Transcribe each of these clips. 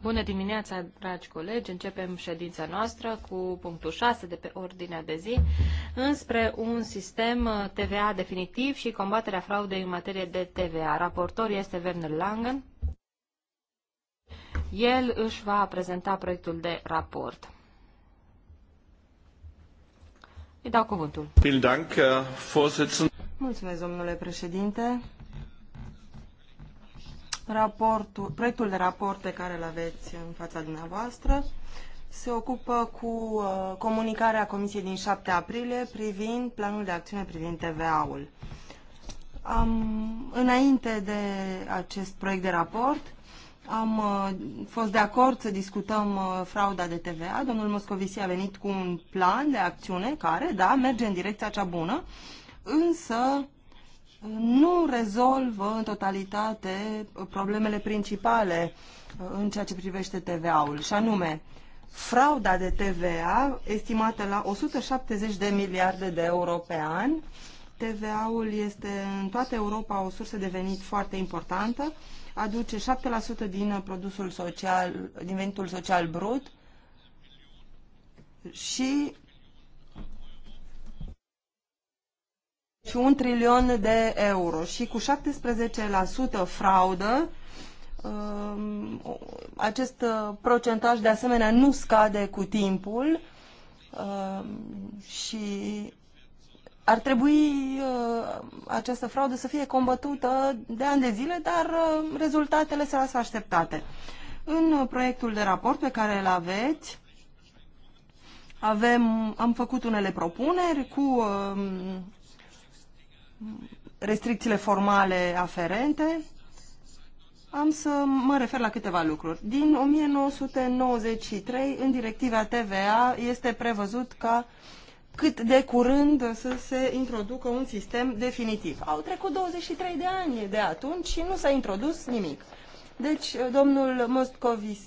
Bună dimineața, dragi colegi. Începem ședința noastră cu punctul 6 de pe ordinea de zi înspre un sistem uh, TVA definitiv și combaterea fraudei în materie de TVA. Raportor este Werner Langen. El își va prezenta proiectul de raport. Îi dau cuvântul. Mulțumesc, domnule președinte. Raportul, proiectul de raport pe care îl aveți în fața dumneavoastră se ocupă cu uh, comunicarea Comisiei din 7 aprilie privind planul de acțiune privind TVA-ul. Am, înainte de acest proiect de raport, am uh, fost de acord să discutăm uh, frauda de TVA. Domnul Moscovici a venit cu un plan de acțiune care, da, merge în direcția cea bună, însă nu rezolvă în totalitate problemele principale uh, în ceea ce privește TVA-ul, și anume frauda de TVA estimată la 170 de miliarde de euro pe an. TVA-ul este în toată Europa o sursă de venit foarte importantă, aduce 7% din produsul social, din venitul social brut și și un trilion de euro și cu 17% fraudă, um, acest uh, procentaj de asemenea nu scade cu timpul um, și ar trebui uh, această fraudă să fie combătută de ani de zile, dar uh, rezultatele se lasă așteptate. În proiectul de raport pe care îl aveți, avem, am făcut unele propuneri cu um, restricțiile formale aferente, am să mă refer la câteva lucruri. Din 1993, în directiva TVA, este prevăzut ca cât de curând să se introducă un sistem definitiv. Au trecut 23 de ani de atunci și nu s-a introdus nimic. Deci, domnul Moscovici,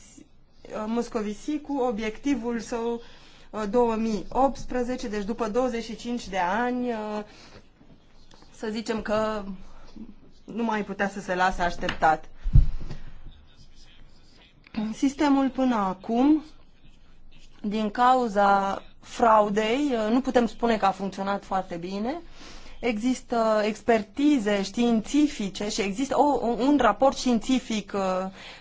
Moscovici cu obiectivul său 2018, deci după 25 de ani, să zicem că nu mai putea să se lase așteptat. Sistemul până acum, din cauza fraudei, nu putem spune că a funcționat foarte bine. Există expertize științifice și există o, un raport științific uh,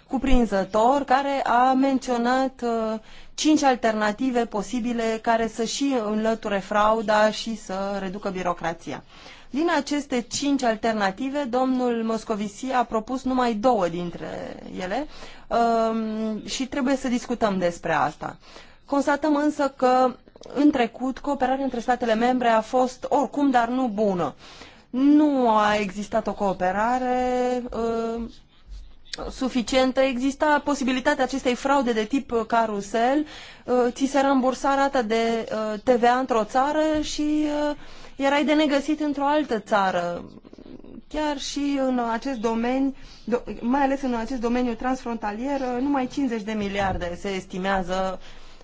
cuprinzător care a menționat uh, cinci alternative posibile care să și înlăture frauda și să reducă birocrația. Din aceste cinci alternative, domnul Moscovici a propus numai două dintre ele um, și trebuie să discutăm despre asta. Constatăm însă că în trecut cooperarea între statele membre a fost oricum, dar nu bună. Nu a existat o cooperare um, suficientă. Exista posibilitatea acestei fraude de tip carusel. Uh, ți se rambursa rata de uh, TVA într-o țară și uh, erai de negăsit într-o altă țară. Chiar și în acest domeniu, mai ales în acest domeniu transfrontalier, numai 50 de miliarde se estimează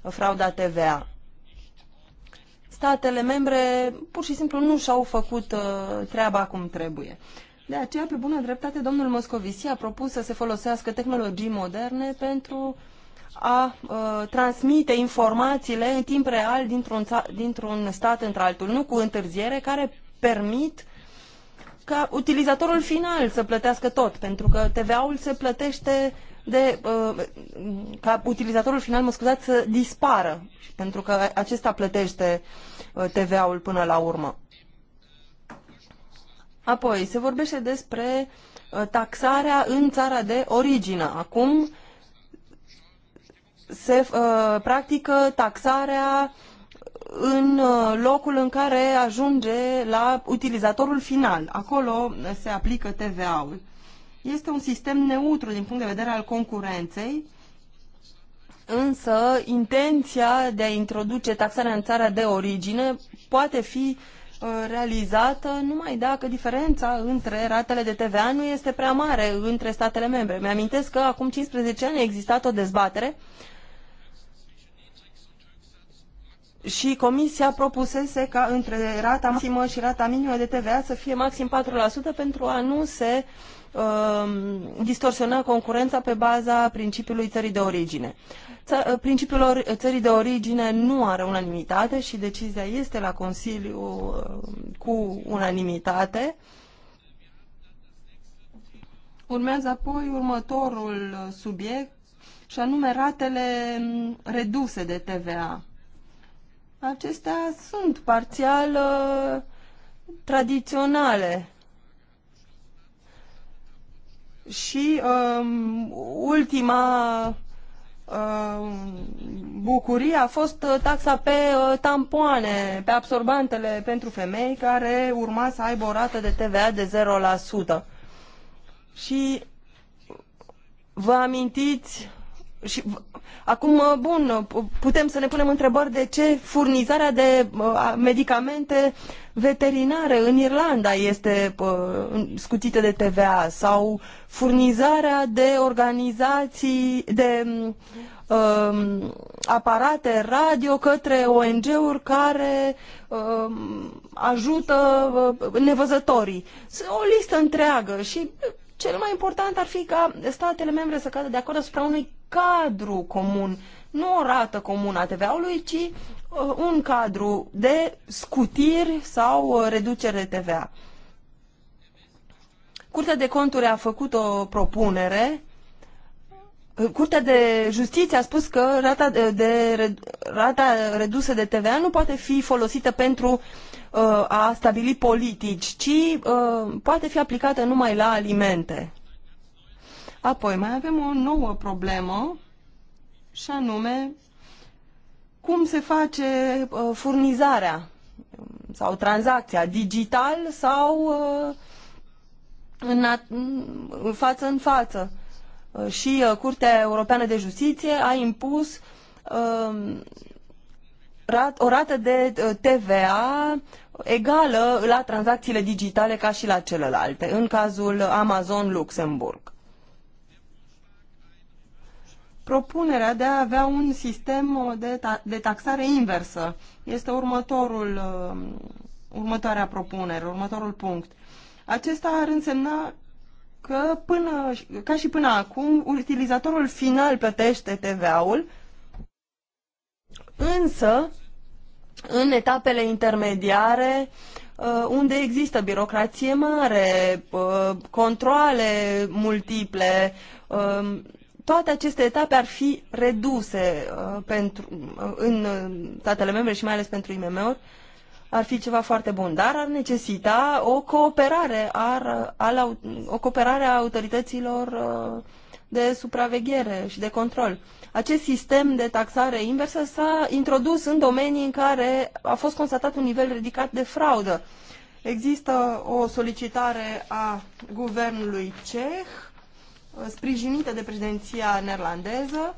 frauda TVA. Statele membre pur și simplu nu și-au făcut uh, treaba cum trebuie. De aceea, pe bună dreptate, domnul Moscovici a propus să se folosească tehnologii moderne pentru uh, a uh, transmite informațiile în timp real dintr-un, dintr-un stat într-altul, nu cu întârziere, care permit ca utilizatorul final să plătească tot, pentru că TVA-ul se plătește de, uh, ca utilizatorul final, mă scuzați, să dispară, pentru că acesta plătește uh, TVA-ul până la urmă. Apoi, se vorbește despre taxarea în țara de origine. Acum, se uh, practică taxarea în uh, locul în care ajunge la utilizatorul final. Acolo se aplică TVA-ul. Este un sistem neutru din punct de vedere al concurenței, însă intenția de a introduce taxarea în țara de origine poate fi uh, realizată numai dacă diferența între ratele de TVA nu este prea mare între statele membre. Mi-amintesc că acum 15 ani a existat o dezbatere și Comisia propusese ca între rata maximă și rata minimă de TVA să fie maxim 4% pentru a nu se uh, distorsiona concurența pe baza principiului țării de origine. Uh, principiul țării de origine nu are unanimitate și decizia este la Consiliu uh, cu unanimitate. Urmează apoi următorul uh, subiect și anume ratele mm, reduse de TVA acestea sunt parțial uh, tradiționale. Și um, ultima um, bucurie a fost uh, taxa pe uh, tampoane, pe absorbantele pentru femei, care urma să aibă o rată de TVA de 0%. Și vă amintiți și acum, uh, bun, uh, putem să ne punem întrebări de ce furnizarea de uh, medicamente veterinare în Irlanda este scutită de TVA sau furnizarea de organizații, de mm, um, aparate radio către ONG-uri care um, ajută nevăzătorii. O listă întreagă și cel mai important ar fi ca statele membre să cadă de acord asupra unui cadru comun, nu o rată comună a TVA-ului, ci uh, un cadru de scutiri sau uh, reducere de TVA. Curtea de conturi a făcut o propunere uh, Curtea de Justiție a spus că rata, de, de, rata redusă de TVA nu poate fi folosită pentru Uh, a stabili politici, ci uh, poate fi aplicată numai la alimente. Apoi mai avem o nouă problemă și anume cum se face uh, furnizarea sau tranzacția digital sau în, față în față. Și Curtea Europeană de Justiție a impus o rată de TVA egală la tranzacțiile digitale ca și la celelalte, în cazul Amazon Luxemburg. Propunerea de a avea un sistem de, ta- de taxare inversă este următorul, um, următoarea propunere, următorul punct. Acesta ar însemna că până, ca și până acum, utilizatorul final plătește TVA-ul, însă în etapele intermediare uh, unde există birocrație mare, uh, controle multiple, um, toate aceste etape ar fi reduse uh, pentru, în statele membre și mai ales pentru IMM-uri, ar fi ceva foarte bun, dar ar necesita o cooperare, ar, al, o cooperare a autorităților de supraveghere și de control. Acest sistem de taxare inversă s-a introdus în domenii în care a fost constatat un nivel ridicat de fraudă. Există o solicitare a guvernului ceh, sprijinită de președinția neerlandeză,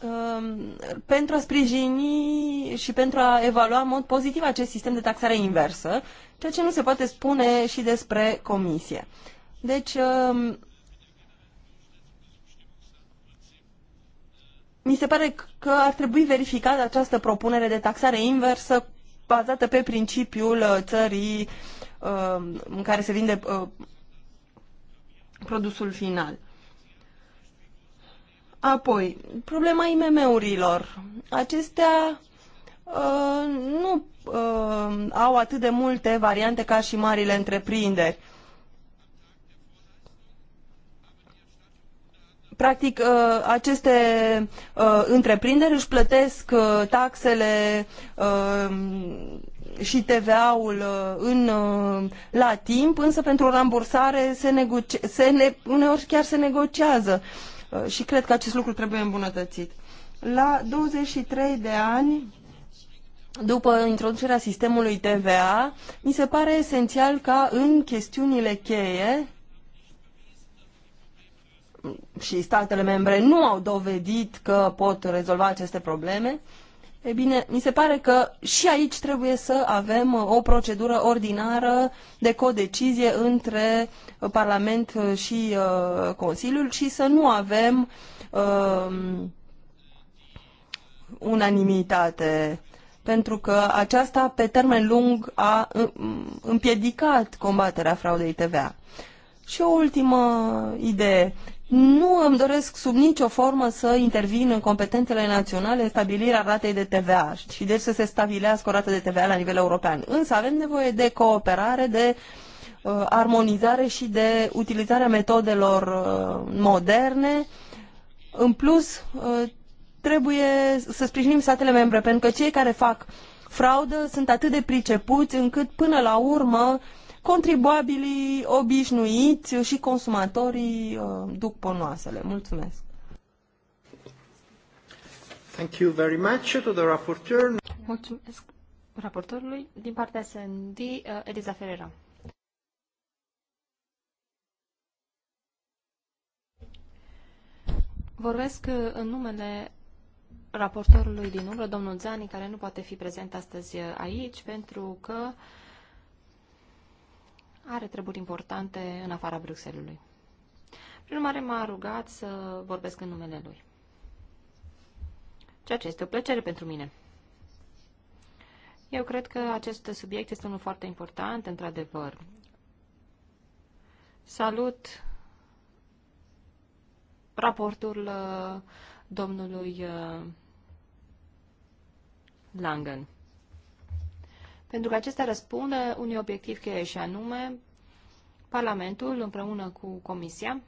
um, pentru a sprijini și pentru a evalua în mod pozitiv acest sistem de taxare inversă, ceea ce nu se poate spune și despre comisie. Deci, um, mi se pare că ar trebui verificată această propunere de taxare inversă bazată pe principiul uh, țării uh, în care se vinde uh, produsul final. Apoi, problema IMM-urilor. Acestea nu au atât de multe variante ca și marile întreprinderi. practic, uh, aceste uh, întreprinderi își plătesc uh, taxele și TVA-ul în, la timp, însă pentru rambursare se, se ne, uneori chiar se negociază și cred că acest lucru trebuie îmbunătățit. La 23 de ani, după introducerea sistemului TVA, mi se pare esențial ca în chestiunile cheie și statele membre nu au dovedit că pot rezolva aceste probleme, e bine, mi se pare că și aici trebuie să avem uh, o procedură ordinară de codecizie între uh, Parlament și uh, Consiliul și să nu avem uh, unanimitate pentru că aceasta pe termen lung a împiedicat combaterea fraudei TVA. Și o ultimă idee. Nu îmi doresc sub nicio formă să intervin în competențele naționale în stabilirea ratei de TVA și deci să se stabilească o rată de TVA la nivel european. Însă avem nevoie de cooperare, de uh, armonizare și de utilizarea metodelor uh, moderne. În plus, uh, trebuie să sprijinim statele membre, pentru că cei care fac fraudă sunt atât de pricepuți încât până la urmă uh, contribuabilii obișnuiți și consumatorii uh, duc ponoasele. Mulțumesc! Thank you very much to the rapporteur. Mulțumesc raportorului. Din partea SND, uh, Eliza Ferreira. Vorbesc uh, în numele raportorului din umbră, domnul Zani, care nu poate fi prezent astăzi aici, pentru că uh, are treburi importante în afara Bruxellesului. Prin urmare, m-a rugat să vorbesc în numele lui. Ceea ce este o plăcere pentru mine. Eu cred că acest subiect este unul foarte important, într-adevăr. Salut raportul uh, domnului uh, Langen pentru că acesta răspunde unui obiectiv cheie și anume Parlamentul împreună cu Comisia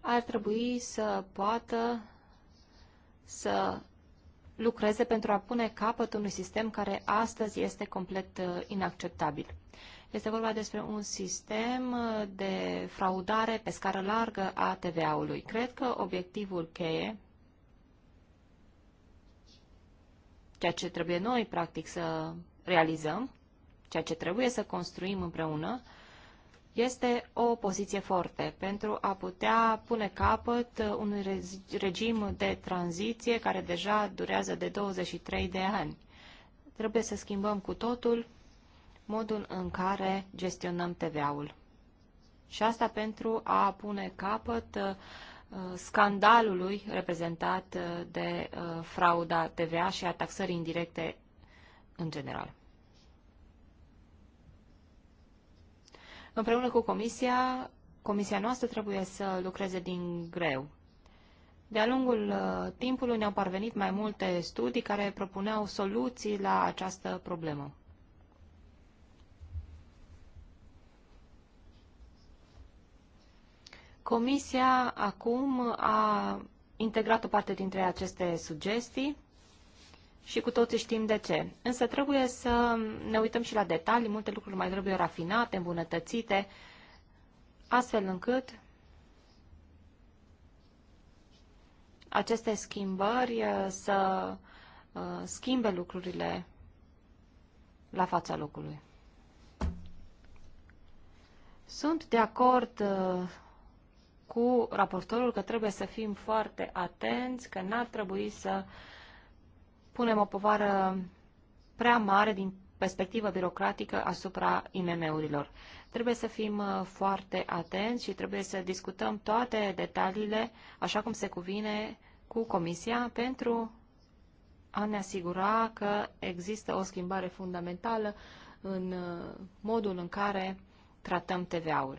ar trebui să poată să lucreze pentru a pune capăt unui sistem care astăzi este complet uh, inacceptabil. Este vorba despre un sistem uh, de fraudare pe scară largă a TVA-ului. Cred că obiectivul cheie ceea ce trebuie noi, practic, să realizăm, ceea ce trebuie să construim împreună, este o poziție forte pentru a putea pune capăt unui regim de tranziție care deja durează de 23 de ani. Trebuie să schimbăm cu totul modul în care gestionăm TVA-ul. Și asta pentru a pune capăt uh, scandalului reprezentat uh, de uh, frauda TVA și a taxării indirecte în general. Împreună cu Comisia, Comisia noastră trebuie să lucreze din greu. De-a lungul uh, timpului ne-au parvenit mai multe studii care propuneau soluții la această problemă. Comisia acum a integrat o parte dintre aceste sugestii și cu toții știm de ce. Însă trebuie să ne uităm și la detalii, multe lucruri mai trebuie rafinate, îmbunătățite, astfel încât aceste schimbări uh, să uh, schimbe lucrurile la fața locului. Sunt de acord uh, cu raportorul că trebuie să fim foarte atenți, că n-ar trebui să punem o povară prea mare din perspectivă birocratică asupra IMM-urilor. Trebuie să fim uh, foarte atenți și trebuie să discutăm toate detaliile, așa cum se cuvine, cu Comisia pentru a ne asigura că există o schimbare fundamentală în uh, modul în care tratăm TVA-ul.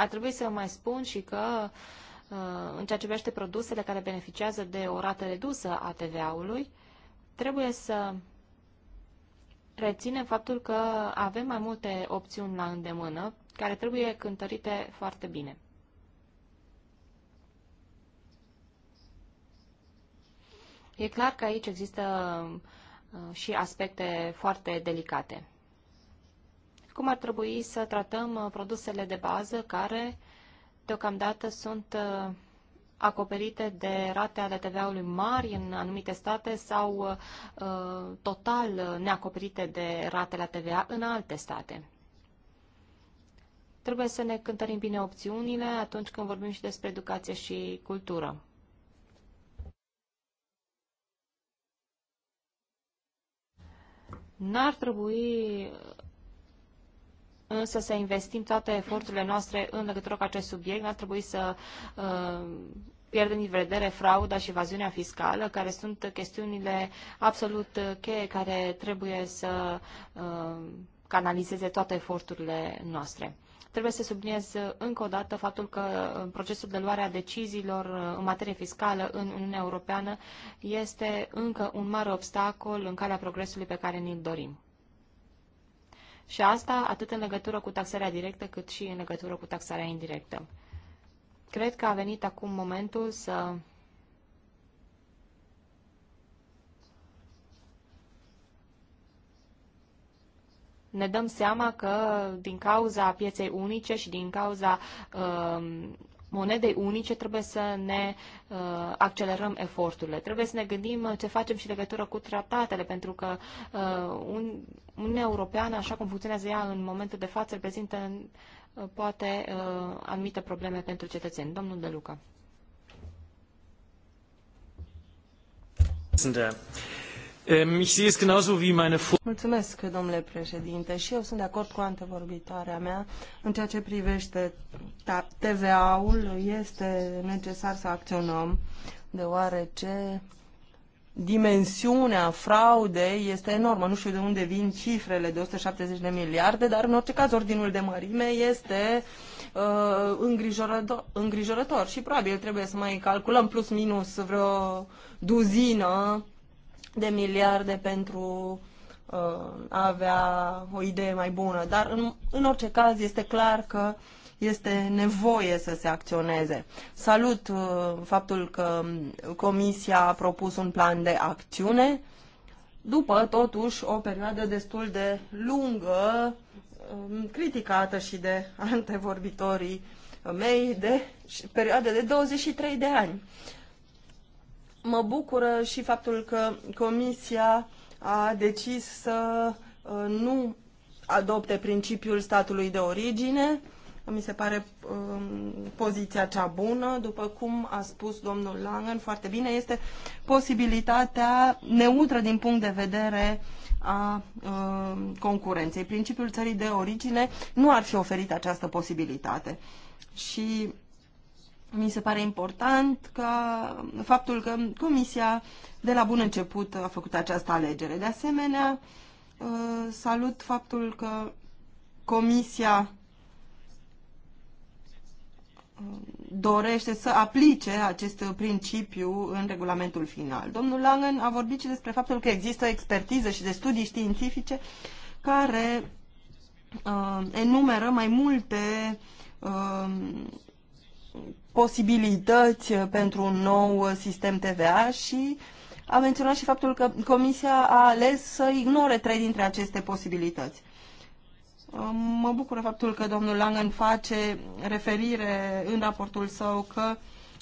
Ar trebui să mai spun și că uh, în ceea ce privește produsele care beneficiază de o rată redusă a TVA-ului, trebuie să reținem faptul că avem mai multe opțiuni la îndemână care trebuie cântărite foarte bine. E clar că aici există uh, și aspecte foarte delicate cum ar trebui să tratăm uh, produsele de bază care deocamdată sunt uh, acoperite de rate ale TVA-ului mari în anumite state sau uh, total uh, neacoperite de rate la TVA în alte state. Trebuie să ne cântărim bine opțiunile atunci când vorbim și despre educație și cultură. N-ar trebui însă să investim toate eforturile noastre în legătură cu acest subiect. N-ar trebui să uh, pierdem din vedere frauda și evaziunea fiscală, care sunt chestiunile absolut cheie care trebuie să uh, canalizeze toate eforturile noastre. Trebuie să subliniez încă o dată faptul că uh, procesul de luare a deciziilor în materie fiscală în Uniunea Europeană este încă un mare obstacol în calea progresului pe care ni-l dorim. Și asta atât în legătură cu taxarea directă, cât și în legătură cu taxarea indirectă. Cred că a venit acum momentul să ne dăm seama că din cauza pieței unice și din cauza uh, monedei unice trebuie să ne uh, accelerăm eforturile. Trebuie să ne gândim uh, ce facem și legătură cu tratatele, pentru că uh, Uniunea Europeană, așa cum funcționează ea în momentul de față, reprezintă uh, poate uh, anumite probleme pentru cetățeni. Domnul De Luca. Mulțumesc, domnule președinte, și eu sunt de acord cu antevorbitoarea mea. În ceea ce privește TVA-ul, este necesar să acționăm, deoarece dimensiunea fraudei este enormă. Nu știu de unde vin cifrele de 170 de miliarde, dar în orice caz ordinul de mărime este uh, îngrijorător, îngrijorător și probabil trebuie să mai calculăm plus minus vreo duzină de miliarde pentru uh, a avea o idee mai bună, dar în, în orice caz este clar că este nevoie să se acționeze. Salut uh, faptul că Comisia a propus un plan de acțiune, după totuși o perioadă destul de lungă, um, criticată și de antevorbitorii mei, de perioadă de 23 de ani. Uh, Mă bucură și faptul că Comisia a decis să uh, nu adopte principiul statului de origine. Mi se pare um, poziția cea bună, după cum a spus domnul Langen foarte bine, este posibilitatea neutră din punct de vedere a um, concurenței. Principiul țării de origine nu ar fi oferit această posibilitate. Și mi se pare important că faptul că Comisia de la bun început a făcut această alegere. De asemenea, uh, salut faptul că Comisia uh, dorește să aplice acest principiu în regulamentul final. Domnul Langen a vorbit și despre faptul că există expertiză și de studii științifice care uh, enumeră mai multe uh, posibilități uh, pentru un nou uh, sistem TVA și a menționat și faptul că Comisia a ales să ignore trei dintre aceste posibilități. Uh, mă bucură faptul că domnul Langen face referire în raportul său că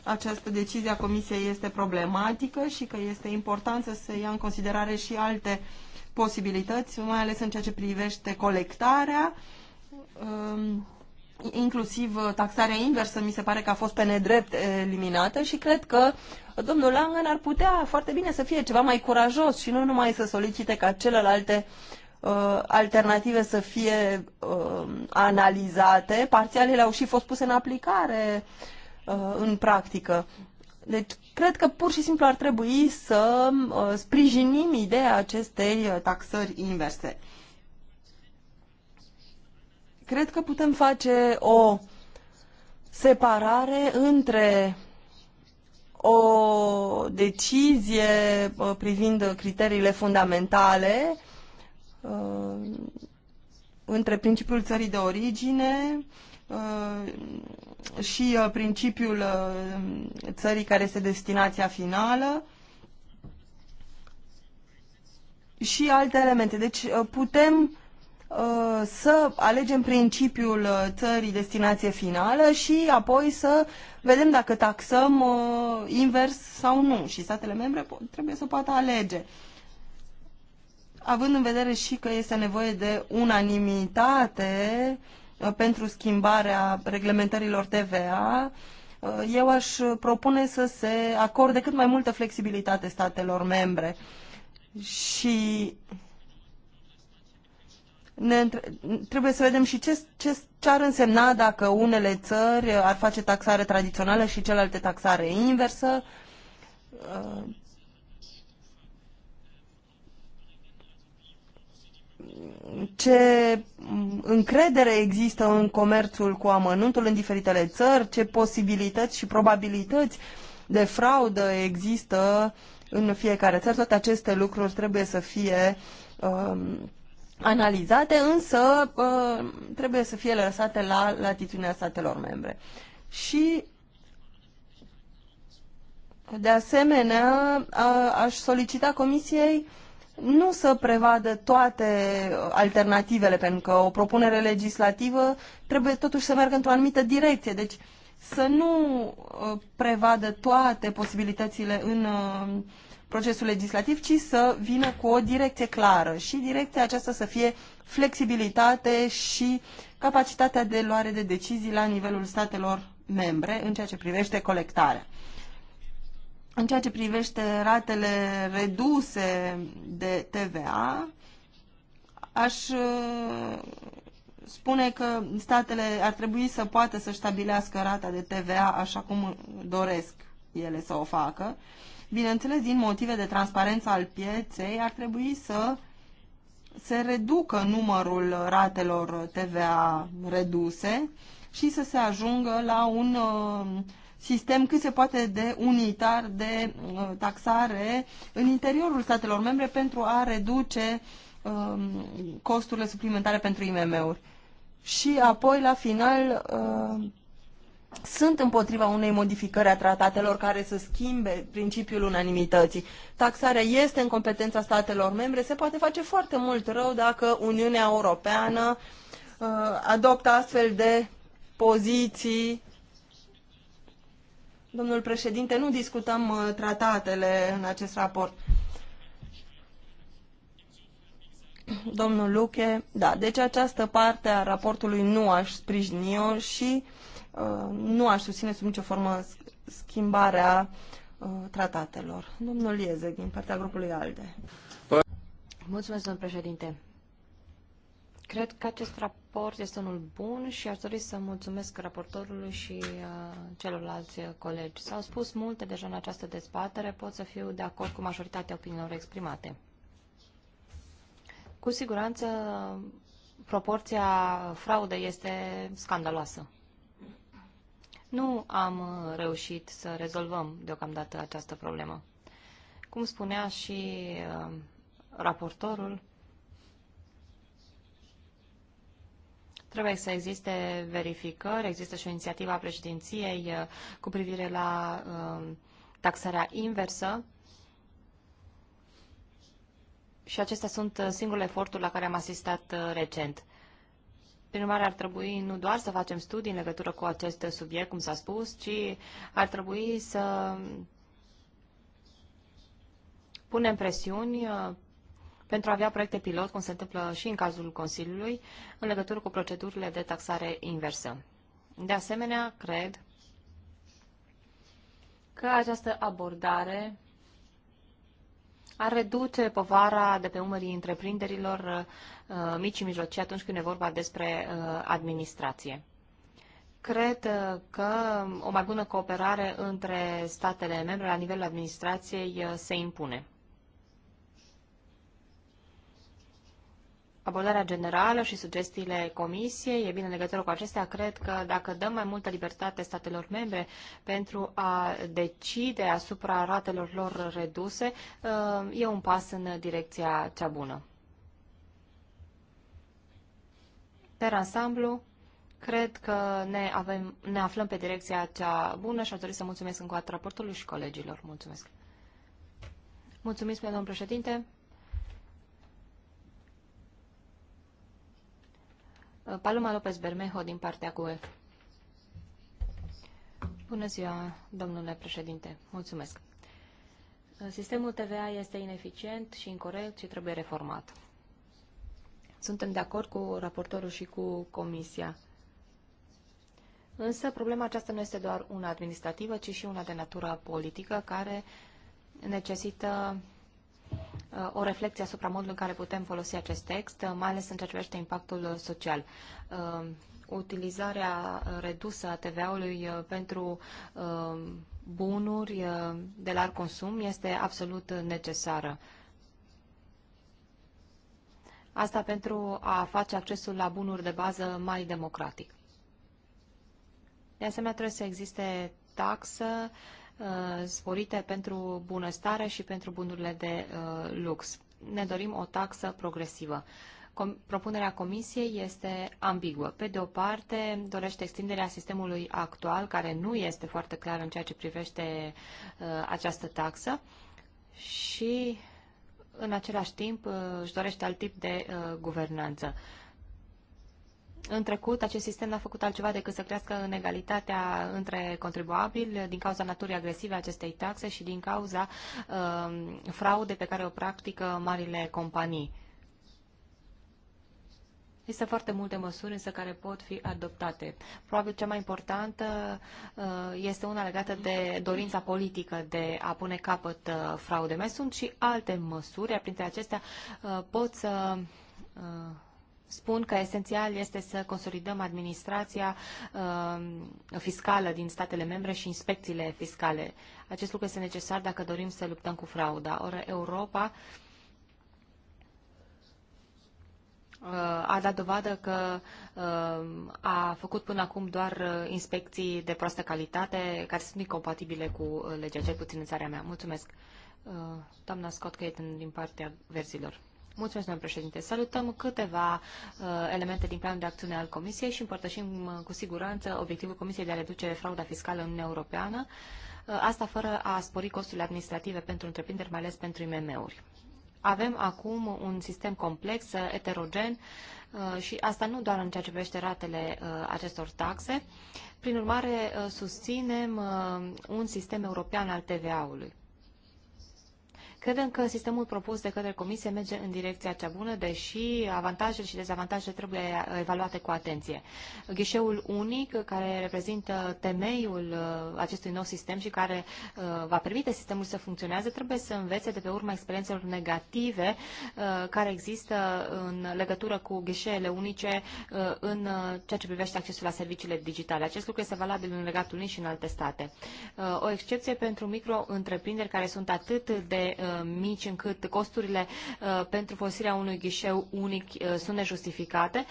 această decizie a Comisiei este problematică și că este important să se ia în considerare și alte posibilități, mai ales în ceea ce privește colectarea, um, inclusiv uh, taxarea inversă mi se pare că a fost pe nedrept uh, eliminată și cred că uh, domnul Langen ar putea foarte bine să fie ceva mai curajos și nu numai să solicite ca celelalte uh, alternative să fie uh, analizate. Parțialele au și fost puse în aplicare uh, în practică. Deci, cred că pur și simplu ar trebui să uh, sprijinim ideea acestei taxări inverse. Cred că putem face o separare între o decizie uh, privind criteriile fundamentale uh, între principiul țării de origine uh, și principiul țării care este destinația finală și alte elemente. Deci putem Uh, să alegem principiul uh, țării destinație finală și apoi să vedem dacă taxăm uh, invers sau nu. Și statele membre trebuie să poată alege. Având în vedere și că este nevoie de unanimitate pentru schimbarea reglementărilor TVA, eu aș propune să se acorde cât mai multă flexibilitate statelor membre. Și ne, trebuie să vedem și ce, ce, ce ar însemna dacă unele țări ar face taxare tradițională și celelalte taxare inversă. Ce încredere există în comerțul cu amănuntul în diferitele țări, ce posibilități și probabilități de fraudă există în fiecare țară. Toate aceste lucruri trebuie să fie um, analizate, însă uh, trebuie să fie lăsate la latitudinea statelor membre. Și de asemenea, aș solicita Comisiei nu să prevadă toate uh, alternativele, pentru că o propunere legislativă trebuie totuși să meargă într-o anumită direcție. Deci să nu uh, prevadă toate posibilitățile în procesul legislativ, ci să vină cu o direcție clară și direcția aceasta să fie flexibilitate și capacitatea de luare de decizii la nivelul statelor membre în ceea ce privește colectarea. În ceea ce privește ratele reduse de TVA, aș uh, spune că statele ar trebui să poată să stabilească rata de TVA așa cum doresc ele să o facă Bineînțeles, din motive de transparență al pieței, ar trebui să se reducă numărul ratelor TVA reduse și să se ajungă la un uh, sistem cât se poate de unitar de uh, taxare în interiorul statelor membre pentru a reduce um, costurile suplimentare pentru IMM-uri. Și apoi, la final, uh, sunt împotriva unei modificări a tratatelor care să schimbe principiul unanimității. Taxarea este în competența statelor membre, se poate face foarte mult rău dacă Uniunea Europeană uh, adoptă astfel de poziții. Domnul președinte, nu discutăm uh, tratatele în acest raport. Domnul Luche, da, deci această parte a raportului nu aș sprijini eu și Uh, nu aș susține sub nicio formă schimbarea uh, tratatelor. Domnul Lieze, din partea grupului ALDE. Mulțumesc, domnul președinte. Cred că acest raport este unul bun și aș dori să mulțumesc raportorului și uh, celorlalți colegi. S-au spus multe deja în această dezbatere, pot să fiu de acord cu majoritatea opiniilor exprimate. Cu siguranță, proporția fraudei este scandaloasă nu am uh, reușit să rezolvăm deocamdată această problemă. Cum spunea și uh, raportorul, trebuie să existe verificări, există și o inițiativă a președinției uh, cu privire la uh, taxarea inversă și acestea sunt uh, singurele eforturi la care am asistat uh, recent. Prin urmare, ar trebui nu doar să facem studii în legătură cu acest subiect, cum s-a spus, ci ar trebui să punem presiuni uh, pentru a avea proiecte pilot, cum se întâmplă și în cazul Consiliului, în legătură cu procedurile de taxare inversă. De asemenea, cred că această abordare ar reduce povara de pe umării întreprinderilor uh, mici și mijlocii atunci când e vorba despre uh, administrație. Cred uh, că o mai bună cooperare între statele membre la nivelul administrației se impune. abordarea generală și sugestiile comisiei. E bine, în legătură cu acestea, cred că dacă dăm mai multă libertate statelor membre pentru a decide asupra ratelor lor reduse, uh, e un pas în direcția cea bună. Per ansamblu, cred că ne, avem, ne aflăm pe direcția cea bună și aș dori să mulțumesc încă o dată raportului și colegilor. Mulțumesc! Mulțumesc, domnul președinte! Uh, Paloma López Bermejo din partea CUE. Bună ziua, domnule președinte. Mulțumesc. Uh, sistemul TVA este ineficient și incorrect și trebuie reformat. Suntem de acord cu raportorul și cu comisia. Însă problema aceasta nu este doar una administrativă, ci și una de natură politică care necesită o reflexie asupra modului în care putem folosi acest text, uh, mai ales în ceea ce privește impactul uh, social. Uh, utilizarea redusă a TVA-ului pentru bunuri de larg consum este absolut necesară. Asta pentru a face accesul la bunuri de bază mai democratic. De asemenea, trebuie să existe taxă uh, Uh, sporite pentru bunăstare și pentru bunurile de uh, lux. Ne dorim o taxă progresivă. propunerea Comisiei este ambiguă. Pe de o parte, dorește extinderea sistemului actual, care nu este foarte clar în ceea ce privește uh, această taxă, și în același timp își dorește alt tip de guvernanță în trecut acest sistem n-a făcut altceva decât să crească inegalitatea între contribuabili din cauza naturii agresive a acestei taxe și din cauza uh, um, fraude pe care o practică marile companii. Există foarte multe măsuri însă care pot fi adoptate. Probabil cea mai importantă uh, este una legată de dorința politică de a pune capăt uh, fraude. Mai sunt și alte măsuri, printre acestea uh, pot să spun că esențial este să consolidăm administrația uh, fiscală din statele membre și inspecțiile fiscale. Acest lucru este necesar dacă dorim să luptăm cu frauda. Ori Europa uh, a dat dovadă că uh, a făcut până acum doar uh, inspecții de proastă calitate care sunt incompatibile cu uh, legea, cel puțin în țara mea. Mulțumesc. Uh, doamna Scott Caton din partea verzilor. Mulțumesc, domnule președinte. Salutăm câteva uh, elemente din planul de acțiune al Comisiei și împărtășim uh, cu siguranță obiectivul Comisiei de a reduce frauda fiscală în Uniunea Europeană, uh, asta fără a spori costurile administrative pentru întreprinderi, mai ales pentru IMM-uri. Avem acum un sistem complex, uh, heterogen uh, și asta nu doar în ceea ce privește ratele uh, acestor taxe. Prin urmare, susținem un sistem european al TVA-ului. Credem că sistemul propus de către Comisie merge în direcția cea bună, deși avantajele și dezavantajele trebuie evaluate cu atenție. Ghișeul unic, care reprezintă temeiul uh, acestui nou sistem și care uh, va permite sistemul să funcționeze, trebuie să învețe de pe urma experiențelor negative uh, care există în legătură cu ghișeele unice în ceea ce privește accesul la serviciile digitale. Acest lucru este valabil în Legatul Unit și în alte state. O excepție pentru micro-întreprinderi care sunt atât de Uh, mici încât costurile uh, pentru folosirea unui ghișeu unic uh, sunt nejustificate,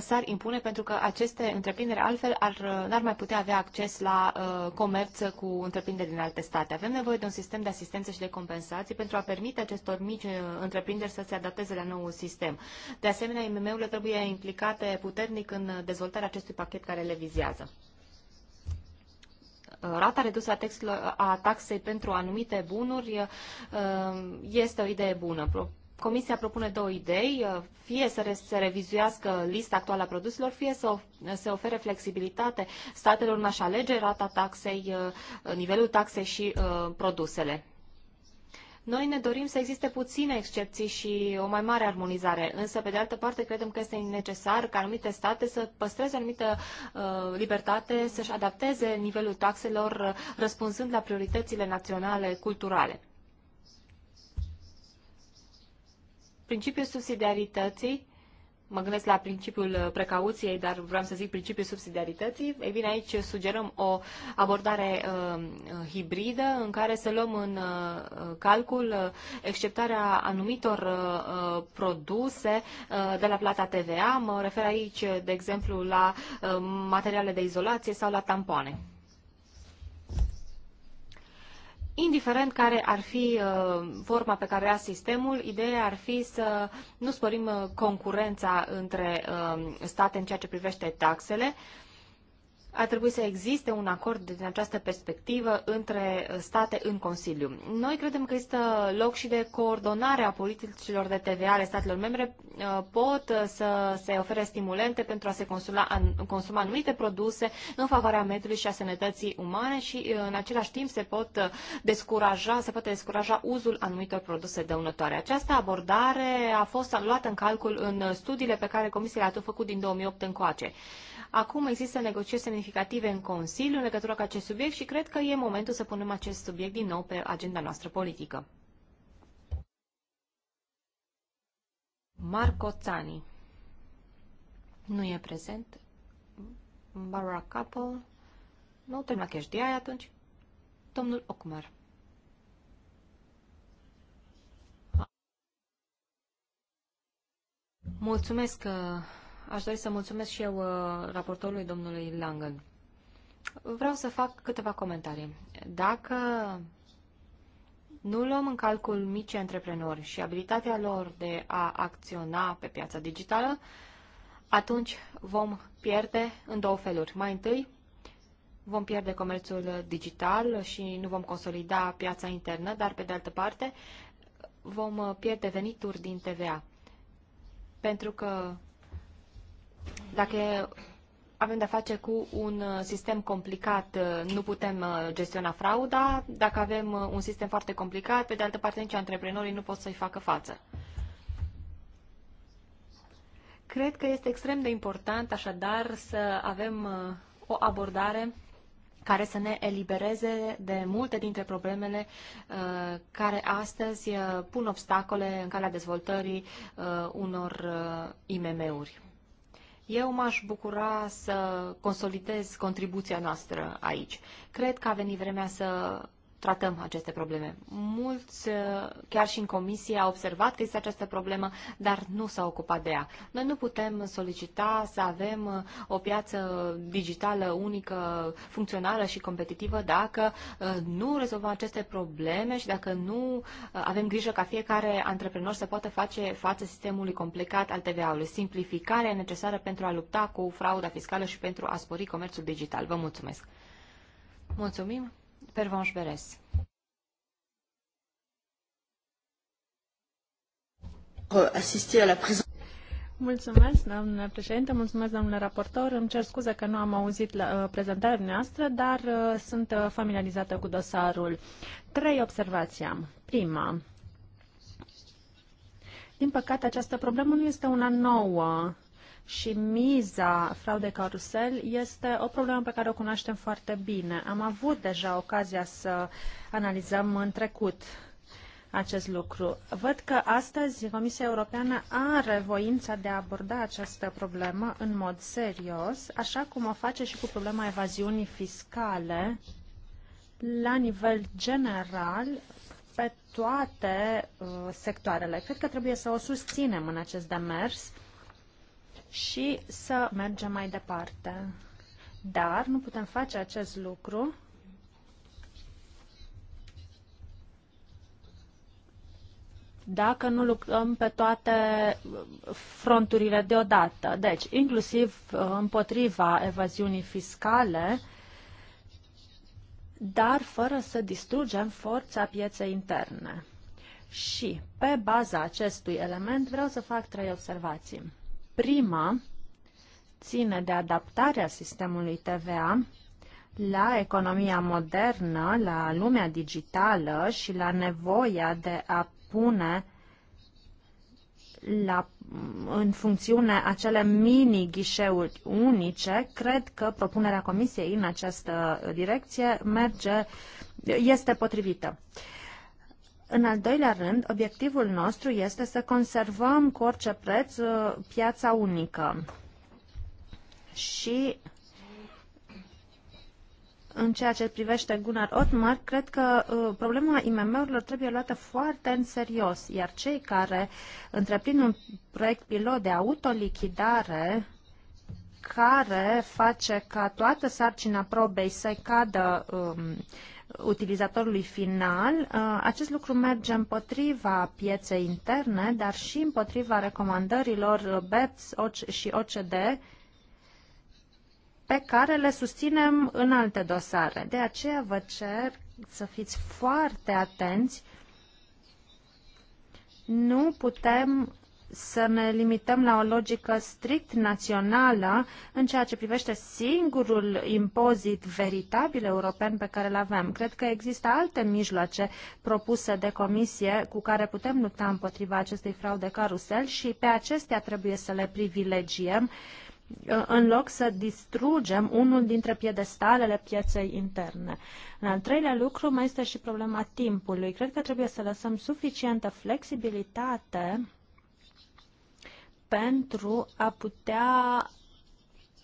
s-ar impune pentru că aceste întreprinderi altfel ar, n-ar mai putea avea acces la comerț cu întreprinderi din alte state. Avem nevoie de un sistem de asistență și de compensații pentru a permite acestor mici întreprinderi să se adapteze la noul sistem. De asemenea, IMM-urile trebuie implicate puternic în dezvoltarea acestui pachet care le vizează rata redusă a, textilor, a taxei pentru anumite bunuri um, este o idee bună. Comisia propune două idei, uh, fie să re- se revizuiască lista actuală a produselor, fie să se ofere flexibilitate statelor în a-și alege rata taxei, uh, nivelul taxei și uh, produsele. Noi ne dorim să existe puține excepții și o mai mare armonizare, însă, pe de altă parte, credem că este necesar ca anumite state să păstreze anumită uh, libertate, să-și adapteze nivelul taxelor, uh, răspunzând la prioritățile naționale culturale. Principiul subsidiarității mă gândesc la principiul uh, precauției, dar vreau să zic principiul subsidiarității, ei bine, aici sugerăm o abordare uh, hibridă în care să luăm în uh, calcul uh, exceptarea anumitor uh, uh produse uh, de la plata TVA. Mă refer aici, de exemplu, la uh, materiale de izolație sau la tampoane indiferent care ar fi uh, forma pe care ia sistemul, ideea ar fi să nu sporim uh, concurența între uh, state în ceea ce privește taxele, ar trebui să existe un acord din această perspectivă între state în Consiliu. Noi credem că este loc și de coordonare a politicilor de TVA ale statelor membre. Uh, pot uh, să se ofere stimulente pentru a se consuma, consuma anumite produse în favoarea mediului și a sănătății umane și uh, în același timp se pot descuraja, se poate descuraja uzul anumitor produse dăunătoare. Această abordare a fost luată în calcul în studiile pe care Comisia le-a făcut din 2008 încoace. Acum există negocieri semnificative în Consiliu în legătură cu acest subiect și cred că e momentul să punem acest subiect din nou pe agenda noastră politică. Marco Țani nu e prezent. Barbara Couple. Nu te la cash de aia atunci. Domnul Ocumar. Mulțumesc, uh, Aș dori să mulțumesc și eu uh, raportorului domnului Langen. Vreau să fac câteva comentarii. Dacă nu luăm în calcul mici antreprenori și abilitatea lor de a acționa pe piața digitală, atunci vom pierde în două feluri. Mai întâi, vom pierde comerțul digital și nu vom consolida piața internă, dar pe de altă parte vom pierde venituri din TVA. Pentru că dacă avem de-a face cu un uh, sistem complicat, uh, nu putem uh, gestiona frauda. Dacă avem un sistem foarte complicat, pe de altă parte nici antreprenorii nu pot să-i facă față. Cred că este extrem de important, așadar, să avem o abordare care să ne elibereze de multe dintre problemele uh, care astăzi uh, pun obstacole în calea dezvoltării uh, unor IMM-uri. Eu m-aș bucura să consolidez contribuția noastră aici. Cred că a venit vremea să tratăm aceste probleme. Mulți, uh, chiar și în comisie, au observat că este această problemă, dar nu s-au ocupat de ea. Noi nu putem solicita să avem uh, o piață digitală unică, funcțională și competitivă dacă uh, nu rezolvăm aceste probleme și dacă nu avem grijă ca fiecare antreprenor să poată face față sistemului complicat al TVA-ului. Simplificarea e necesară pentru a lupta cu frauda fiscală și pentru a spori comerțul digital. Vă mulțumesc! Mulțumim! Beres. Mulțumesc, doamnă președinte, mulțumesc, doamnă raportor. Îmi cer scuze că nu am auzit la, uh, prezentarea noastră, dar uh, sunt uh, familiarizată cu dosarul. Trei observații am. Prima, din păcate, această problemă nu este una nouă și miza fraude carusel este o problemă pe care o cunoaștem foarte bine. Am avut deja ocazia să analizăm în trecut acest lucru. Văd că astăzi Comisia Europeană are voința de a aborda această problemă în mod serios, așa cum o face și cu problema evaziunii fiscale la nivel general pe toate uh, sectoarele. Cred că trebuie să o susținem în acest demers și să mergem mai departe. Dar nu putem face acest lucru dacă nu lucrăm pe toate fronturile deodată. Deci, inclusiv uh, împotriva evaziunii fiscale, dar fără să distrugem forța pieței interne. Și, pe baza acestui element, vreau să fac trei observații. Prima ține de adaptarea sistemului TVA la economia modernă, la lumea digitală și la nevoia de a pune la, în funcțiune acele mini-ghișeuri unice, cred că propunerea Comisiei în această direcție merge, este potrivită. Uh, în al doilea rând, obiectivul nostru este să conservăm cu orice preț uh, piața unică. Și în ceea ce privește Gunnar Otmar, cred că uh, problema IMM-urilor trebuie luată foarte în serios, iar cei care întreprind un proiect pilot de autolichidare care face ca toată sarcina probei să cadă um, utilizatorului final. Uh, acest lucru merge împotriva pieței interne, dar și împotriva recomandărilor BEPS și OCD pe care le susținem în alte dosare. De aceea vă cer să fiți foarte atenți. Nu putem să ne limităm la o logică strict națională în ceea ce privește singurul impozit veritabil european pe care îl avem. Cred că există alte mijloace propuse de comisie cu care putem lupta împotriva acestei fraude carusel și pe acestea trebuie să le privilegiem uh, în loc să distrugem unul dintre piedestalele pieței interne. În al treilea lucru mai este și problema timpului. Cred că trebuie să lăsăm suficientă flexibilitate pentru a putea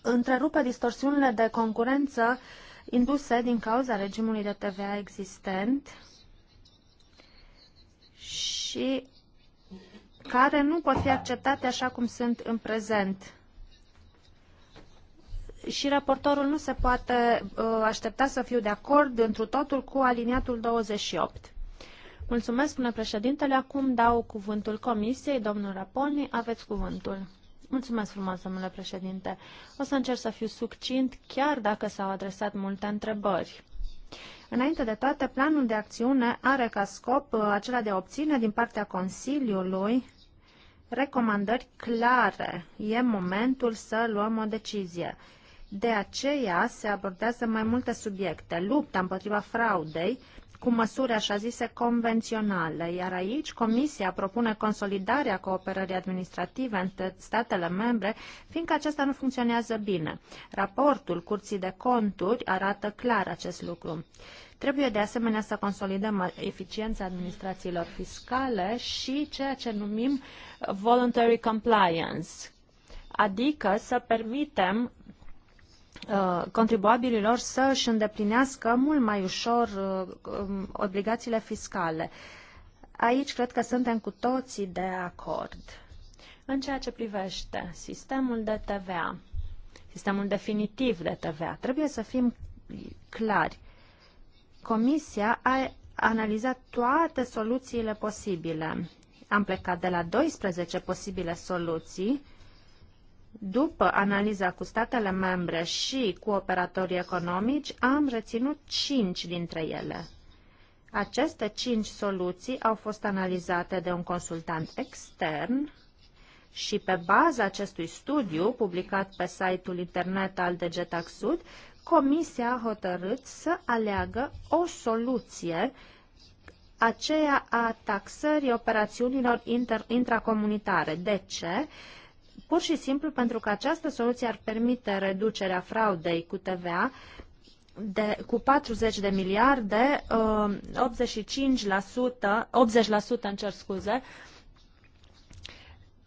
întrerupe distorsiunile de concurență induse din cauza regimului de TVA existent și care nu pot fi acceptate așa cum sunt în prezent. Și raportorul nu se poate uh, aștepta să fiu de acord întru totul cu aliniatul 28. Mulțumesc, președintele. Acum dau cuvântul comisiei. Domnul Raponi, aveți cuvântul. Mulțumesc frumos, domnule președinte. O să încerc să fiu succint, chiar dacă s-au adresat multe întrebări. Înainte de toate, planul de acțiune are ca scop uh, acela de a obține din partea Consiliului recomandări clare. E momentul să luăm o decizie. De aceea se abordează mai multe subiecte. Lupta împotriva fraudei, cu măsuri așa zise convenționale, iar aici Comisia propune consolidarea cooperării administrative între statele membre, fiindcă aceasta nu funcționează bine. Raportul Curții de Conturi arată clar acest lucru. Trebuie de asemenea să consolidăm eficiența administrațiilor fiscale și ceea ce numim voluntary compliance, adică să permitem Uh, contribuabililor să își îndeplinească mult mai ușor uh, um, obligațiile fiscale. Aici cred că suntem cu toții de acord. În ceea ce privește sistemul de TVA, sistemul definitiv de TVA, trebuie să fim clari. Comisia a analizat toate soluțiile posibile. Am plecat de la 12 posibile soluții după analiza cu statele membre și cu operatorii economici, am reținut cinci dintre ele. Aceste cinci soluții au fost analizate de un consultant extern și pe baza acestui studiu, publicat pe site-ul internet al DGTaxud, Comisia a hotărât să aleagă o soluție aceea a taxării operațiunilor intracomunitare. De ce? pur și simplu pentru că această soluție ar permite reducerea fraudei cu TVA de, cu 40 de miliarde, 85%, 80% în cer scuze.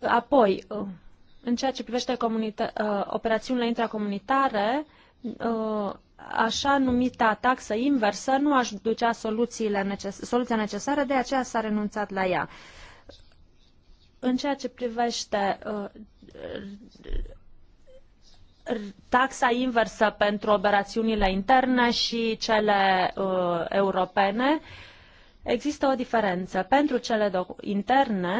Apoi, uh, în ceea ce privește uh, operațiunile intracomunitare, uh, așa numita taxă inversă nu aș ducea soluțiile neces- soluția necesară, de aceea s-a renunțat la ea. În ceea ce privește uh, taxa inversă pentru operațiunile interne și cele uh, europene. Există o diferență. Pentru cele interne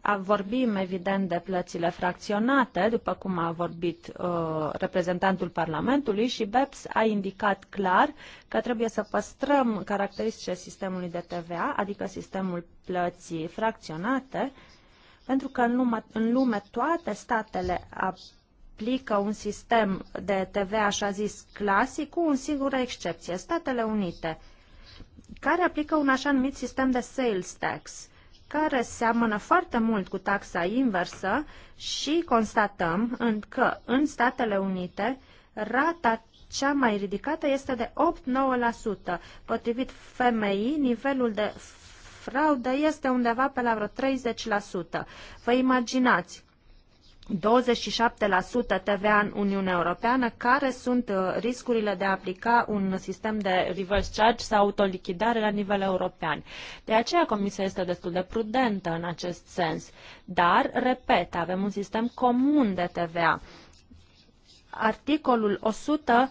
a, vorbim evident de plățile fracționate, după cum a vorbit uh, reprezentantul Parlamentului și BEPS a indicat clar că trebuie să păstrăm caracteristicile sistemului de TVA, adică sistemul plății fracționate, uh, pentru că în lume, în lume toate statele aplică un sistem de TV așa zis clasic cu o singură excepție, Statele Unite, care aplică un așa numit sistem de sales tax care seamănă foarte mult cu taxa inversă și constatăm în că în Statele Unite rata cea mai ridicată este de 8-9%. Potrivit FMI, nivelul de fraudă este undeva pe la vreo 30%. Vă imaginați, 27% TVA în Uniunea Europeană, care sunt uh, riscurile de a aplica un sistem de reverse charge sau autolichidare la nivel european. De aceea Comisia este destul de prudentă în acest sens. Dar, repet, avem un sistem comun de TVA. Articolul 100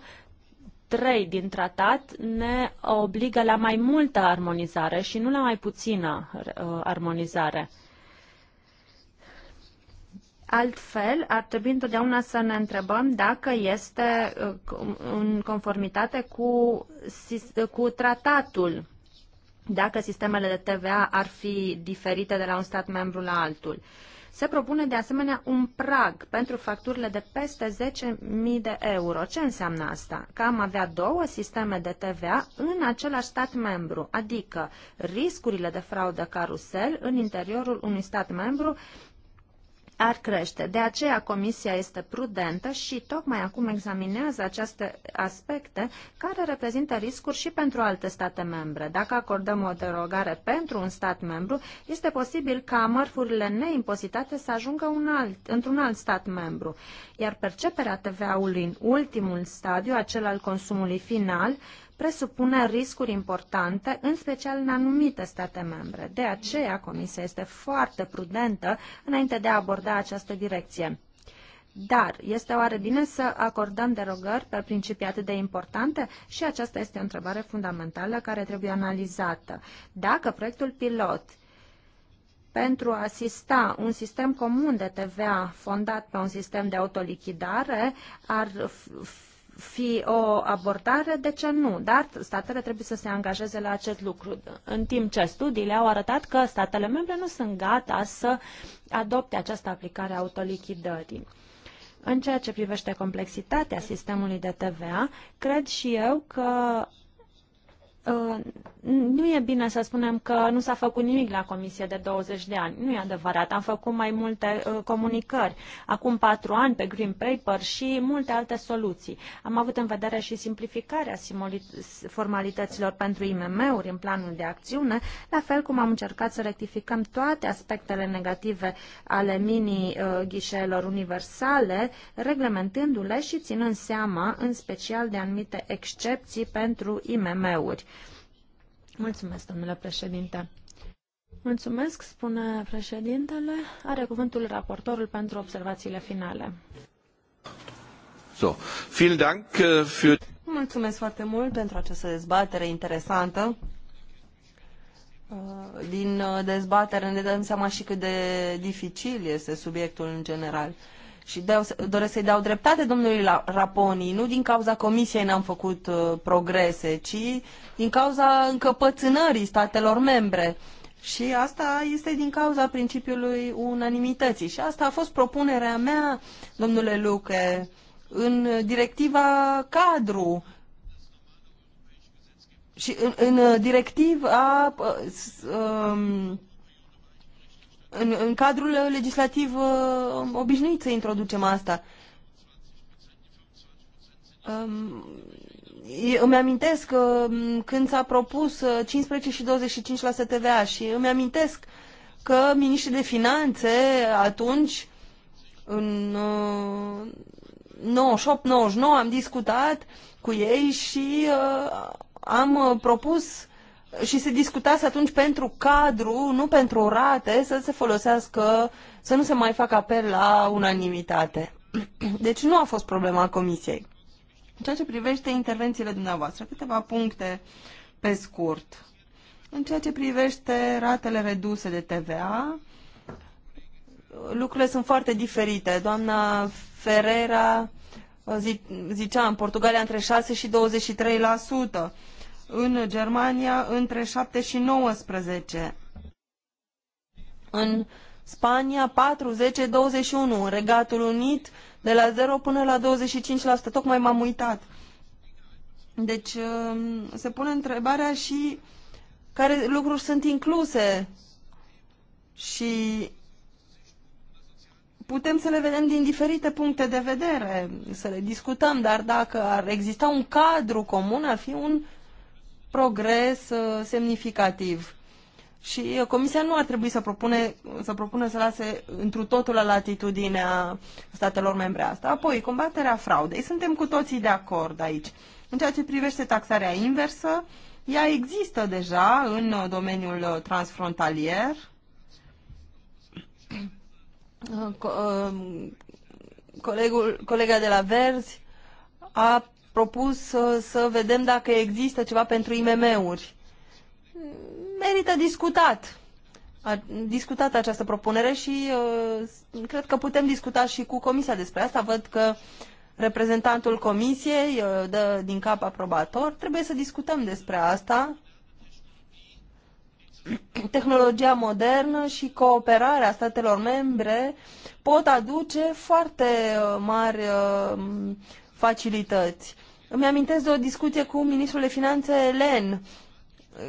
3 din tratat ne obligă la mai multă armonizare și nu la mai puțină uh, armonizare. Altfel, ar trebui întotdeauna să ne întrebăm dacă este uh, în conformitate cu, cu tratatul, dacă sistemele de TVA ar fi diferite de la un stat membru la altul. Uh, se propune de asemenea un prag pentru facturile de peste 10.000 de euro. Ce înseamnă asta? Că am avea două sisteme de TVA în același stat membru, adică riscurile de fraudă carusel în interiorul unui stat membru ar crește. De aceea Comisia este prudentă și tocmai acum examinează aceste aspecte care reprezintă riscuri și pentru alte state membre. Dacă acordăm o derogare pentru un stat membru, este posibil ca mărfurile neimpozitate să ajungă un alt, într-un alt stat membru, iar perceperea TVA-ului în ultimul stadiu, acel al consumului final, presupune riscuri importante, în special în anumite state membre. De aceea, Comisia este foarte prudentă înainte de a aborda această direcție. Dar este oare bine să acordăm derogări pe principii atât de importante? Și aceasta este o întrebare fundamentală care trebuie analizată. Dacă proiectul pilot pentru a asista un sistem comun de TVA fondat pe un sistem de autolichidare ar fi o abordare, de ce nu? Dar statele trebuie să se angajeze la acest lucru. În timp ce studiile au arătat că statele membre nu sunt gata să adopte această aplicare a autolichidării. În ceea ce privește complexitatea sistemului de TVA, cred și eu că Uh, nu e bine să spunem că nu s-a făcut nimic la Comisie de 20 de ani. Nu e adevărat. Am făcut mai multe uh, comunicări. Acum patru ani pe Green Paper și multe alte soluții. Am avut în vedere și simplificarea formalităților pentru IMM-uri în planul de acțiune, la fel cum am încercat să rectificăm toate aspectele negative ale mini-ghișeelor uh, universale, reglementându-le și ținând seama în special de anumite excepții pentru IMM-uri Mulțumesc, domnule președinte. Mulțumesc, spune președintele. Are cuvântul raportorul pentru observațiile finale. So, vielen Dank äh, für... Mulțumesc foarte mult pentru această dezbatere interesantă. Din dezbatere ne dăm seama și cât de dificil este subiectul în general și de- doresc să-i dau dreptate domnului Raponi. Nu din cauza Comisiei n-am făcut uh, progrese, ci din cauza încăpățânării statelor membre. Și asta este din cauza principiului unanimității. Și asta a fost propunerea mea, domnule Luque, în directiva cadru și în, în directiva uh, um, în, în cadrul legislativ uh, obișnuit să introducem asta. Um, îmi amintesc că uh, când s-a propus 15 uh, și 25% la TVA și îmi amintesc că miniștrii de finanțe atunci, în uh, 98-99, am discutat cu ei și uh, am uh, propus și se discutase atunci pentru cadru, nu pentru rate, să se folosească, să nu se mai facă apel la unanimitate. Deci nu a fost problema comisiei. În ceea ce privește intervențiile dumneavoastră, câteva puncte pe scurt. În ceea ce privește ratele reduse de TVA, lucrurile sunt foarte diferite. Doamna Ferreira zicea în Portugalia între 6 și 23% în Germania între 7 și 19, în Spania 40, 21, în Regatul Unit de la 0 până la 25%, tocmai m-am uitat. Deci um, se pune întrebarea și care lucruri sunt incluse și putem să le vedem din diferite puncte de vedere, să le discutăm, dar dacă ar exista un cadru comun, ar fi un progres uh, semnificativ. Și uh, Comisia nu ar trebui să, propune, să propune să lase întru totul la latitudinea statelor membre asta. Apoi, combaterea fraudei. Suntem cu toții de acord aici. În ceea ce privește taxarea inversă, ea există deja în uh, domeniul transfrontalier. colegul, colega de la Verzi a propus să vedem dacă există ceva pentru IMM-uri. Merită discutat. A discutat această propunere și uh, cred că putem discuta și cu Comisia despre asta. Văd că reprezentantul Comisiei uh, dă din cap aprobator. Trebuie să discutăm despre asta. Tehnologia modernă și cooperarea statelor membre pot aduce foarte uh, mari uh, facilități. Îmi amintesc de o discuție cu ministrul de finanțe Len,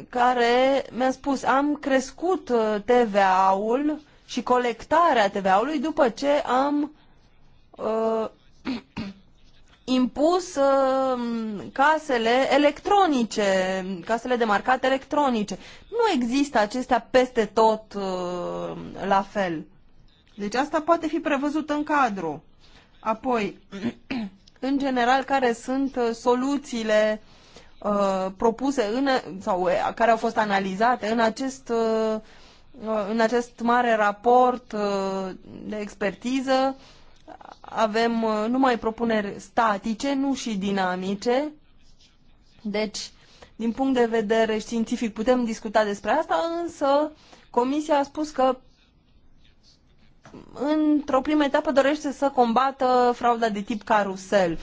care mi-a spus, am crescut uh, TVA-ul și colectarea TVA-ului după ce am uh, impus uh, casele electronice, casele demarcate electronice. Nu există acestea peste tot uh, la fel. Deci asta poate fi prevăzut în cadru. Apoi, în general, care sunt uh, soluțiile uh, propuse în, sau uh, care au fost analizate în acest, uh, uh, în acest mare raport uh, de expertiză. Avem numai propuneri statice, nu și dinamice. Deci, din punct de vedere științific, putem discuta despre asta, însă Comisia a spus că într-o primă etapă dorește să combată frauda de tip carusel.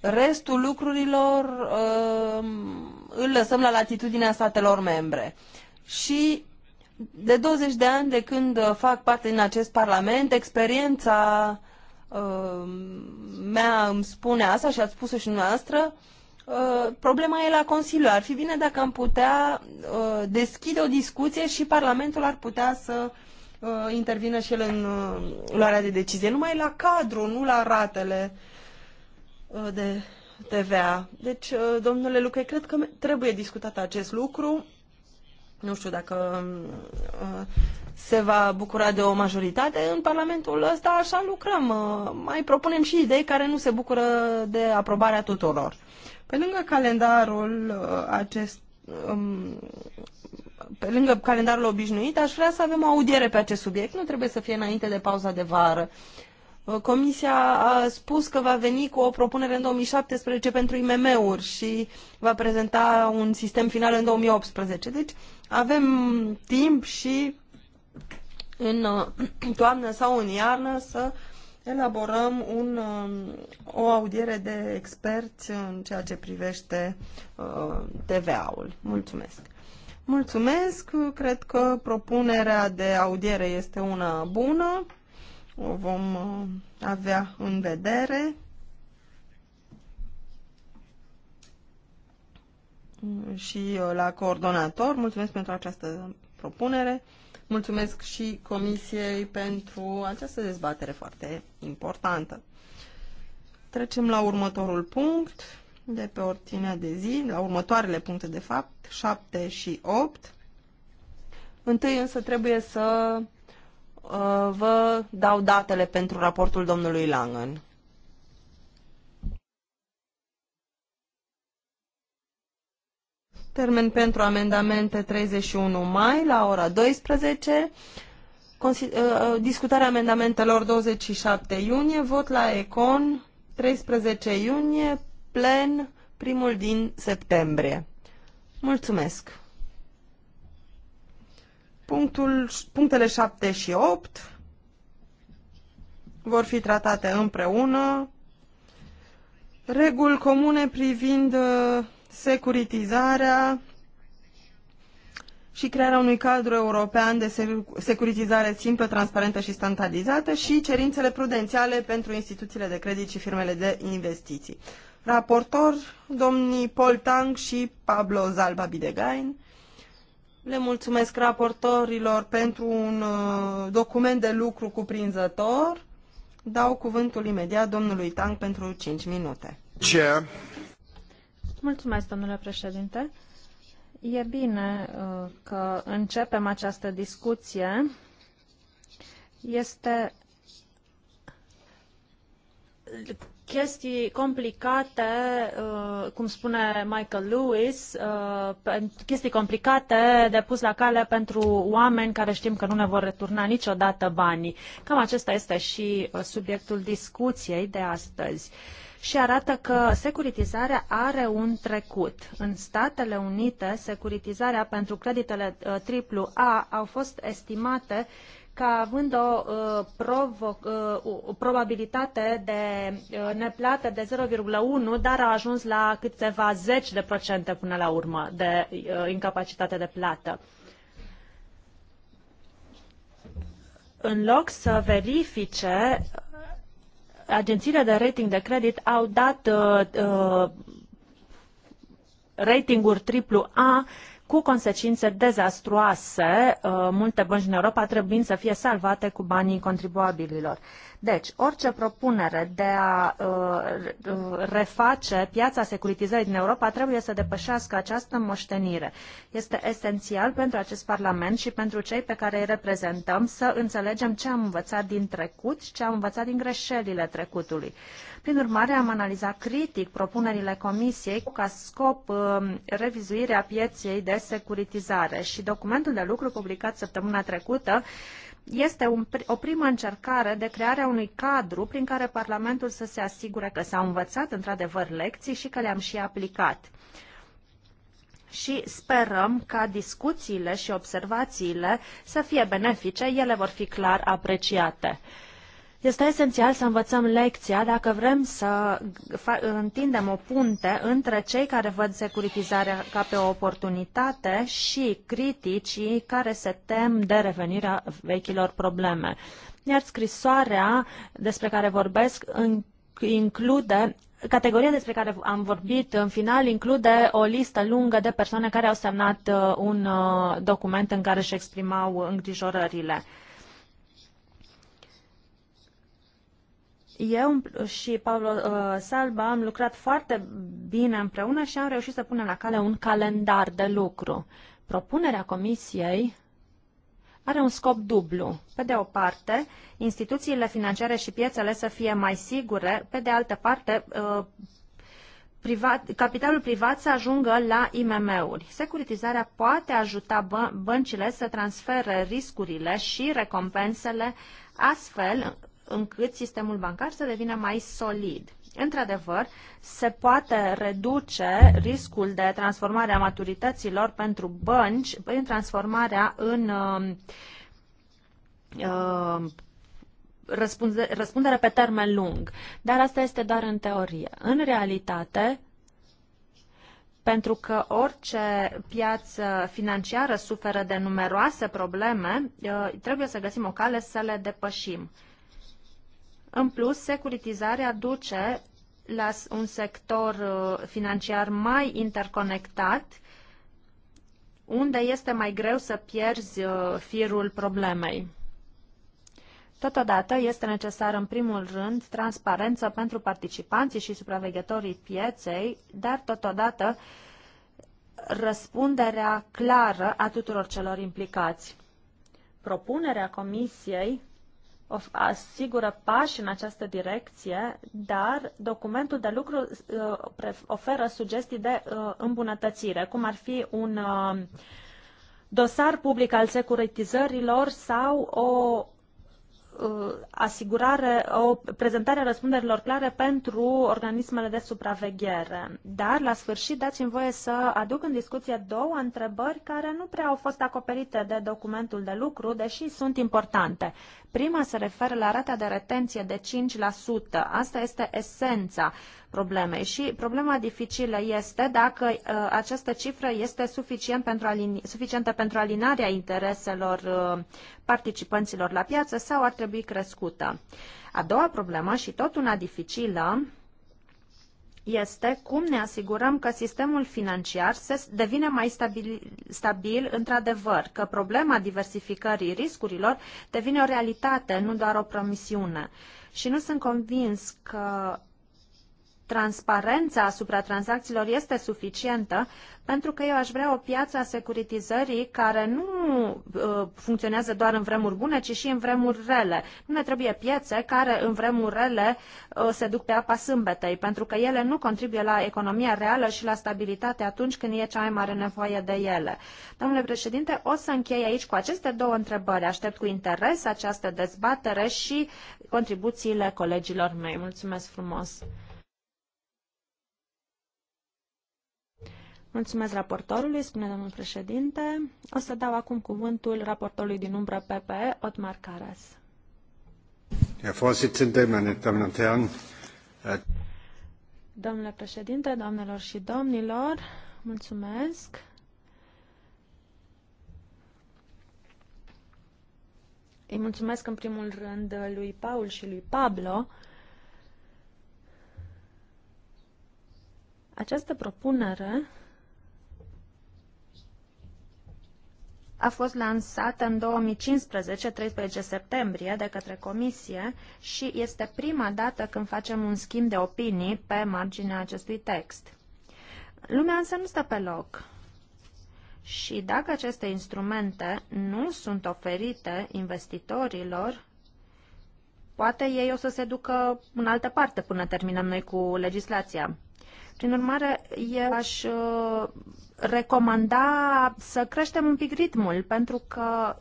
Restul lucrurilor uh, îl lăsăm la latitudinea statelor membre. Și de 20 de ani de când fac parte din acest parlament, experiența uh, mea îmi spune asta și ați spus-o și noastră, uh, problema e la Consiliu. Ar fi bine dacă am putea uh, deschide o discuție și Parlamentul ar putea să uh, uh, intervină și el în uh, luarea de decizie, numai la cadru, nu la ratele uh, de TVA. Deci, uh, domnule Luca, cred că trebuie discutat acest lucru. Nu știu dacă uh, se va bucura de o majoritate. În Parlamentul ăsta așa lucrăm. Uh, mai propunem și idei care nu se bucură de aprobarea tuturor. Pe lângă calendarul uh, acest um, pe lângă calendarul obișnuit, aș vrea să avem o audiere pe acest subiect. Nu trebuie să fie înainte de pauza de vară. Uh, Comisia a spus că va veni cu o propunere în 2017 pentru IMM-uri și va prezenta un sistem final în 2018. Deci avem timp și în uh, toamnă sau în iarnă să elaborăm un, uh, o audiere de experți în ceea ce privește TVA-ul. Mulțumesc! Mulțumesc, cred că propunerea de audiere este una bună, o vom uh, avea în vedere. Și uh, la coordonator, mulțumesc pentru această propunere, mulțumesc și Comisiei pentru această dezbatere foarte importantă. Trecem la următorul punct de pe ordinea de zi, la următoarele puncte de fapt, 7 și 8. Întâi însă trebuie să uh, vă dau datele pentru raportul domnului Langen. Termen pentru amendamente 31 mai la ora 12. Consi uh, uh, discutarea amendamentelor 27 iunie, vot la ECON 13 iunie, plen primul din septembrie. Mulțumesc! Punctul, punctele 7 și 8 vor fi tratate împreună. Reguli comune privind uh, securitizarea și crearea unui cadru european de securitizare simplă, transparentă și standardizată și cerințele prudențiale pentru instituțiile de credit și firmele de investiții raportor, domnii Paul Tang și Pablo Zalba Bidegain. Le mulțumesc raportorilor pentru un uh, document de lucru cuprinzător. Dau cuvântul imediat domnului Tang pentru 5 minute. Ce? Mulțumesc, domnule președinte. E bine uh, că începem această discuție. Este chestii complicate, uh, cum spune Michael Lewis, uh, chestii complicate de pus la cale pentru oameni care știm că nu ne vor returna niciodată banii. Cam acesta este și uh, subiectul discuției de astăzi și arată că securitizarea are un trecut. În Statele Unite, securitizarea pentru creditele AAA au fost estimate ca având o, uh, uh, o probabilitate de uh, neplată de 0,1, dar a ajuns la câteva zeci de procente până la urmă de incapacitate de plată. În loc să verifice, agențiile de rating de credit au dat uh, ratinguri AAA cu consecințe dezastruoase, uh, multe bănci în Europa trebuind să fie salvate cu banii contribuabililor. Deci, orice propunere de a uh, reface piața securitizării din Europa trebuie să depășească această moștenire. Este esențial pentru acest Parlament și pentru cei pe care îi reprezentăm să înțelegem ce am învățat din trecut și ce am învățat din greșelile trecutului. Prin urmare, am analizat critic propunerile Comisiei ca scop uh, revizuirea pieței de securitizare și documentul de lucru publicat săptămâna trecută uh, este un, o primă încercare de crearea unui cadru prin care Parlamentul să se asigure că s-au învățat într-adevăr lecții și că le-am și aplicat. Și sperăm ca discuțiile și observațiile să fie benefice, ele vor fi clar apreciate. Este esențial să învățăm lecția dacă vrem să întindem o punte între cei care văd securitizarea ca pe o oportunitate și criticii care se tem de revenirea vechilor probleme. Iar scrisoarea despre care vorbesc include Categoria despre care am vorbit în final include o listă lungă de persoane care au semnat uh, un uh, document în care își exprimau îngrijorările. Eu și Paolo uh, Salba am lucrat foarte bine împreună și am reușit să punem la cale un calendar de lucru. Propunerea comisiei are un scop dublu. Pe de o parte, instituțiile financiare și piețele să fie mai sigure, pe de altă parte, uh, privat, capitalul privat să ajungă la IMM-uri. Securitizarea poate ajuta băncile să transfere riscurile și recompensele astfel încât sistemul bancar să devină mai solid. Într-adevăr, se poate reduce riscul de transformare a maturităților pentru bănci prin transformarea în uh, răspunde, răspundere pe termen lung. Dar asta este doar în teorie. În realitate, pentru că orice piață financiară suferă de numeroase probleme, uh, trebuie să găsim o cale să le depășim. În plus, securitizarea duce la un sector uh, financiar mai interconectat, unde este mai greu să pierzi uh, firul problemei. Totodată, este necesar în primul rând transparență pentru participanții și supraveghetorii pieței, dar totodată răspunderea clară a tuturor celor implicați. Propunerea Comisiei asigură pași în această direcție, dar documentul de lucru uh, oferă sugestii de uh, îmbunătățire, cum ar fi un uh, dosar public al securitizărilor sau o asigurare, o prezentare a răspunderilor clare pentru organismele de supraveghere. Dar, la sfârșit, dați-mi voie să aduc în discuție două întrebări care nu prea au fost acoperite de documentul de lucru, deși sunt importante. Prima se referă la rata de retenție de 5%. Asta este esența problemei și problema dificilă este dacă uh, această cifră este suficient pentru alini- suficientă pentru alinarea intereselor uh, participanților la piață sau ar trebui crescută. A doua problemă și tot una dificilă este cum ne asigurăm că sistemul financiar se devine mai stabil, stabil într-adevăr, că problema diversificării riscurilor devine o realitate, nu doar o promisiune. Și nu sunt convins că transparența asupra tranzacțiilor este suficientă, pentru că eu aș vrea o piață a securitizării care nu uh, funcționează doar în vremuri bune, ci și în vremuri rele. Nu ne trebuie piețe care în vremuri rele uh, se duc pe apa sâmbetei, pentru că ele nu contribuie la economia reală și la stabilitate atunci când e cea mai mare nevoie de ele. Domnule președinte, o să închei aici cu aceste două întrebări. Aștept cu interes această dezbatere și contribuțiile colegilor mei. Mulțumesc frumos! Mulțumesc raportorului, spune domnul președinte. O să dau acum cuvântul raportorului din umbră PPE, Otmar Caras. Äh, Domnule președinte, doamnelor și domnilor, mulțumesc. Îi mulțumesc în primul rând lui Paul și lui Pablo. Această propunere a fost lansată în 2015, 13 septembrie, de către Comisie și este prima dată când facem un schimb de opinii pe marginea acestui text. Lumea însă nu stă pe loc. Și dacă aceste instrumente nu sunt oferite investitorilor, poate ei o să se ducă în altă parte până terminăm noi cu legislația. Prin urmare, eu aș uh, recomanda să creștem un pic ritmul, pentru că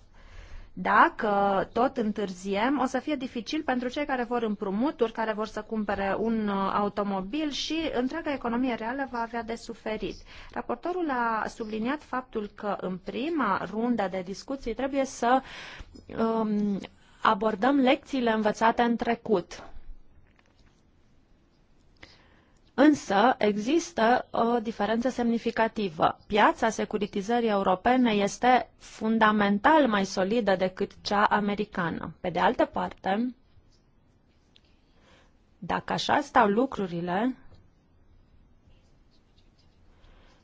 dacă tot întârziem, o să fie dificil pentru cei care vor împrumuturi, care vor să cumpere un uh, automobil și întreaga economie reală va avea de suferit. Raportorul a subliniat faptul că în prima rundă de discuții trebuie să um, abordăm lecțiile învățate în trecut. Însă există o diferență semnificativă. Piața securitizării europene este fundamental mai solidă decât cea americană. Pe de altă parte, dacă așa stau lucrurile,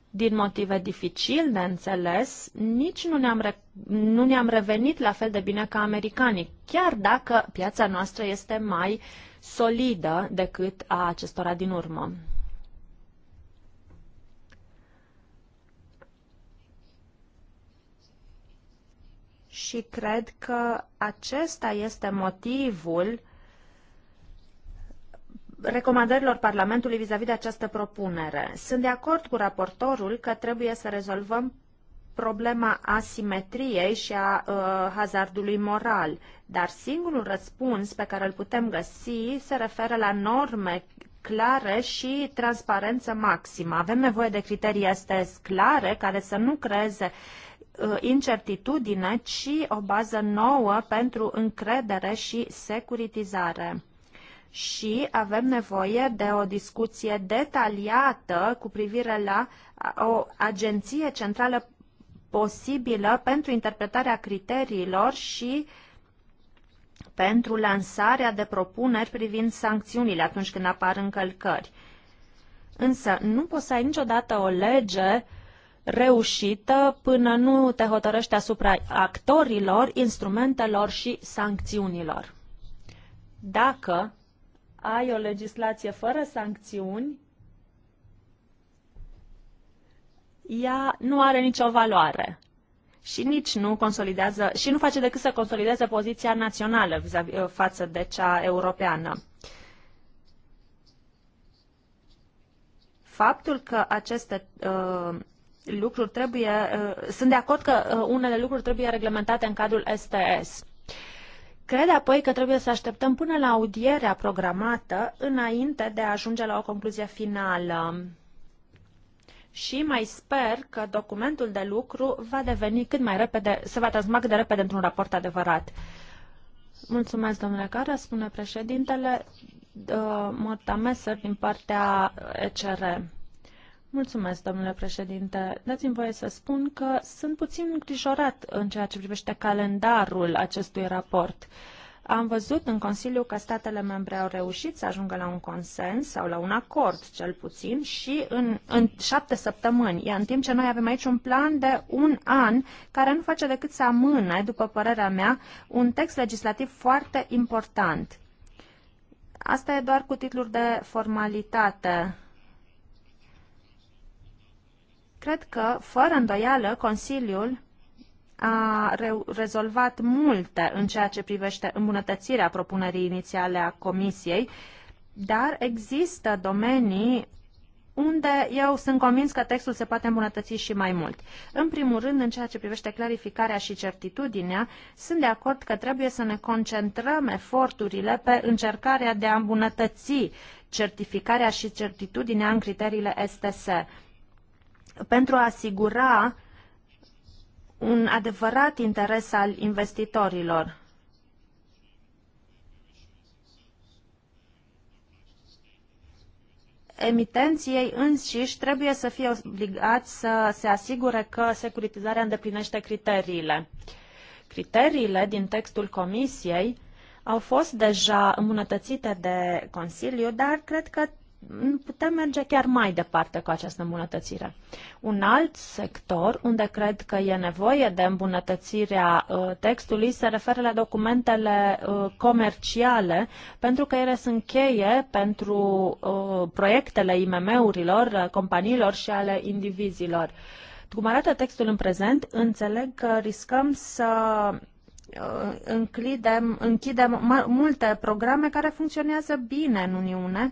din motive dificil de înțeles, nici nu ne-am, re- nu ne-am revenit la fel de bine ca americanii, chiar dacă piața noastră este mai uh, solidă decât a acestora din urmă. Și cred că acesta este motivul recomandărilor Parlamentului vis-a-vis -vis de această propunere. Sunt de acord cu raportorul că trebuie să rezolvăm problema asimetriei și a uh, hazardului moral, dar singurul răspuns pe care îl putem găsi se referă la norme clare și transparență maximă. Avem nevoie de criterii astăzi clare care să nu creeze uh, incertitudine, ci o bază nouă pentru încredere și securitizare și avem nevoie de o discuție detaliată cu privire la uh, o agenție centrală posibilă pentru interpretarea criteriilor și pentru lansarea de propuneri privind sancțiunile atunci când apar încălcări. Însă nu poți să ai niciodată o lege reușită până nu te hotărăști asupra actorilor, instrumentelor și sancțiunilor. Dacă ai o legislație fără sancțiuni, ea nu are nicio valoare și nici nu consolidează și nu face decât să consolideze poziția națională uh, față de cea europeană. Faptul că aceste uh, lucruri trebuie, uh, sunt de acord că uh, unele lucruri trebuie reglementate în cadrul STS. Cred apoi că trebuie să așteptăm până la audierea programată înainte de a ajunge la o concluzie finală și mai sper că documentul de lucru va deveni cât mai repede, se va transforma cât de repede într-un raport adevărat. Mulțumesc, domnule Cara, spune președintele Morta Meser din partea ECR. Mulțumesc, domnule președinte. Dați-mi voie să spun că sunt puțin îngrijorat în ceea ce privește calendarul acestui raport. Uh, am văzut în Consiliu că statele membre au reușit să ajungă la un consens sau la un acord, cel puțin, și în, în șapte săptămâni. Iar în timp ce noi avem aici un plan de un an care nu face decât să amâne, după părerea mea, un text legislativ foarte important. Asta e doar cu titluri de formalitate. Cred că, fără îndoială, Consiliul a re- rezolvat multe în ceea ce privește îmbunătățirea propunerii inițiale a Comisiei, dar există domenii unde eu sunt convins că textul se poate îmbunătăți și mai mult. În primul rând, în ceea ce privește clarificarea și certitudinea, sunt de acord că trebuie să ne concentrăm eforturile pe încercarea de a îmbunătăți certificarea și certitudinea în criteriile STS pentru a asigura un adevărat interes al investitorilor. Emitenții ei înșiși trebuie să fie obligați să se asigure că securitizarea îndeplinește criteriile. Criteriile din textul Comisiei au fost deja îmbunătățite de Consiliu, dar cred că Mm, putem merge chiar mai departe cu această îmbunătățire. Un alt sector unde cred că e nevoie de îmbunătățirea uh, textului se referă la documentele uh, comerciale, pentru că ele sunt cheie pentru uh, proiectele IMM-urilor, companiilor și ale indivizilor. Cum arată textul în prezent, înțeleg că riscăm să închidem, închidem multe programe care funcționează bine în Uniune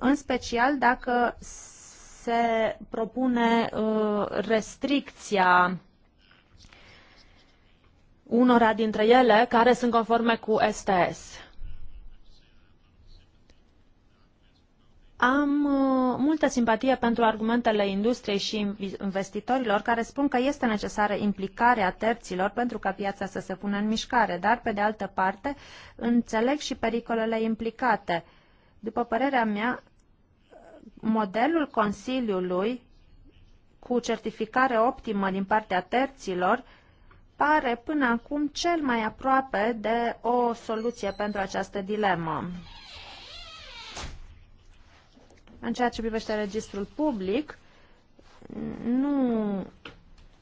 în special dacă se propune uh, restricția unora dintre ele care sunt conforme cu STS. Am uh, multă simpatie pentru argumentele industriei și investitorilor care spun că este necesară implicarea terților pentru ca piața să se pună în mișcare, dar, pe de altă parte, înțeleg și pericolele implicate. După părerea mea, modelul Consiliului cu certificare optimă din partea terților pare până acum cel mai aproape de o soluție pentru această dilemă. În ceea ce privește registrul public, nu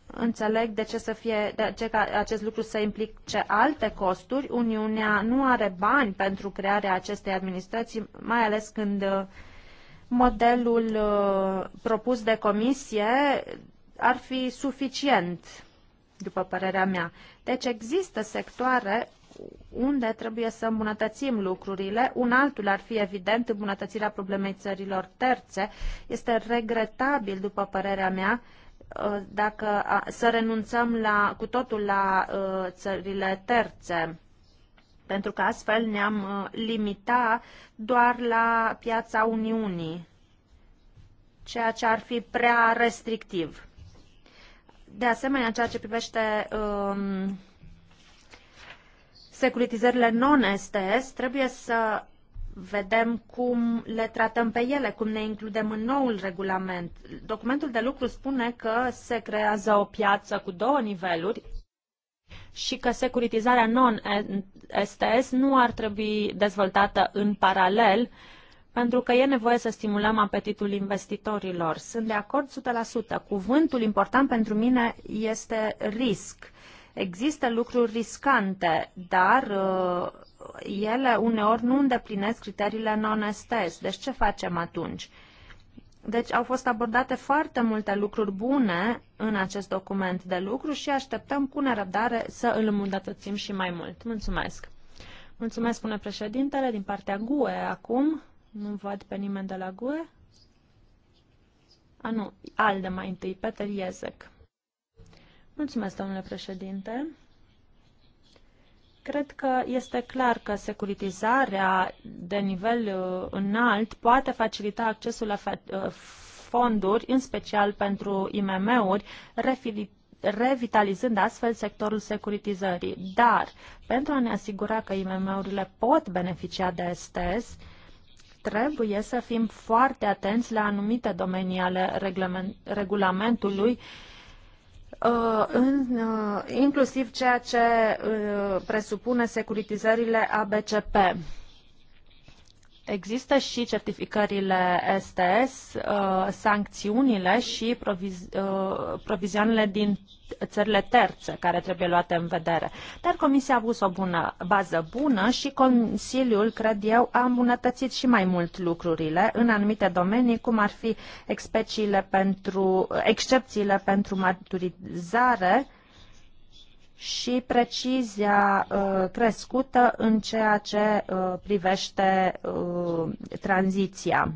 înțeleg de ce să fie de ce ca acest lucru să implice alte costuri. Uniunea nu are bani pentru crearea acestei administrații, mai ales când modelul uh, propus de comisie ar fi suficient, după părerea mea. Deci există sectoare unde trebuie să îmbunătățim lucrurile. Un altul ar fi, evident, îmbunătățirea problemei țărilor terțe. Este regretabil, după părerea mea, uh, dacă să renunțăm la, cu totul la uh, țările terțe pentru că astfel ne-am uh, limita doar la piața Uniunii, ceea ce ar fi prea restrictiv. De asemenea, ceea ce privește um, securitizările non-STS, trebuie să vedem cum le tratăm pe ele, cum ne includem în noul regulament. Documentul de lucru spune că se creează o piață cu două niveluri, și că securitizarea non-STS nu ar trebui dezvoltată în paralel, pentru că e nevoie să stimulăm apetitul investitorilor. Sunt de acord 100%. Cuvântul important pentru mine este risc. Există lucruri riscante, dar uh, ele uneori nu îndeplinesc criteriile non-STS. Deci ce facem atunci? Uh, deci au fost abordate foarte multe lucruri bune în acest document de lucru și așteptăm cu nerăbdare să îl îmbunătățim și mai mult. Mulțumesc! Mulțumesc, spune președintele, din partea GUE acum. Nu văd pe nimeni de la GUE. A, nu, de mai întâi, Peter Iezec. Mulțumesc, domnule președinte. Cred că este clar că securitizarea de nivel uh, înalt poate facilita accesul la uh, fonduri, în special pentru IMM-uri, revitalizând astfel sectorul securitizării. Dar, pentru a ne asigura că IMM-urile pot beneficia de STS, trebuie să fim foarte atenți la anumite domenii ale regulamentului, Uh, în, uh, inclusiv ceea ce uh, presupune securitizările ABCP. Există și certificările STS, uh, sancțiunile și proviz- uh, provizioanele din țările terțe care trebuie luate în vedere. Dar Comisia a avut o bună bază bună și Consiliul, cred eu, a îmbunătățit și mai mult lucrurile în anumite domenii, cum ar fi excepțiile pentru, excepțiile pentru maturizare și precizia uh, crescută în ceea ce uh, privește uh, tranziția.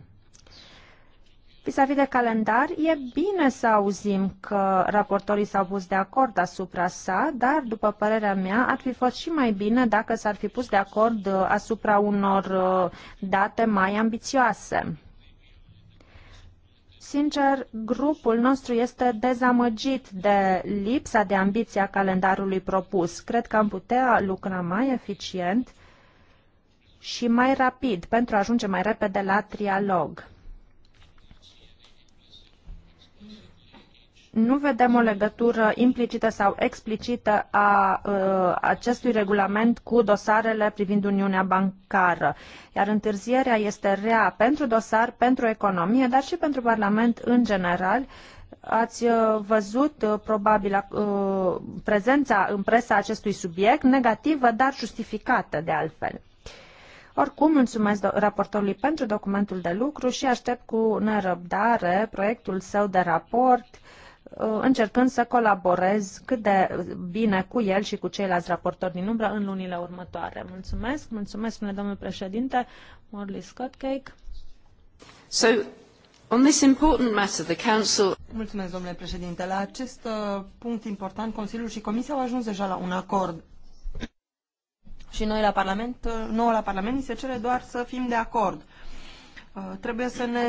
Vis-a-vis de calendar, e bine să auzim că raportorii s-au pus de acord asupra sa, dar, după părerea mea, ar fi fost și mai bine dacă s-ar fi pus de acord asupra unor date mai ambițioase. Sincer, grupul nostru este dezamăgit de lipsa de ambiție a calendarului propus. Cred că am putea lucra mai eficient și mai rapid pentru a ajunge mai repede la trialog. nu vedem o legătură implicită sau explicită a uh, acestui regulament cu dosarele privind Uniunea Bancară, iar întârzierea este rea pentru dosar, pentru economie, dar și pentru Parlament în general. Ați uh, văzut uh, probabil prezența în presa acestui subiect, negativă, dar justificată de altfel. Oricum, mulțumesc raportorului pentru documentul de lucru și aștept cu nerăbdare proiectul său de raport uh, Uh, încercând să colaborez cât de bine cu el și cu ceilalți raportori din umbră în lunile următoare. Mulțumesc, mulțumesc, spune domnul președinte, Morley Scottcake. So, on this important matter, the Council... Mulțumesc, domnule președinte. La acest uh, punct important, Consiliul și Comisia au ajuns deja la un acord. Și noi la Parlament, uh, nouă la Parlament, ni se cere doar să fim de acord. Uh, trebuie să ne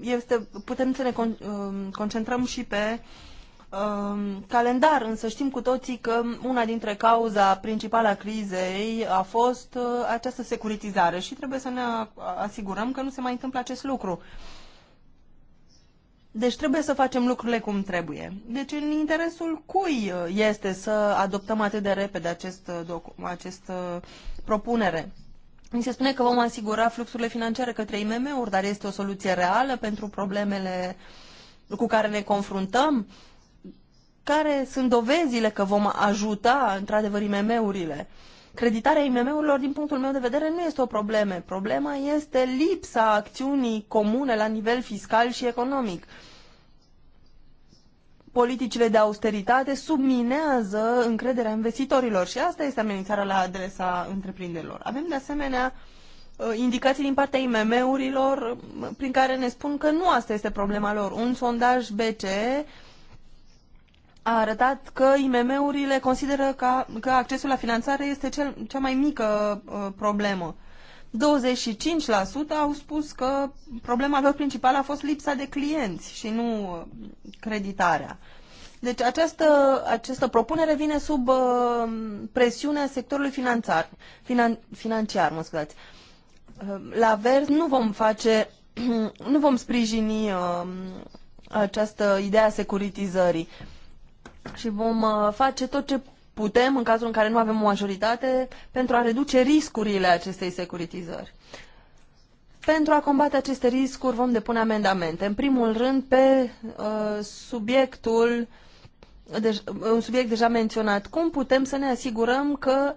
este, putem să ne con, um, concentrăm și pe um, calendar, însă știm cu toții că una dintre cauza principală a crizei a fost uh, această securitizare și trebuie să ne asigurăm că nu se mai întâmplă acest lucru. Deci trebuie să facem lucrurile cum trebuie. Deci în interesul cui uh, este să adoptăm atât de repede acest, uh, acest uh, propunere? Mi se spune că vom asigura fluxurile financiare către IMM-uri, dar este o soluție reală pentru problemele cu care ne confruntăm? Care sunt dovezile că vom ajuta, într-adevăr, IMM-urile? Creditarea IMM-urilor, din punctul meu de vedere, nu este o problemă. Problema este lipsa acțiunii comune la nivel fiscal și economic politicile de austeritate subminează încrederea investitorilor și asta este amenințarea la adresa întreprinderilor. Avem de asemenea uh, indicații din partea IMM-urilor uh, prin care ne spun că nu asta este problema lor. Un sondaj BCE a arătat că IMM-urile consideră ca, că accesul la finanțare este cel, cea mai mică uh, problemă. 25% au spus că problema lor principală a fost lipsa de clienți și nu uh, creditarea. Deci această, această propunere vine sub uh, presiunea sectorului finanțar, finan, financiar. Mă scuzați. Uh, la vers nu vom face, nu vom sprijini uh, această idee a securitizării și vom uh, face tot ce putem, în cazul în care nu avem o majoritate, pentru a reduce riscurile acestei securitizări. Pentru a combate aceste riscuri vom depune amendamente. În primul rând pe uh, subiectul, de, un subiect deja menționat, cum putem să ne asigurăm că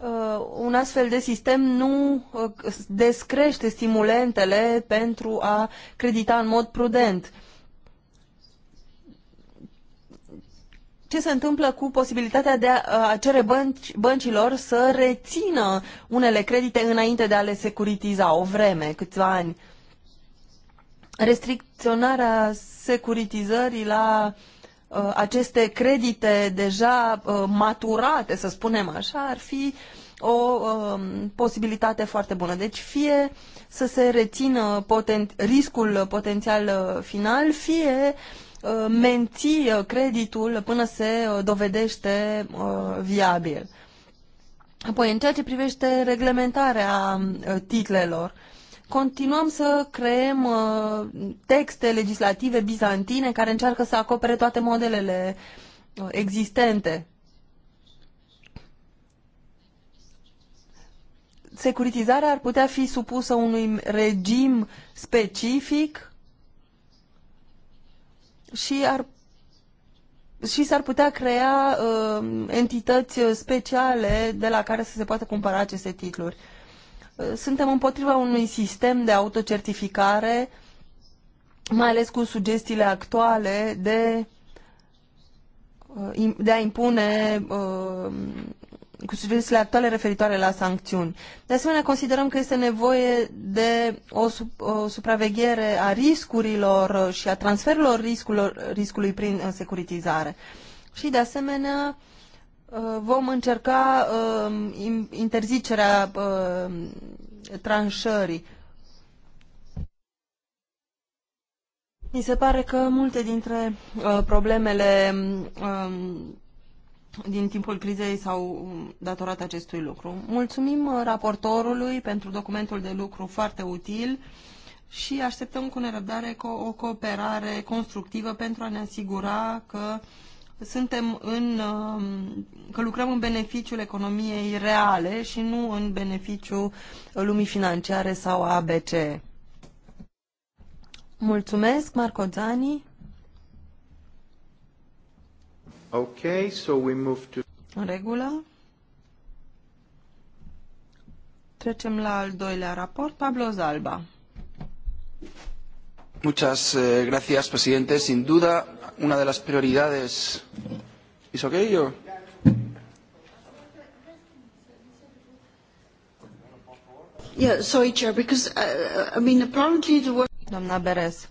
uh, un astfel de sistem nu uh, descrește stimulentele pentru a credita în mod prudent. Uh, ce se întâmplă cu posibilitatea de a, a cere bănci, băncilor să rețină unele credite înainte de a le securitiza o vreme, câțiva ani. Restricționarea securitizării la uh, aceste credite deja uh, maturate, să spunem așa, ar fi o uh, posibilitate foarte bună. Deci fie să se rețină poten- riscul potențial final, fie uh, Uh, menții uh, creditul până se uh, dovedește viabil. Apoi, în ceea ce privește reglementarea titlelor, continuăm să creăm texte legislative bizantine care încearcă să acopere toate modelele existente. Securitizarea ar putea fi supusă unui regim specific și ar și s-ar putea crea uh, entități speciale de la care să se poată cumpăra aceste titluri. Uh, suntem împotriva unui sistem de autocertificare, mai ales cu sugestiile actuale de, uh, de a impune uh, cu sugestiile actuale referitoare la sancțiuni. De asemenea, considerăm că este nevoie de o, o supraveghere a riscurilor și a transferurilor riscurilor, riscului prin uh, securitizare. Și, de asemenea, uh, vom încerca um, interzicerea um, tranșării. Mi se pare că multe dintre uh, problemele um, din timpul crizei s-au datorat acestui lucru. Mulțumim uh, raportorului pentru documentul de lucru foarte util și așteptăm cu nerăbdare o cooperare constructivă pentru a ne asigura că suntem în, um, că lucrăm în beneficiul economiei reale și nu în beneficiul lumii financiare sau ABC. Mulțumesc, Marco Zani. Okay, so we move to... În regulă. Trecem la al doilea raport, Pablo Zalba. Muchas eh, gracias, presidente. Sin duda, una de las prioridades... ¿Es ok yo? Yeah, sorry, Chair, because, uh, I mean, apparently the... Doamna Beres,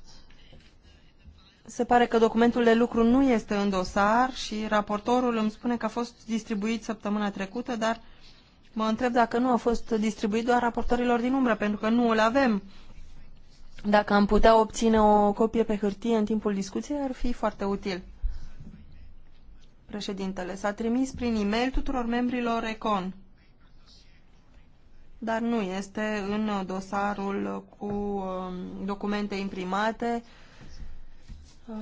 se pare că documentul de lucru nu este în dosar și raportorul îmi spune că a fost distribuit săptămâna trecută, dar mă întreb dacă nu a fost distribuit doar raportorilor din umbră, pentru că nu îl avem. Dacă am putea obține o copie pe hârtie în timpul discuției, ar fi foarte util. Președintele s-a trimis prin e-mail tuturor membrilor ECON, dar nu este în dosarul cu um, documente imprimate, Uh,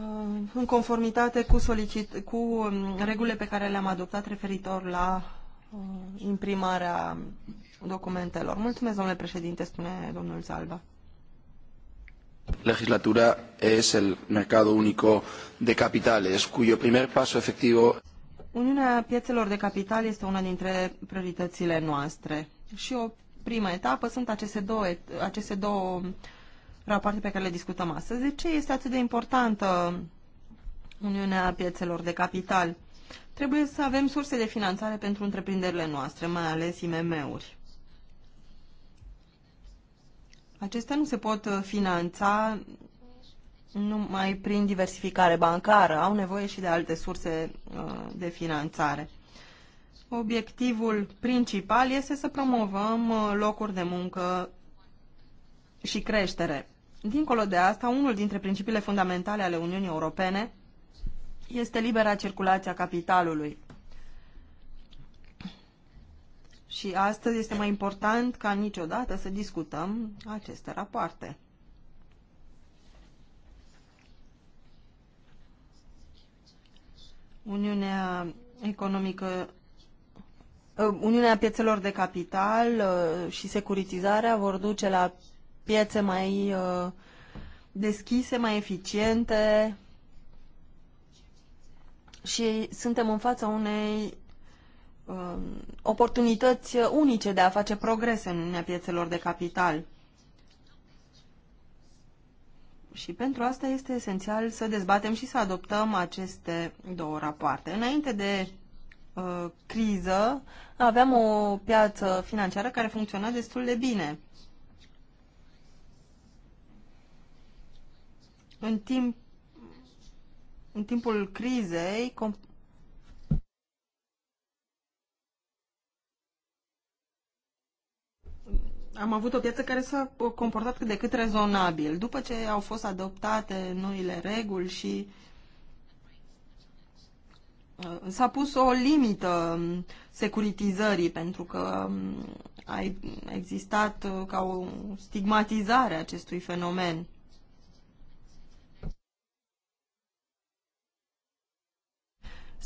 în conformitate cu, solicit, cu um, regulile pe care le-am adoptat referitor la uh, imprimarea documentelor. Mulțumesc, domnule președinte, spune domnul Salva. Legislatura es el mercado único de capitales, cuyo primer paso efectivo Uniunea piețelor de capital este una dintre prioritățile noastre și o prima etapă sunt aceste două, aceste două rapoarte pe care le discutăm astăzi. De ce este atât de importantă Uniunea Piețelor de Capital? Trebuie să avem surse de finanțare pentru întreprinderile noastre, mai ales IMM-uri. Acestea nu se pot finanța numai prin diversificare bancară, au nevoie și de alte surse uh, de finanțare. Obiectivul principal este să promovăm uh, locuri de muncă și creștere. Dincolo de asta, unul dintre principiile fundamentale ale Uniunii Europene este libera circulație a capitalului. Și astăzi este mai important ca niciodată să discutăm aceste rapoarte. Uniunea economică uh, Uniunea piețelor de capital uh, și securitizarea vor duce la piețe mai uh, deschise, mai eficiente și suntem în fața unei uh, oportunități unice de a face progrese în Uniunea Piețelor de Capital. Și pentru asta este esențial să dezbatem și să adoptăm aceste două rapoarte. Înainte de uh, criză, aveam o piață financiară care funcționa destul de bine. în, timp, în timpul crizei, am avut o piață care s-a comportat cât de cât rezonabil. După ce au fost adoptate noile reguli și uh, s-a pus o limită um, securitizării pentru că um, a existat uh, ca o stigmatizare a acestui fenomen.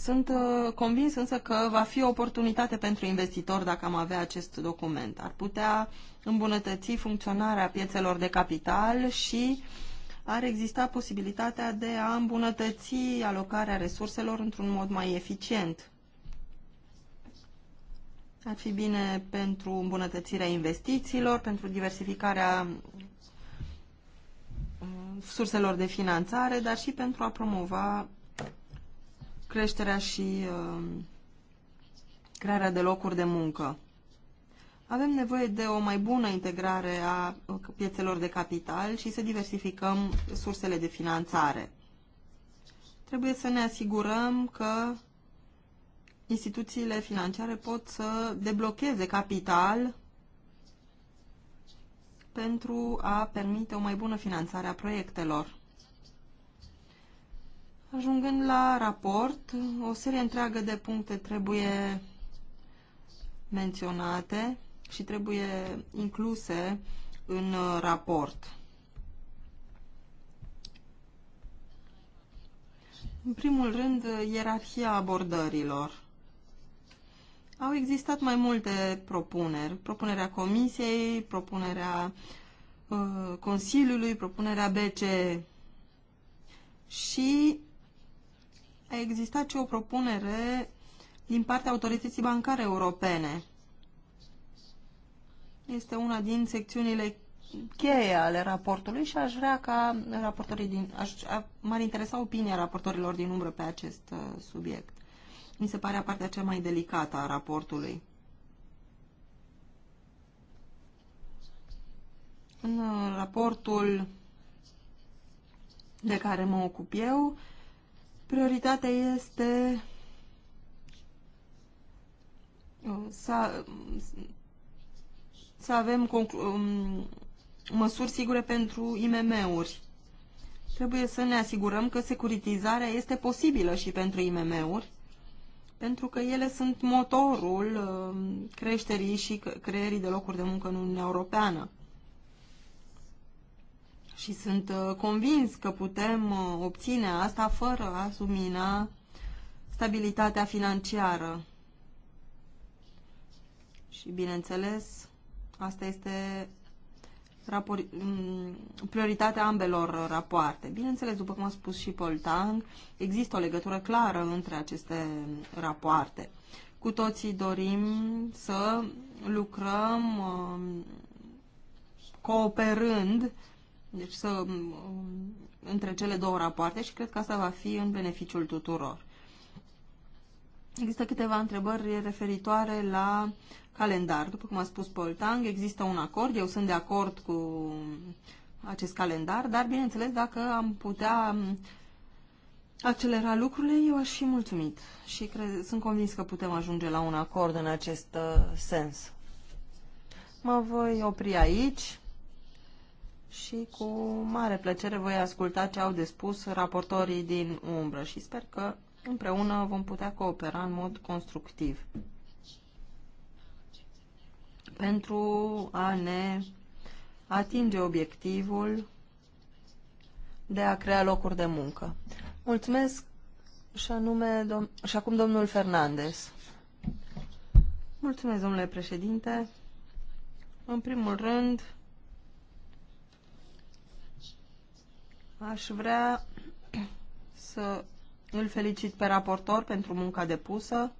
Sunt uh, convins însă că va fi o oportunitate pentru investitor dacă am avea acest document. Ar putea îmbunătăți funcționarea piețelor de capital și ar exista posibilitatea de a îmbunătăți alocarea resurselor într-un mod mai eficient. Ar fi bine pentru îmbunătățirea investițiilor, pentru diversificarea uh, surselor de finanțare, dar și pentru a promova creșterea și um, crearea de locuri de muncă. Avem nevoie de o mai bună integrare a uh, piețelor de capital și să diversificăm sursele de finanțare. Trebuie să ne asigurăm că instituțiile financiare pot să deblocheze capital pentru a permite o mai bună finanțare a proiectelor. Ajungând la raport, o serie întreagă de puncte trebuie menționate și trebuie incluse în uh, raport. În primul rând, uh, ierarhia abordărilor. Au existat mai multe propuneri. Propunerea Comisiei, propunerea uh, Consiliului, propunerea BCE. Și a existat și o propunere din partea autorității bancare europene. Este una din secțiunile cheie ale raportului și aș vrea ca raportorii din... a, m-ar interesa opinia raportorilor din umbră pe acest uh, subiect. Mi se pare partea cea mai delicată a raportului. În uh, raportul de care mă ocup eu, uh, Prioritatea este uh, să, să avem um, măsuri sigure pentru IMM-uri. Trebuie să ne asigurăm că securitizarea este posibilă și pentru IMM-uri, pentru că ele sunt motorul um, creșterii și creierii de locuri de muncă în Uniunea Europeană și sunt uh, convins că putem uh, obține asta fără a submina stabilitatea financiară. Și, bineînțeles, asta este mm, prioritatea ambelor uh, rapoarte. Bineînțeles, după cum a spus și Tang, există o legătură clară între aceste mm, rapoarte. Cu toții dorim să lucrăm um, cooperând deci să, um, între cele două rapoarte și cred că asta va fi în beneficiul tuturor. Există câteva întrebări referitoare la calendar. După cum a spus Paul Tang, există un acord, eu sunt de acord cu acest calendar, dar bineînțeles dacă am putea um, accelera lucrurile, eu aș fi mulțumit și cred, sunt convins că putem ajunge la un acord în acest uh, sens. Mă voi opri aici și cu mare plăcere voi asculta ce au de spus raportorii din umbră și sper că împreună vom putea coopera în mod constructiv pentru a ne atinge obiectivul de a crea locuri de muncă. Mulțumesc și, anume, dom- și acum domnul Fernandez. Mulțumesc, domnule președinte. În primul rând, Aș vrea să îl felicit pe raportor pentru munca depusă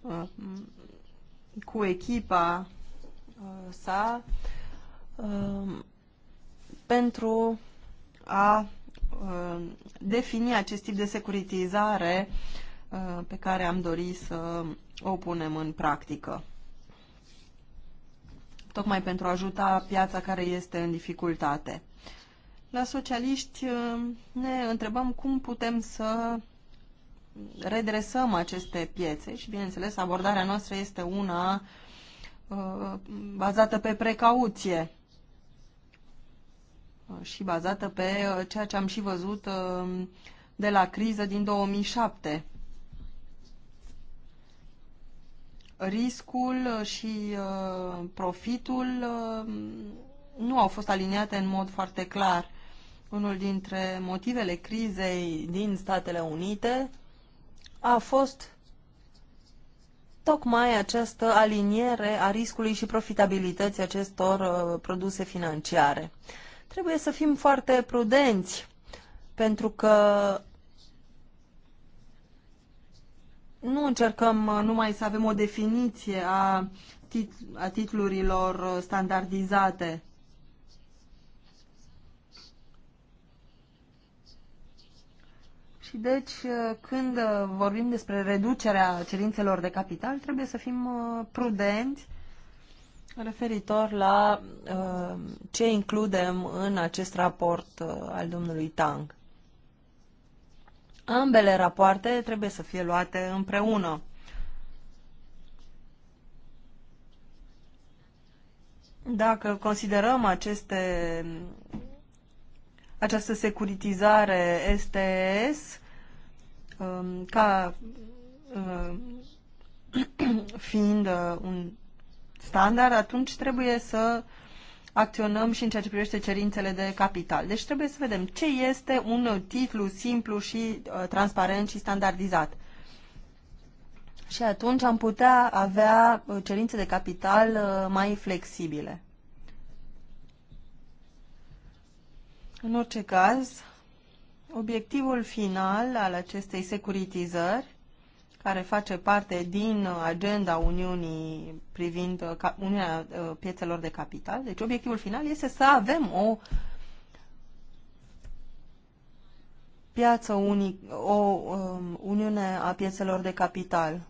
uh, cu echipa uh, sa uh, pentru a defini acest tip de securitizare pe care am dorit să o punem în practică. Tocmai pentru a ajuta piața care este în dificultate. La socialiști uh, ne întrebăm cum putem să redresăm aceste piețe și, bineînțeles, abordarea noastră este una uh, bazată pe precauție uh, și bazată pe ceea ce am și văzut de la criză din 2007. Riscul și profitul nu au fost aliniate în mod foarte clar. Unul dintre motivele crizei din Statele Unite a fost tocmai această aliniere a riscului și profitabilității acestor uh, produse financiare. Trebuie să fim foarte prudenți, pentru că nu încercăm uh, numai să avem o definiție a, tit- a titlurilor uh, standardizate. Și deci, uh, când uh, vorbim despre reducerea cerințelor de capital, trebuie să fim uh, prudenți referitor la ce includem în acest raport al domnului Tang. Ambele rapoarte trebuie să fie luate împreună. Dacă considerăm aceste această securitizare STS um, ca um, fiind uh, un standard, atunci trebuie să acționăm și în ceea ce privește cerințele de capital. Deci trebuie să vedem ce este un titlu simplu și uh, transparent și standardizat. Și atunci am putea avea uh, cerințe de capital mai flexibile. În orice caz, obiectivul final al acestei securitizări, care face parte din agenda Uniunii privind uh, Uniunea uh, Piețelor de Capital, deci obiectivul final este să avem o piață unic, o um, uniune a piețelor de capital.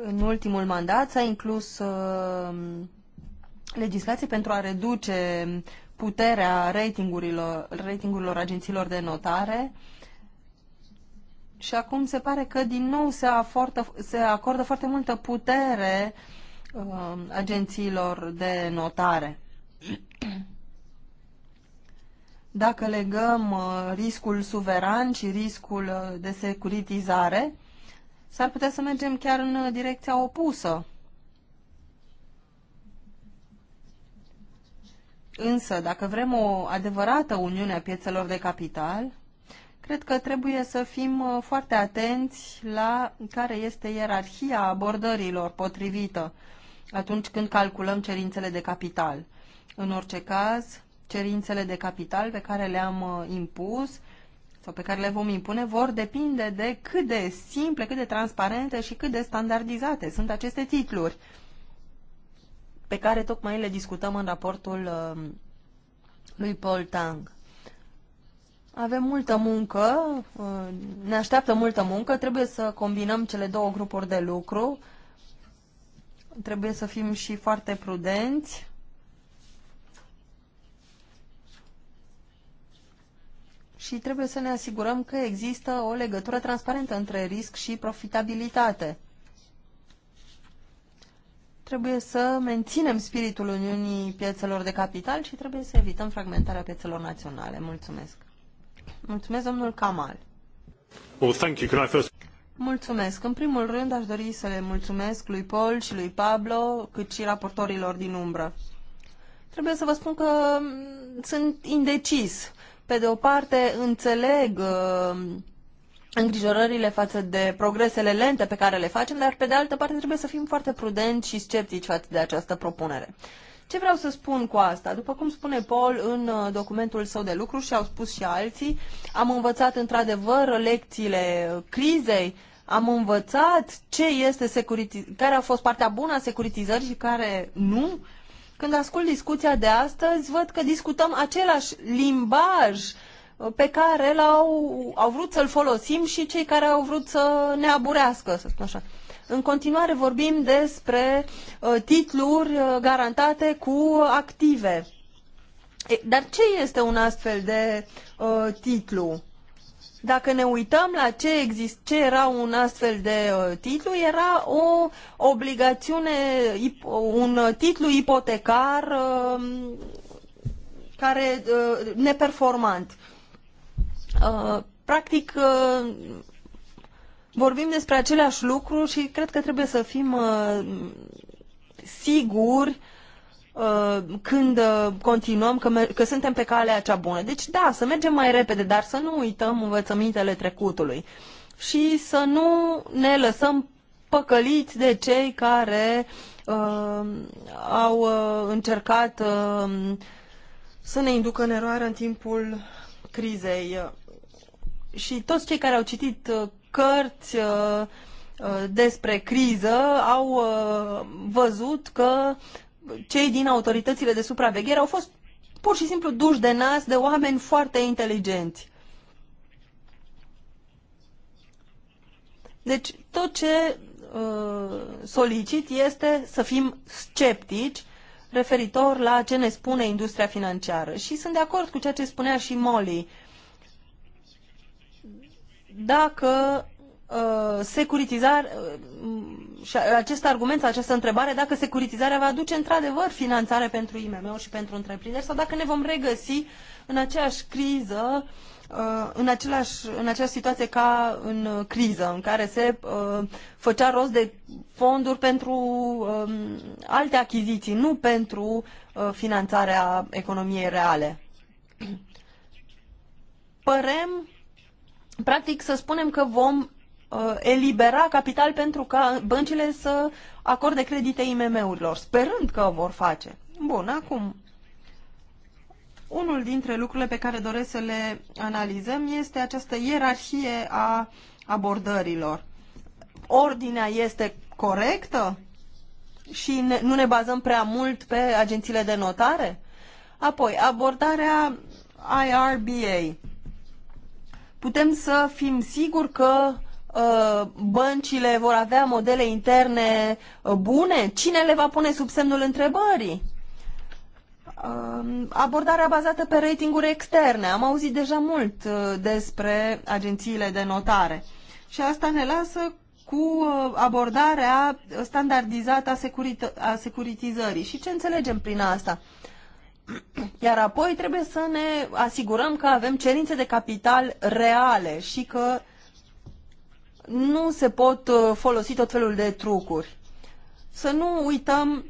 În ultimul mandat s-a inclus uh, legislație pentru a reduce puterea ratingurilor, ratingurilor agențiilor de notare și acum se pare că din nou se, afortă, se acordă foarte multă putere uh, agențiilor de notare. Dacă legăm uh, riscul suveran și riscul uh, de securitizare, S-ar putea să mergem chiar în uh, direcția opusă. Însă, dacă vrem o adevărată uniune a piețelor de capital, cred că trebuie să fim uh, foarte atenți la care este ierarhia abordărilor potrivită atunci când calculăm cerințele de capital. În orice caz, cerințele de capital pe care le-am uh, impus sau pe care le vom impune vor depinde de cât de simple, cât de transparente și cât de standardizate sunt aceste titluri pe care tocmai le discutăm în raportul uh, lui Paul Tang. Avem multă muncă, uh, ne așteaptă multă muncă, trebuie să combinăm cele două grupuri de lucru, trebuie să fim și foarte prudenți și trebuie să ne asigurăm că există o legătură transparentă între risc și profitabilitate. Trebuie să menținem spiritul Uniunii piețelor de capital și trebuie să evităm fragmentarea piețelor naționale. Mulțumesc. Mulțumesc, domnul Kamal. Well, thank you. Can I first... Mulțumesc. În primul rând aș dori să le mulțumesc lui Paul și lui Pablo, cât și raportorilor din umbră. Trebuie să vă spun că mm, sunt indecis pe de o parte, înțeleg uh, îngrijorările față de progresele lente pe care le facem, dar pe de altă parte trebuie să fim foarte prudenți și sceptici față de această propunere. Ce vreau să spun cu asta? După cum spune Paul în uh, documentul său de lucru și au spus și alții, am învățat într-adevăr lecțiile crizei, am învățat ce este securiti- care a fost partea bună a securitizării și care nu, când ascult discuția de astăzi, văd că discutăm același limbaj uh, pe care l-au au vrut să-l folosim și cei care au vrut să ne aburească, să spun așa. În continuare vorbim despre uh, titluri uh, garantate cu active. E, dar ce este un astfel de uh, titlu? Dacă ne uităm la ce, exist, ce era un astfel de uh, titlu, era o obligațiune, un uh, titlu ipotecar um, care uh, neperformant. Practic, vorbim despre aceleași lucru și cred că trebuie să fim siguri Uh, când uh, continuăm, că, că suntem pe calea cea bună. Deci da, să mergem mai repede, dar să nu uităm învățămintele trecutului și să nu ne lăsăm păcăliți de cei care uh, au uh, încercat uh, să ne inducă în eroare în timpul crizei. Și toți cei care au citit uh, cărți uh, despre criză au uh, văzut că cei din autoritățile de supraveghere au fost pur și simplu duși de nas de oameni foarte inteligenți. Deci tot ce uh, solicit este să fim sceptici referitor la ce ne spune industria financiară. Și sunt de acord cu ceea ce spunea și Molly. Dacă uh, securitizarea uh, și acest argument, această întrebare, dacă securitizarea va aduce într-adevăr finanțare pentru IMM-uri și pentru întreprinderi sau dacă ne vom regăsi în aceeași criză, uh, în, același, în aceeași situație ca în uh, criză, în care se uh, făcea rost de fonduri pentru um, alte achiziții, nu pentru finanțarea economiei reale. Părem, practic, să spunem că vom Uh, elibera capital pentru ca băncile să acorde credite IMM-urilor, sperând că vor face. Bun, acum, unul dintre lucrurile pe care doresc să le analizăm este această ierarhie a abordărilor. Ordinea este corectă și ne, nu ne bazăm prea mult pe agențiile de notare? Apoi, abordarea IRBA. Putem să fim siguri că uh, Uh, băncile vor avea modele interne uh, bune? Cine le va pune sub semnul întrebării? Uh, abordarea bazată pe ratinguri externe. Am auzit deja mult despre agențiile de notare. Și asta ne lasă cu abordarea standardizată a, securită, a securitizării. Și ce înțelegem prin asta? Iar apoi trebuie să ne asigurăm că avem cerințe de capital reale și că nu se pot uh, folosi tot felul de trucuri. Să nu uităm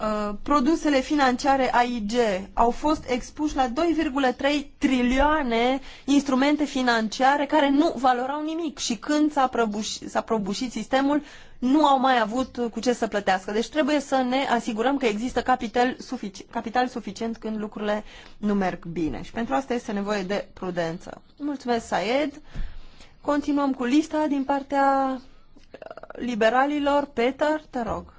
uh, produsele financiare AIG au fost expuși la 2,3 trilioane instrumente financiare care nu valorau nimic și când s-a prăbușit, prăbușit sistemul nu au mai avut cu ce să plătească. Deci trebuie să ne asigurăm că există capital, sufici, capital suficient când lucrurile nu merg bine și pentru asta este nevoie de prudență. Mulțumesc, Saed! Continuăm cu lista din partea uh, liberalilor. Peter, te rog.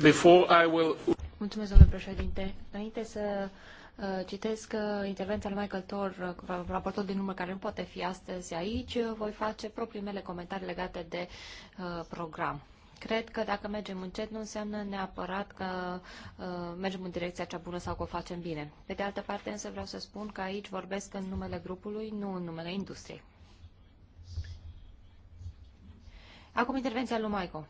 Before I will... Mulțumesc, domnule președinte. Înainte să uh, Citesc uh, intervenția lui Michael Thor, raportul din număr care nu poate fi astăzi aici. Voi face proprii mele comentarii legate de program. Cred că dacă mergem încet nu înseamnă neapărat că uh, mergem în direcția cea bună sau că o facem bine. Pe de altă parte însă vreau să spun că aici vorbesc în numele grupului, nu în numele industriei. Acum intervenția lui Maico.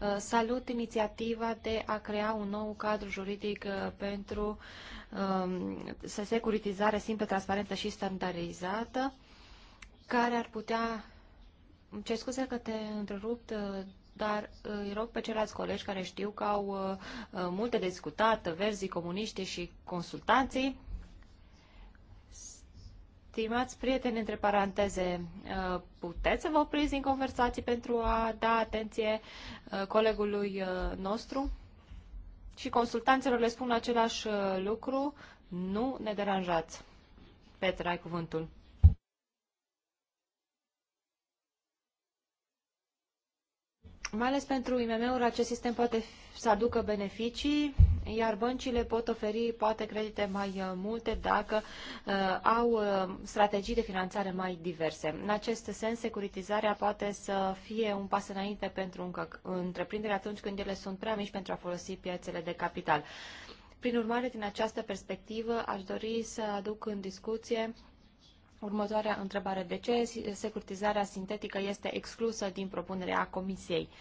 Uh, salut inițiativa de a crea un nou cadru juridic uh, pentru um, securitizare simplă, transparentă și standardizată, care ar putea... Îmi cer scuze că te întrerupt, uh, dar îi rog pe ceilalți colegi care știu că au uh, multe de discutat, verzii, comuniștii și consultanții, Stimați prieteni, între paranteze, uh, puteți să vă opriți din conversații pentru a da atenție uh, colegului uh, nostru? Și consultanțelor le spun același lucru, nu ne deranjați. Petra, ai cuvântul. Mai ales pentru IMM-uri, acest sistem poate să aducă beneficii iar băncile pot oferi poate credite mai uh, multe dacă uh, au uh, strategii de finanțare mai diverse. În acest sens, securitizarea poate să fie un pas înainte pentru întreprindere atunci când ele sunt prea mici pentru a folosi piețele de capital. Prin urmare, din această perspectivă, aș dori să aduc în discuție următoarea întrebare. De ce securitizarea sintetică este exclusă din propunerea Comisiei? Uh,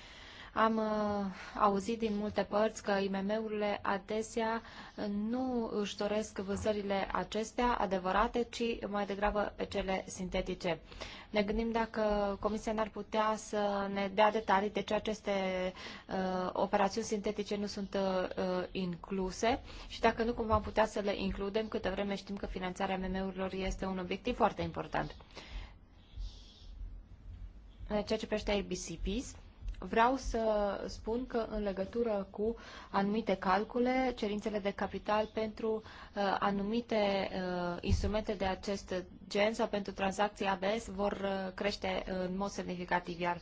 am uh, auzit din multe părți că IMM-urile adesea uh, nu își doresc vânzările acestea adevărate, ci mai degrabă pe cele sintetice. Ne gândim dacă Comisia n-ar putea să ne dea detalii de ce aceste uh, operațiuni sintetice nu sunt uh, uh incluse și dacă nu cumva am putea să le includem câte vreme știm că finanțarea imm urilor este un obiectiv foarte important. În ceea ce privește ABCPs, Vreau să spun că în legătură cu anumite calcule, cerințele de capital pentru uh, anumite uh, instrumente de acest gen sau pentru tranzacții ABS vor uh, crește în mod semnificativ, iar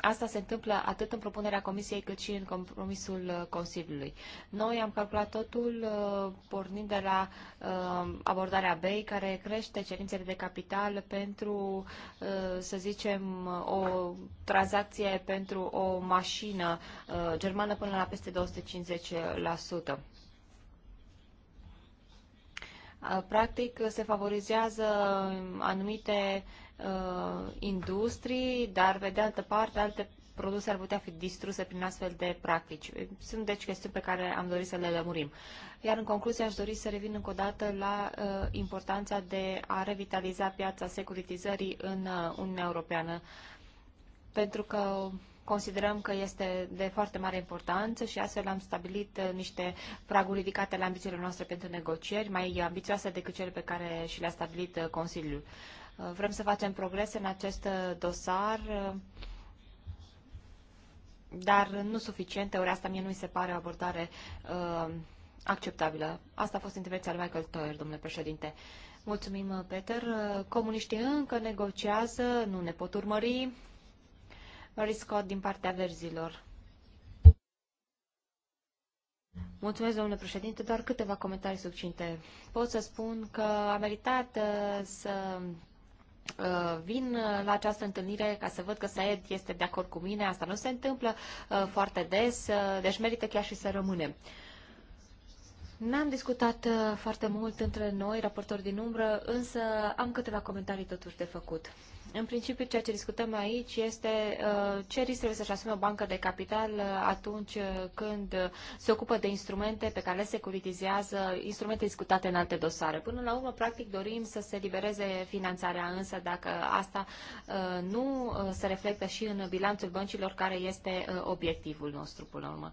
Asta se întâmplă atât în propunerea Comisiei cât și în compromisul uh, Consiliului. Noi am calculat totul uh, pornind de la uh, abordarea BEI care crește cerințele de capital pentru, să zicem, o tranzacție pentru o mașină germană până la peste 250%. Practic, se favorizează um, anumite uh, uh, industrii, dar pe de altă parte alte produse ar putea fi distruse prin astfel de practici. Sunt deci chestiuni pe care am dorit să le lămurim. Iar în concluzie aș dori să revin încă o dată la uh, importanța de a revitaliza piața securitizării în uh, Uniunea Europeană, pentru că considerăm că este de foarte mare importanță și astfel am stabilit uh, niște praguri ridicate la ambițiile noastre pentru negocieri, mai ambițioase decât cele pe care și le-a stabilit uh, Consiliul. Uh, Vrem să facem progrese în acest uh, dosar, uh, dar nu suficiente, ori asta mie nu mi se pare o abordare uh, acceptabilă. Asta a fost intervenția lui Michael Toyer, domnule președinte. Mulțumim, uh, Peter. Comuniștii încă negociază, nu ne pot urmări. Mary Scott din partea verzilor. Mulțumesc, domnule președinte. Doar câteva comentarii succinte. Pot să spun că a meritat să Uh, vin uh, la această întâlnire ca să văd că Saed este de acord cu mine. Asta nu se întâmplă uh, foarte des, deci merită chiar și să rămânem. N-am discutat foarte mult între noi, raportori din umbră, însă am câteva comentarii totuși de făcut. În principiu, ceea ce discutăm aici este uh, ce risc trebuie să-și asume o bancă de capital uh, atunci uh, când se ocupă de instrumente pe care le securitizează, instrumente discutate în alte dosare. Până la urmă, practic, dorim să se libereze finanțarea, însă dacă asta nu se reflectă și în bilanțul băncilor, care este obiectivul nostru până la urmă.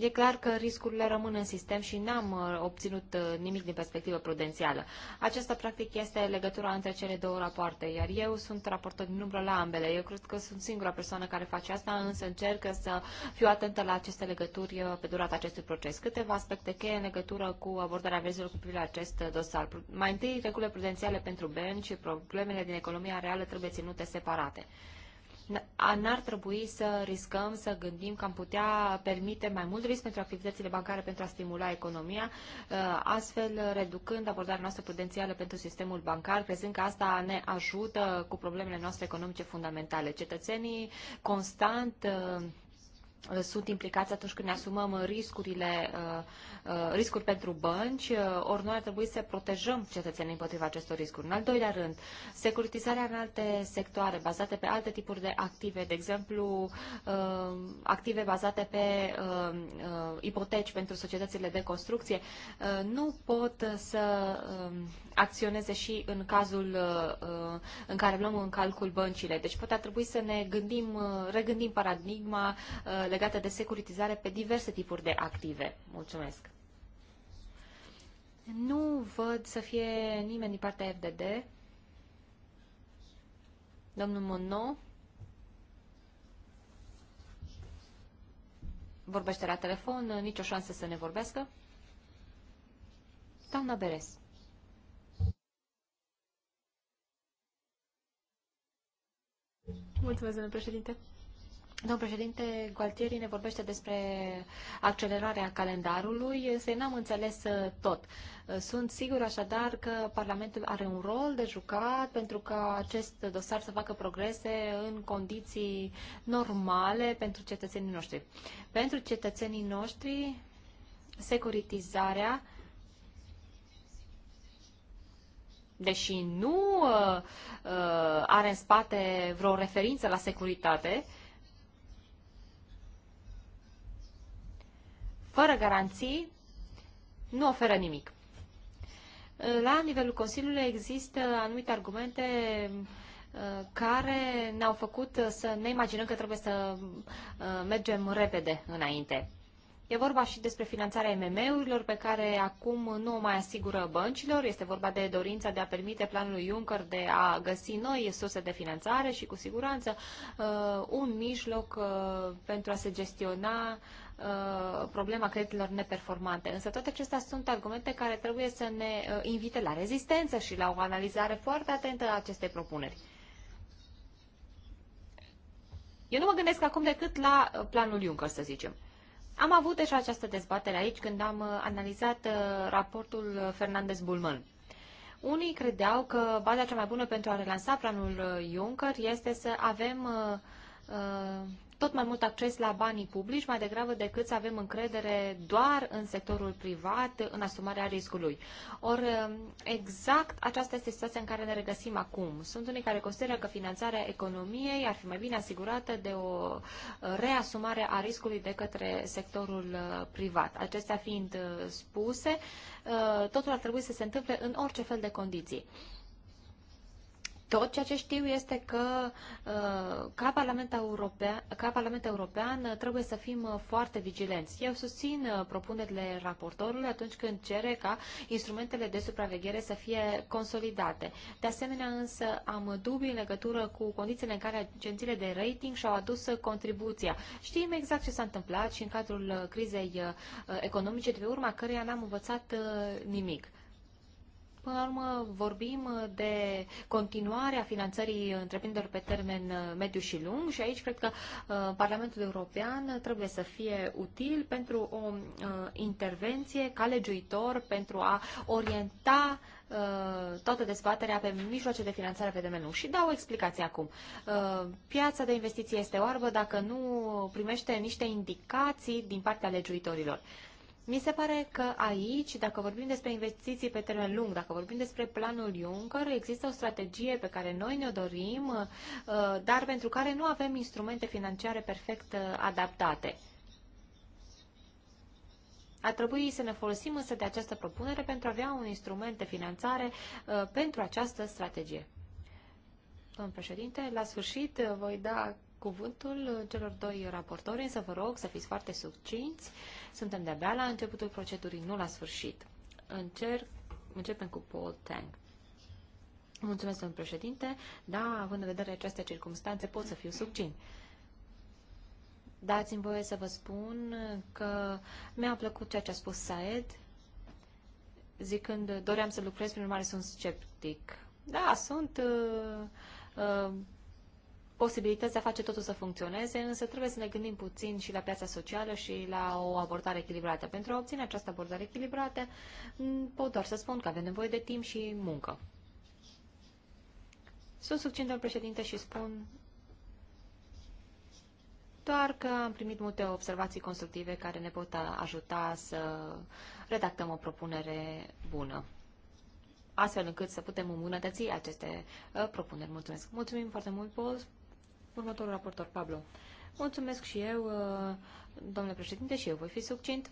E clar că riscurile rămân în sistem și n-am uh, obținut uh, nimic din perspectivă prudențială. Aceasta, practic, este legătura între cele două rapoarte, iar eu sunt raportor din umbră la ambele. Eu cred că sunt singura persoană care face asta, însă încerc să fiu atentă la aceste legături uh, pe durata acestui proces. Câteva aspecte cheie în legătură cu abordarea vizelor cu privire la acest dosar. Mai întâi, regulile prudențiale pentru bănci și problemele din economia reală trebuie ținute separate n-ar trebui să riscăm să gândim că am putea permite mai mult risc pentru activitățile bancare pentru a stimula economia, uh, astfel reducând abordarea noastră prudențială pentru sistemul bancar, crezând că asta ne ajută cu problemele noastre economice fundamentale. Cetățenii constant uh, Uh, sunt implicați atunci când ne asumăm riscurile, uh, uh, riscuri pentru bănci, ori noi ar trebui să protejăm cetățenii împotriva acestor riscuri. În al doilea rând, securitizarea în alte sectoare, bazate pe alte tipuri de active, de exemplu, active bazate pe ipoteci pentru societățile de construcție, nu pot să um, acționeze și în cazul în care luăm în calcul băncile. Deci poate ar trebui să ne gândim, regândim paradigma Legată de securitizare pe diverse tipuri de active. Mulțumesc! Nu văd să fie nimeni din partea FDD. Domnul Monod vorbește la telefon, nicio șansă să ne vorbească. Doamna Beres. Mulțumesc, domnule președinte. Domnul președinte, Gualtieri ne vorbește despre accelerarea calendarului, însă n-am înțeles uh, tot. Uh, sunt sigur așadar că Parlamentul are un rol de jucat pentru ca acest dosar să facă progrese în condiții normale pentru cetățenii noștri. Pentru cetățenii noștri, securitizarea deși nu uh, uh are în spate vreo referință la securitate, uh, fără garanții, nu oferă nimic. La nivelul Consiliului există anumite argumente uh, care ne-au făcut să ne imaginăm că trebuie să uh, mergem repede înainte. E vorba și despre finanțarea MM-urilor pe care acum nu o mai asigură băncilor. Este vorba de dorința de a permite planului Juncker de a găsi noi surse de finanțare și cu siguranță uh, un mijloc pentru a se gestiona Uh, problema creditelor neperformante. Însă toate acestea sunt argumente care trebuie să ne uh, invite la rezistență și la o analizare foarte atentă a acestei propuneri. Eu nu mă gândesc acum decât la uh, planul Juncker, să zicem. Am avut deja această dezbatere aici când am analizat raportul Fernandez Bulman. Unii credeau că baza cea mai bună pentru a relansa planul Juncker este să avem uh, tot mai mult acces la banii publici, mai degrabă decât să avem încredere doar în sectorul privat, în asumarea riscului. Or, um, exact aceasta este situația în care ne regăsim acum. Sunt unii care consideră că finanțarea economiei ar fi mai bine asigurată de o uh, reasumare a riscului de către sectorul uh, privat. Acestea fiind uh, spuse, totul ar trebui să se întâmple în orice fel de condiții. Tot ceea ce știu este că uh, ca Parlament, European, ca Parlament European trebuie să fim uh, foarte vigilenți. Eu susțin uh, propunerile raportorului atunci când cere ca instrumentele de supraveghere să fie consolidate. De asemenea, însă, am dubii în legătură cu condițiile în care agențiile de rating și-au adus contribuția. Știm exact ce s-a întâmplat și în cadrul crizei economice, de pe urma căreia n-am învățat nimic. Până la urmă, vorbim de continuarea finanțării întreprinderilor pe termen uh, mediu și lung și aici cred că uh, Parlamentul European trebuie să fie util pentru o uh, intervenție ca legiuitor pentru a orienta toată dezbaterea pe mijloace de finanțare pe termen lung. Și dau o explicație acum. Piața de investiții este oarbă dacă nu primește niște indicații din partea legiuitorilor. Mi se pare că aici, dacă vorbim despre investiții pe termen lung, dacă vorbim despre planul Juncker, există o strategie pe care noi ne-o dorim, uh, dar pentru care nu avem instrumente financiare perfect uh, adaptate. Ar trebui să ne folosim însă de această propunere pentru a avea un instrument de finanțare uh, pentru această strategie. Domnul președinte, la sfârșit voi da cuvântul celor doi raportori, însă vă rog să fiți foarte succinți. Suntem de-abia la începutul procedurii, nu la sfârșit. Încerc, începem cu Paul Tang. Mulțumesc, domnul președinte. Da, având în vedere aceste circunstanțe, pot să fiu succint. Dați-mi voie să vă spun că mi-a plăcut ceea ce a spus Saed, zicând doream să lucrez, prin urmare sunt sceptic. Da, sunt uh, uh, posibilități de a face totul să funcționeze, însă trebuie să ne gândim puțin și la piața socială și la o abordare echilibrată. Pentru a obține această abordare echilibrată, pot doar să spun că avem nevoie de timp și muncă. Sunt succint, domnul președinte, și spun doar că am primit multe observații constructive care ne pot ajuta să redactăm o propunere bună astfel încât să putem îmbunătăți aceste uh, propuneri. Mulțumesc! Mulțumim foarte mult, Paul, Următorul raportor, Pablo. Mulțumesc și eu, uh, domnule președinte, și eu voi fi succint.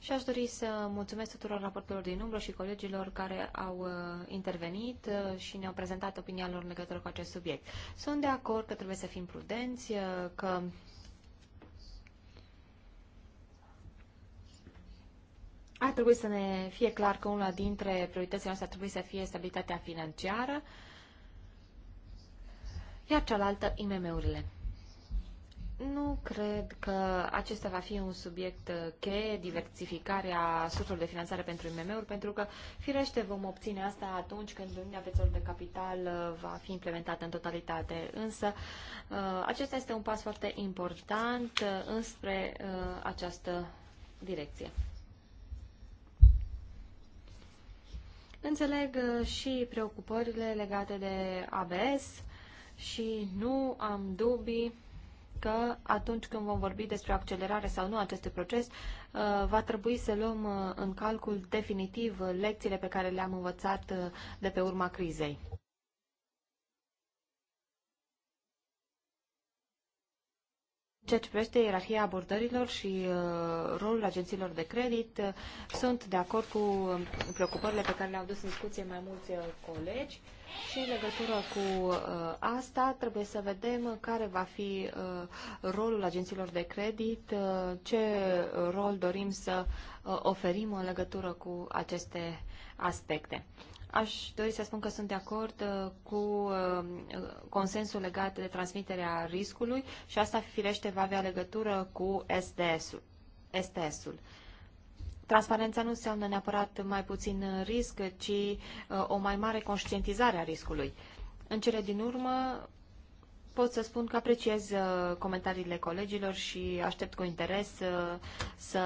Și aș dori să mulțumesc tuturor raportorilor din umbră și colegilor care au uh, intervenit uh, și ne-au prezentat opinia lor în legătură cu acest subiect. Sunt de acord că trebuie să fim prudenți, că ar trebui să ne fie clar că una dintre prioritățile noastre ar trebui să fie stabilitatea financiară, uh, iar cealaltă IMM-urile. Nu cred că acesta va fi un subiect uh, cheie, diversificarea surselor de finanțare pentru IMM-uri, pentru că, firește, vom obține asta atunci când Uniunea Piețelor de Capital uh, va fi implementată în totalitate. Însă, uh, acesta este un pas foarte important înspre această direcție. Înțeleg și preocupările legate de ABS, și nu am dubii că atunci când vom vorbi despre accelerare sau nu acestui proces, uh, va trebui să luăm uh, în calcul definitiv uh, lecțiile pe care le-am învățat de pe urma crizei. ceea ce privește ierarhia abordărilor și uh, rolul agențiilor de credit, uh, sunt de acord cu um, preocupările pe care le-au dus în discuție mai mulți uh, colegi și în legătură cu asta trebuie să vedem care va fi rolul agențiilor de credit, ce rol dorim să oferim în legătură cu aceste aspecte. Aș dori să spun că sunt de acord uh, cu uh, consensul legat de transmiterea riscului și asta firește va avea legătură cu STS-ul. STS-ul. Transparența nu înseamnă neapărat mai puțin risc, ci uh, o mai mare conștientizare a riscului. În cele din urmă, pot să spun că apreciez uh, comentariile colegilor și aștept cu interes uh, să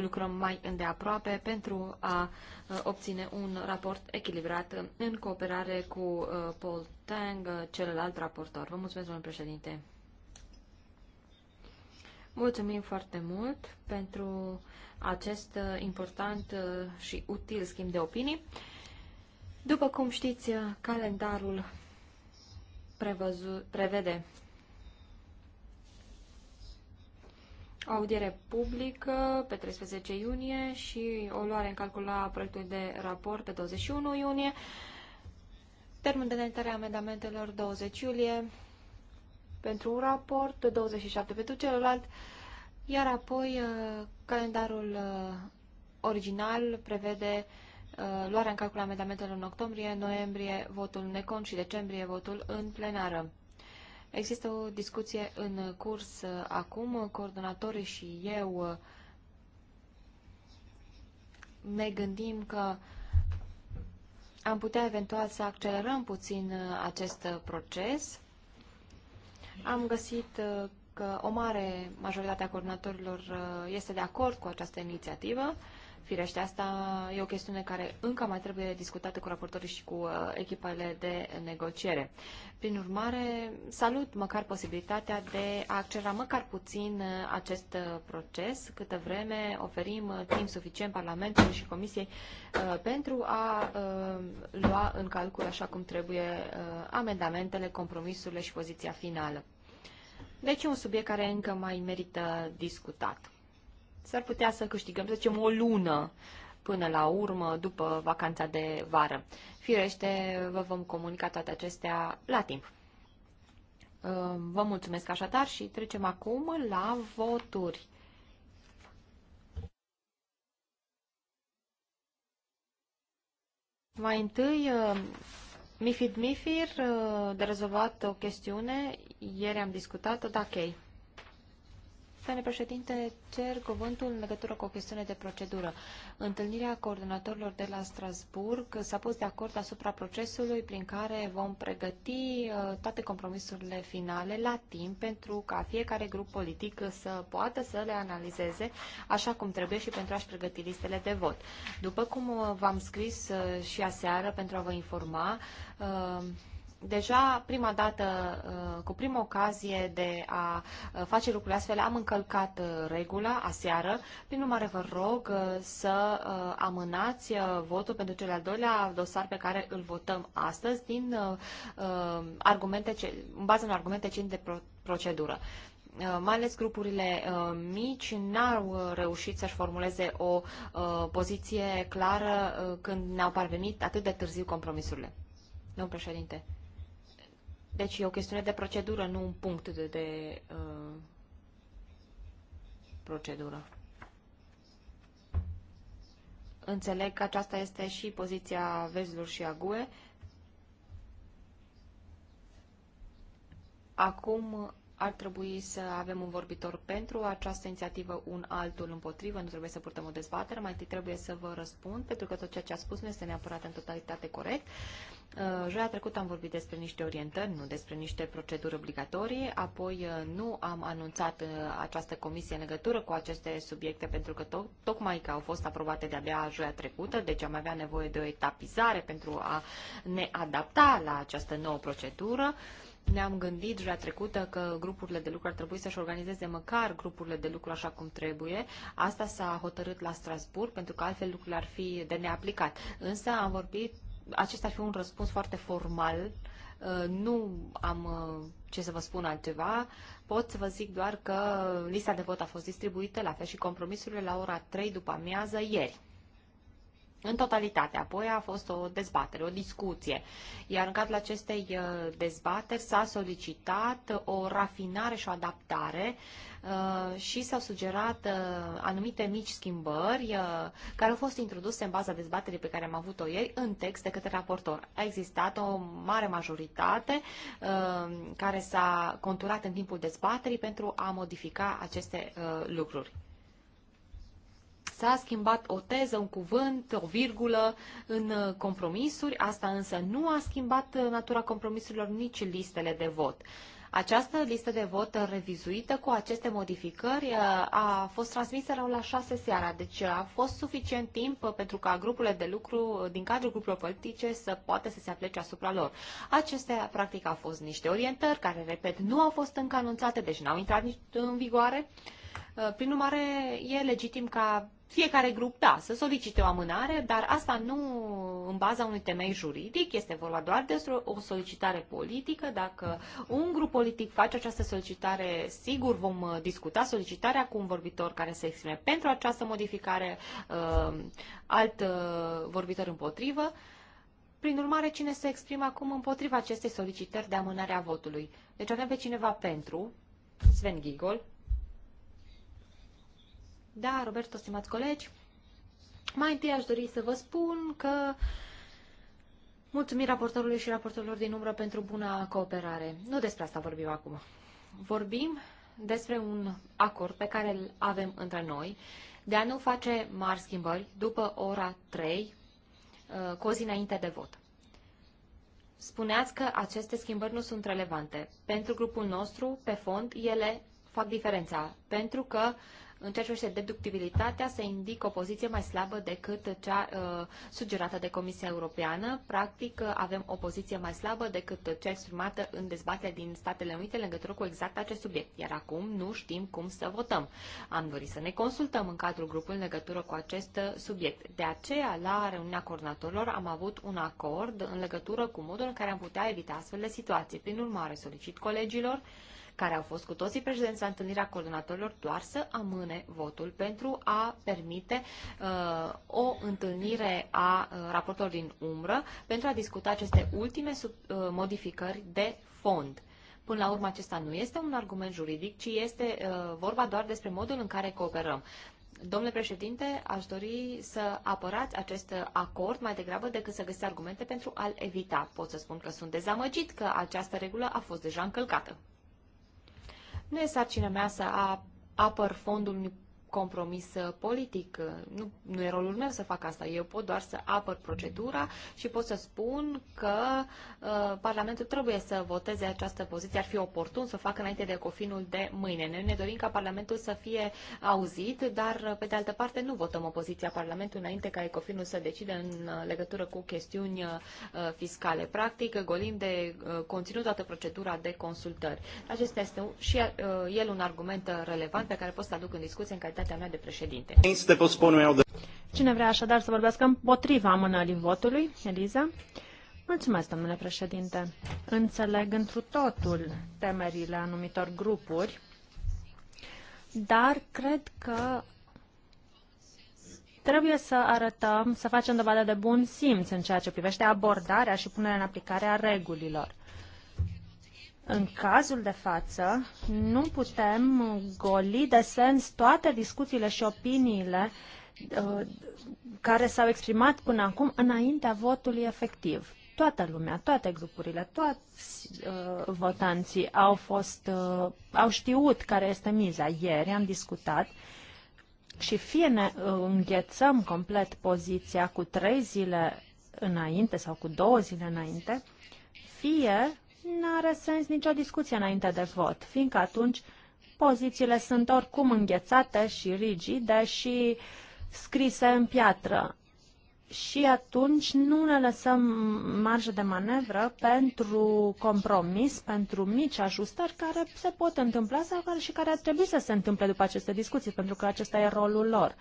lucrăm mai îndeaproape pentru a uh, obține un raport echilibrat în cooperare cu Paul Tang, celălalt raportor. Vă mulțumesc, domnule președinte. Mulțumim foarte mult pentru acest important și util schimb de opinii. După cum știți, calendarul prevăzu, prevede audiere publică pe 13 iunie și o luare în calcul a proiectul de raport pe 21 iunie, termen de înaintare a amendamentelor 20 iulie pentru un raport, 27 pentru celălalt, iar apoi uh, calendarul uh, original prevede Uh, luarea în calcul amendamentelor în octombrie, noiembrie votul necon și decembrie votul în plenară. Există o discuție în curs uh, acum, coordonatorii și eu uh, ne gândim că am putea eventual să accelerăm puțin acest proces. Am găsit că o mare majoritate a coordonatorilor este de acord cu această inițiativă. Firește, asta e o chestiune care încă mai trebuie discutată cu raportorii și cu uh, echipele de negociere. Prin urmare, salut măcar posibilitatea de a accelera măcar puțin uh, acest uh, proces, câtă vreme oferim timp suficient Parlamentului și Comisiei pentru a lua în calcul așa cum trebuie amendamentele, compromisurile și poziția finală. Deci e un subiect care încă mai merită discutat s-ar putea să câștigăm, să zicem, o lună până la urmă, după vacanța de vară. Firește, vă vom comunica toate acestea la timp. Vă mulțumesc așadar și trecem acum la voturi. Mai întâi, Mifid Mifir, de rezolvat o chestiune, ieri am discutat-o, da, ok. Domnule președinte, cer cuvântul în legătură cu o chestiune de procedură. Întâlnirea coordonatorilor de la Strasburg s-a pus de acord asupra procesului prin care vom pregăti uh, toate compromisurile finale la timp pentru ca fiecare grup politic să poată să le analizeze așa cum trebuie și pentru a-și pregăti listele de vot. După cum v-am scris uh, și aseară pentru a vă informa, uh, Deja prima dată, uh, cu prima ocazie de a uh, face lucrurile astfel, am încălcat uh, regula aseară. Prin urmare, vă rog să amânați votul pentru cel al doilea dosar pe care îl votăm astăzi din argumente, în bază unor argumente cin de procedură mai ales grupurile mici, n-au reușit să-și formuleze o poziție clară când ne-au parvenit atât de târziu compromisurile. Domnul președinte, deci e o chestiune de procedură, nu un punct de, de uh, procedură. Înțeleg că aceasta este și poziția vezilor și a GUE. Acum ar trebui să avem un vorbitor pentru această inițiativă, un altul împotrivă, nu trebuie să purtăm o dezbatere, mai întâi trebuie să vă răspund, pentru că tot ceea ce a spus nu este neapărat în totalitate corect. Uh, joia trecută am vorbit despre niște orientări, nu despre niște proceduri obligatorii, apoi uh, nu am anunțat uh, această comisie în legătură cu aceste subiecte, pentru că to- tocmai că au fost aprobate de-abia joia trecută, deci am avea nevoie de o etapizare pentru a ne adapta la această nouă procedură. Uh, ne-am gândit joia trecută că grupurile de lucru ar trebui să-și organizeze măcar grupurile de lucru așa cum trebuie. Asta s-a hotărât la Strasburg, pentru că altfel lucrurile ar fi de neaplicat. Însă am vorbit, acesta ar fi un răspuns foarte formal. Uh, nu am uh, ce să vă spun altceva. Pot să vă zic doar că lista de vot a fost distribuită, la fel și compromisurile, la ora 3 după amiază ieri în totalitate. Apoi a fost o dezbatere, o discuție, iar în cadrul acestei uh, dezbateri s-a solicitat uh, o rafinare și o adaptare uh, și s-au sugerat anumite mici schimbări care au fost introduse în baza dezbaterii pe care am avut-o ieri în text de către raportor. A existat o mare majoritate care s-a conturat în timpul dezbaterii pentru a modifica aceste lucruri. S-a schimbat o teză, un cuvânt, o virgulă în uh, compromisuri, asta însă nu a schimbat uh, natura compromisurilor nici listele de vot. Această listă de vot revizuită cu aceste modificări uh, a fost transmisă la 6 seara, deci a fost suficient timp pentru ca grupurile de lucru din cadrul grupurilor politice să poată să se aplece asupra lor. Acestea, practic, au fost niște orientări care, repet, nu au fost încă anunțate, deci n-au intrat nici în vigoare. Uh, Uh, prin urmare, e legitim ca fiecare grup, da, să solicite o amânare, dar asta nu în baza unui temei juridic, este vorba doar despre o solicitare politică. Dacă un grup politic face această solicitare, sigur vom uh, discuta solicitarea cu un vorbitor care se exprime pentru această modificare, uh, alt vorbitor împotrivă. Prin urmare, cine se exprimă acum împotriva acestei solicitări de amânare a votului? Deci avem pe cineva pentru, Sven Ghigol, da, Roberto, stimați colegi, mai întâi aș dori să vă spun că mulțumim raportorului și raportorilor din umbră pentru buna cooperare. Nu despre asta vorbim acum. Vorbim despre un acord pe care îl avem între noi de a nu face mari schimbări după ora 3, uh, cu o zi înainte de vot. Spuneați că aceste schimbări nu sunt relevante. Pentru grupul nostru, pe fond, ele fac diferența, pentru că în ceea ce privește deductibilitatea, se indică o poziție mai slabă decât cea uh, sugerată de Comisia Europeană. Practic, uh, avem o poziție mai slabă decât cea exprimată în dezbaterea din Statele Unite în legătură cu exact acest subiect. Iar acum nu știm cum să votăm. Am dorit să ne consultăm în cadrul grupului în legătură cu acest uh, subiect. De aceea, la reuniunea coordonatorilor, am avut un acord în legătură cu modul în care am putea evita astfel de situații. Prin urmare, solicit colegilor care au fost cu toții prezenți la întâlnirea coordonatorilor, doar să amâne votul pentru a permite uh, o întâlnire a uh, raportelor din umbră pentru a discuta aceste ultime sub, uh, modificări de fond. Până la urmă, acesta nu este un argument juridic, ci este uh, vorba doar despre modul în care cooperăm. Domnule președinte, aș dori să apărați acest acord mai degrabă decât să găsiți argumente pentru a-l evita. Pot să spun că sunt dezamăgit că această regulă a fost deja încălcată. Nu e sarcina mea să apăr fondul compromis uh, politic. Uh, nu, nu e rolul meu să fac asta. Eu pot doar să apăr procedura și pot să spun că uh, Parlamentul trebuie să voteze această poziție. Ar fi oportun să o facă înainte de cofinul de mâine. Noi ne dorim ca Parlamentul să fie auzit, dar uh, pe de altă parte nu votăm opoziția Parlamentului înainte ca ecofinul să decide în legătură cu chestiuni uh, fiscale. Practic, golim de uh, conținut toată procedura de consultări. Acesta este și el un argument relevant pe care pot să aduc în discuție în calitate calitatea mea de președinte. Cine vrea așadar să vorbească împotriva amânării votului? Eliza? Mulțumesc, domnule președinte. Înțeleg întru totul temerile anumitor grupuri, dar cred că trebuie să arătăm, să facem dovadă de bun simț în ceea ce privește abordarea și punerea în aplicare a regulilor. În cazul de față, nu putem goli de sens toate discuțiile și opiniile uh, care s-au exprimat până acum înaintea votului efectiv. Toată lumea, toate grupurile, toți uh, votanții au fost, uh, au știut care este miza. Ieri am discutat și fie ne uh, înghețăm complet poziția cu trei zile înainte sau cu două zile înainte, fie n-are sens nicio discuție înainte de vot, fiindcă atunci pozițiile sunt oricum înghețate și rigide și scrise în piatră. Și atunci nu ne lăsăm marjă de manevră pentru compromis, pentru mici ajustări care se pot întâmpla sau care și care ar trebui să se întâmple după aceste discuții, pentru că acesta e rolul lor.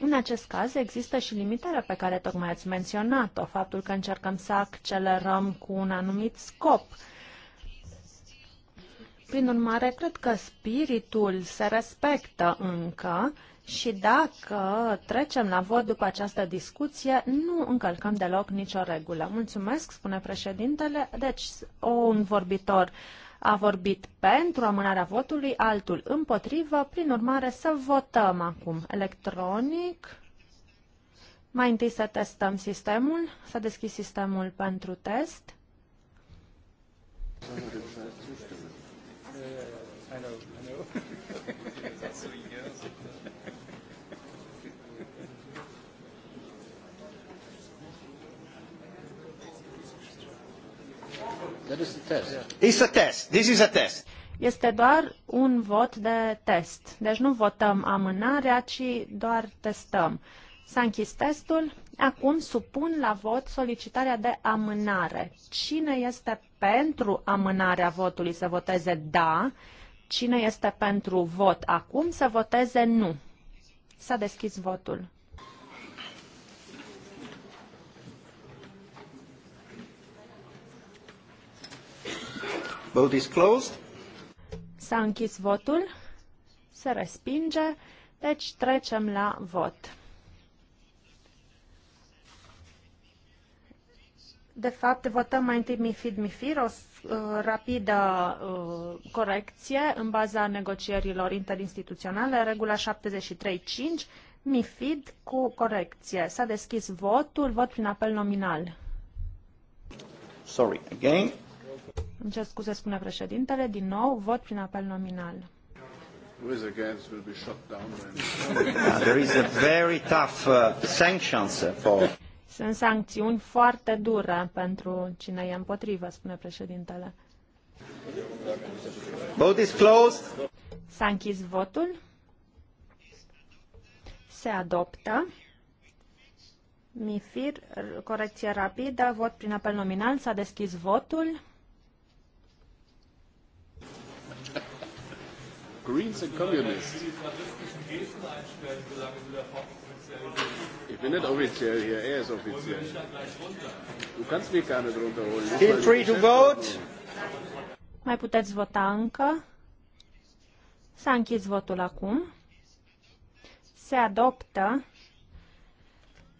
În acest caz există și limitarea pe care tocmai ați menționat-o, faptul că încercăm să accelerăm cu un anumit scop prin urmare, cred că spiritul se respectă încă și dacă trecem la vot după această discuție, nu încălcăm deloc nicio regulă. Mulțumesc, spune președintele. Deci, o, un vorbitor a vorbit pentru amânarea votului, altul împotrivă. Prin urmare, să votăm acum electronic. Mai întâi să testăm sistemul. S-a deschis sistemul pentru test. Uh, I know, I know. That is the test. It's a test. This is a test. Este doar un vot de test. Deci nu votăm amânarea, ci doar testăm. S-a închis testul. Acum supun la vot solicitarea de amânare. Cine este pentru amânarea votului să voteze da, cine este pentru vot acum să voteze nu. S-a deschis votul. Vote is closed. S-a închis votul, se respinge, deci trecem la vot. De fapt, votăm mai întâi MIFID MIFIR, o uh, rapidă uh, corecție în baza negocierilor interinstituționale, regula 73.5, MIFID cu corecție. S-a deschis votul, vot prin apel nominal. Sorry, again. Îmi cer scuze, spune președintele, din nou, vot prin apel nominal. There is a very tough uh, sanctions for sunt sancțiuni foarte dure pentru cine e împotrivă, spune președintele. Vote is closed. S-a închis votul. Se adoptă. MIFIR, corecție rapidă, vot prin apel nominal, s-a deschis votul. Greens and Communists. Ich bin nicht offiziell hier, er ist offiziell. Du kannst mich gar nicht runterholen. Feel free to vote. Mai puteți vota încă. S-a închis votul acum. Se adoptă.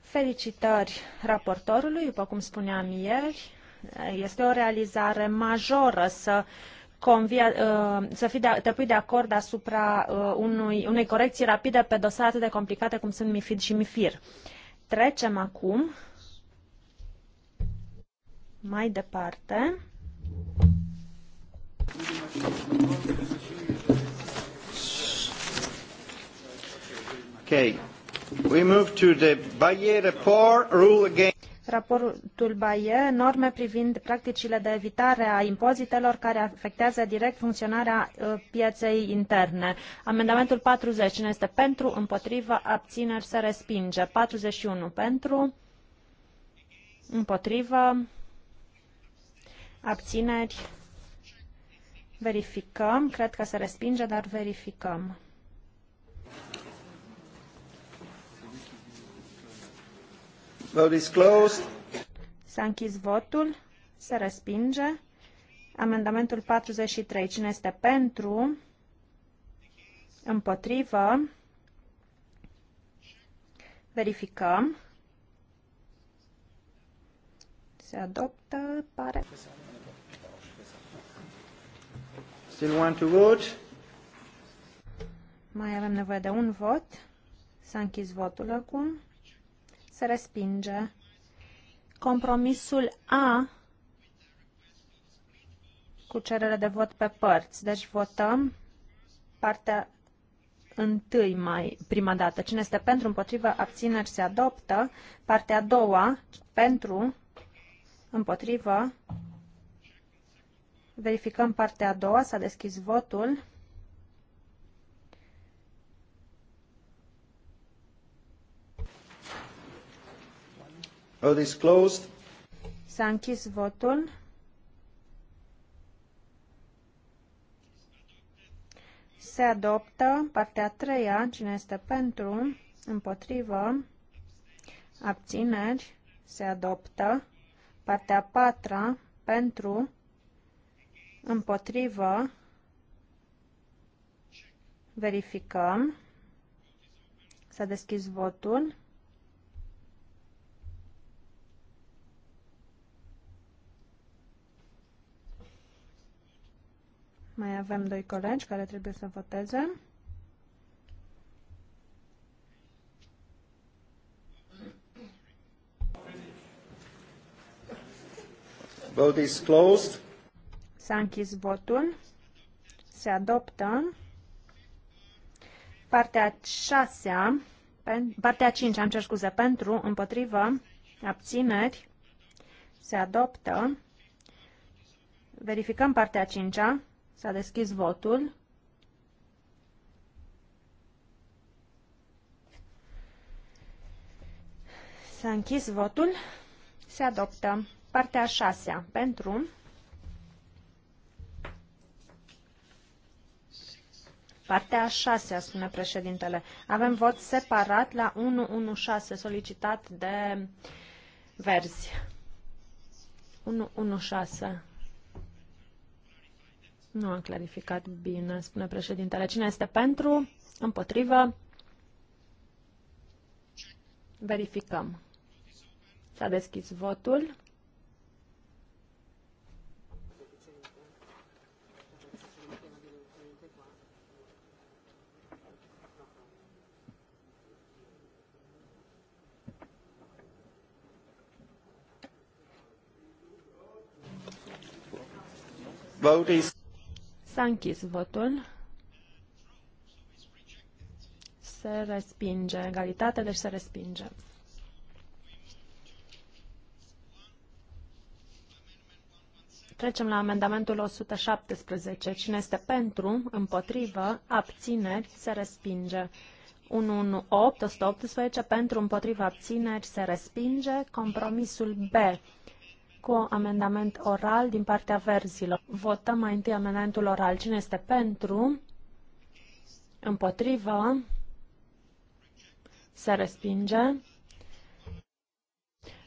Felicitări raportorului, după cum spuneam ieri. Este o realizare majoră să uh, convia, uh, să fii de, te pui de acord asupra uh, unui, unei corecții rapide pe dosare atât de complicate cum sunt MIFID și MIFIR. Trecem acum mai departe. Okay. We move to the Bayer report rule again. Raportul Baie, norme privind practicile de evitare a impozitelor care afectează direct funcționarea uh, pieței interne. Amendamentul 40 cine este pentru, împotrivă, abțineri, se respinge. 41 pentru, împotrivă, abțineri, verificăm. Cred că se respinge, dar verificăm. Vote is S-a închis votul. Se respinge. Amendamentul 43. Cine este pentru? Împotrivă. Verificăm. Se adoptă, pare. Still want to vote? Mai avem nevoie de un vot. S-a închis votul acum. Se respinge. Compromisul A cu cerere de vot pe părți. Deci votăm partea întâi mai prima dată. Cine este pentru, împotrivă, abțineri, se adoptă. Partea a doua, pentru, împotrivă. Verificăm partea a doua, s-a deschis votul. Vote is closed. S-a închis votul. Se adoptă partea a treia, cine este pentru, împotrivă, abțineri, se adoptă. Partea a patra, pentru, împotrivă, verificăm. S-a deschis votul. Mai avem doi colegi care trebuie să voteze. Vote is closed. S-a închis votul. Se adoptă. Partea 6 -a, partea 5, am cer scuze, pentru, împotrivă, abțineri, se adoptă. Verificăm partea 5 -a. S-a deschis votul. S-a închis votul. Se adoptă. Partea a șasea. Pentru. Partea a șasea, spune președintele. Avem vot separat la 116 solicitat de verzi. 116. Nu am clarificat bine, spune președintele. Cine este pentru? Împotrivă? Verificăm. S-a deschis votul. Vote is S-a închis votul. Se respinge. Egalitate, deci se respinge. Trecem la amendamentul 117. Cine este pentru, împotrivă, abțineri, se respinge. 118, 118 pentru, împotrivă, abțineri, se respinge. Compromisul B cu amendament oral din partea verzilor. Votăm mai întâi amendamentul oral. Cine este pentru? Împotrivă? Se respinge.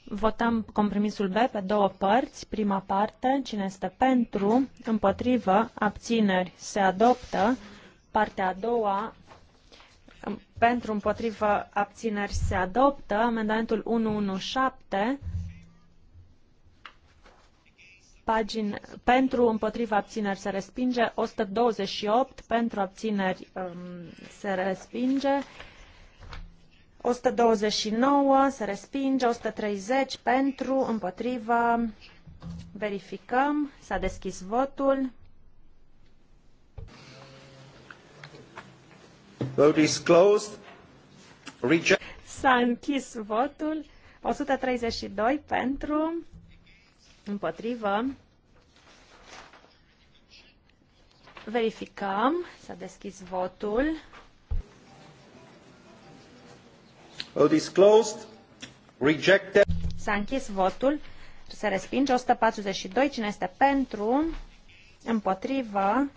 Votăm compromisul B pe două părți. Prima parte, cine este pentru, împotrivă, abțineri, se adoptă. Partea a doua, pentru, împotrivă, abțineri, se adoptă. Amendamentul 117 pagini, pentru, împotriva abțineri se respinge, 128 pentru abțineri um, se respinge, 129 se respinge, 130 pentru, împotriva, verificăm, s-a deschis votul. Vote is closed. S-a închis votul. 132 pentru, Împotrivă. Verificăm. S-a deschis votul. Vote is closed. Rejected. S-a închis votul. Se respinge 142. Cine este pentru? Împotrivă.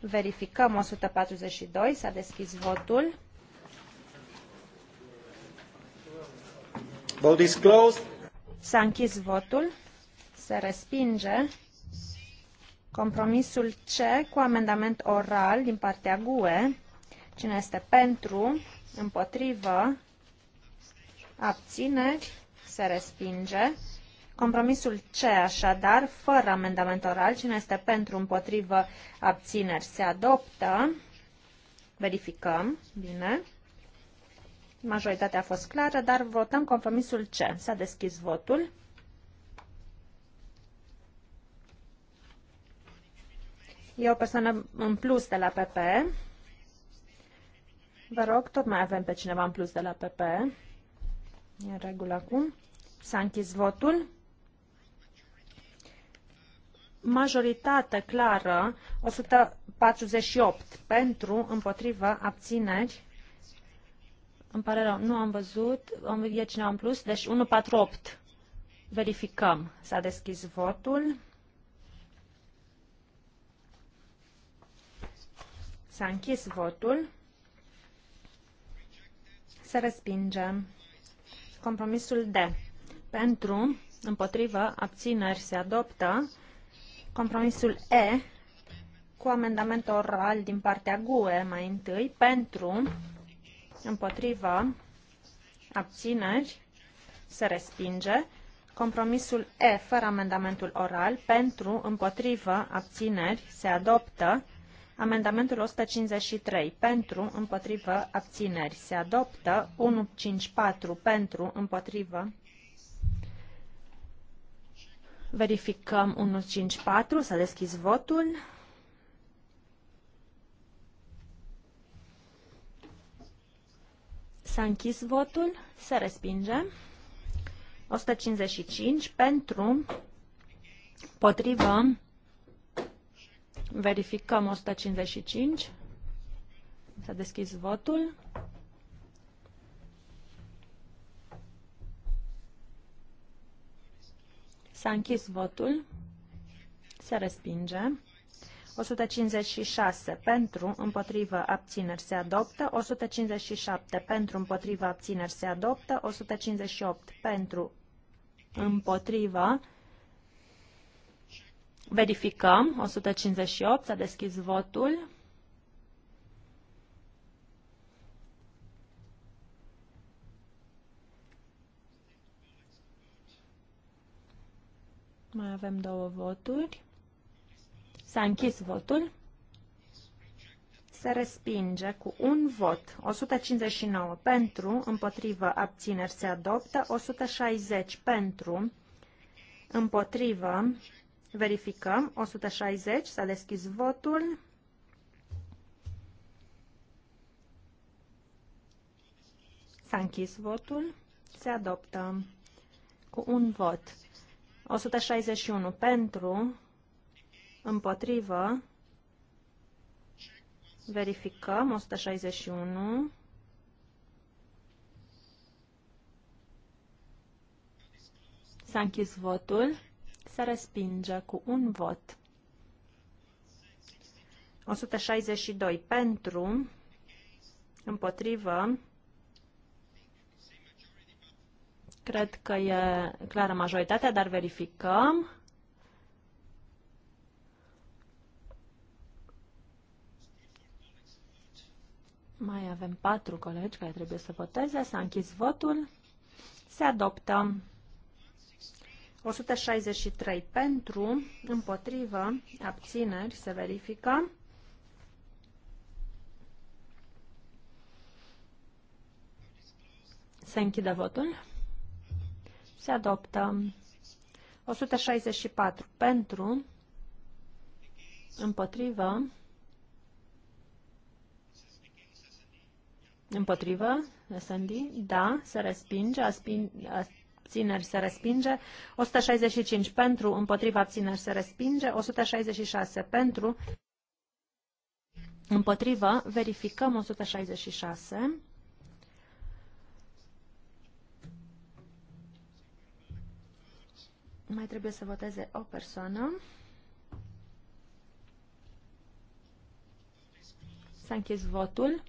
Verificăm 142. S-a deschis votul. Vote is closed. S-a închis votul. Se respinge compromisul C cu amendament oral din partea GUE. Cine este pentru, împotrivă, abțineri, se respinge. Compromisul C, așadar, fără amendament oral, cine este pentru, împotrivă, abțineri, se adoptă. Verificăm. Bine. Majoritatea a fost clară, dar votăm compromisul C. S-a deschis votul. E o persoană în plus de la PP. Vă rog, tot mai avem pe cineva în plus de la PP. E în regulă acum. S-a închis votul. Majoritate clară, 148 pentru, împotrivă, abțineri. Îmi pare rău, nu am văzut. E cineva în plus? Deci 148. Verificăm. S-a deschis votul. S-a închis votul. să respingem Compromisul D. Pentru, împotrivă, abțineri se adoptă. Compromisul E cu amendament oral din partea GUE mai întâi. Pentru, împotriva, abțineri, se respinge. Compromisul E, fără amendamentul oral, pentru, împotrivă, abțineri, se adoptă. Amendamentul 153, pentru, împotrivă, abțineri, se adoptă. 154, pentru, împotrivă. Verificăm 154, s-a deschis votul. S-a închis votul. Se respinge. 155 pentru, potrivă, verificăm 155. S-a deschis votul. S-a închis votul. Se respinge. 156 pentru, împotrivă, abțineri se adoptă, 157 pentru, împotrivă, abțineri se adoptă, 158 pentru, împotrivă. Verificăm, 158, s-a deschis votul. Mai avem două voturi. S-a închis votul. Se respinge cu un vot. 159 pentru, împotrivă, abțineri se adoptă. 160 pentru, împotrivă, verificăm. 160, s-a deschis votul. S-a închis votul. Se adoptă cu un vot. 161 pentru, împotrivă, verificăm, 161, s-a închis votul, se respinge cu un vot. 162 pentru, împotrivă, cred că e clară majoritatea, dar verificăm. Mai avem patru colegi care trebuie să voteze. S-a închis votul. Se adoptă 163 pentru, împotrivă, abțineri, se verifică. Se închide votul. Se adoptă 164 pentru, împotrivă, Împotrivă? SND? Da, se respinge. Aspin, abțineri se respinge. 165 pentru, împotriva abțineri se respinge. 166 pentru, împotrivă, verificăm 166. Mai trebuie să voteze o persoană. S-a închis votul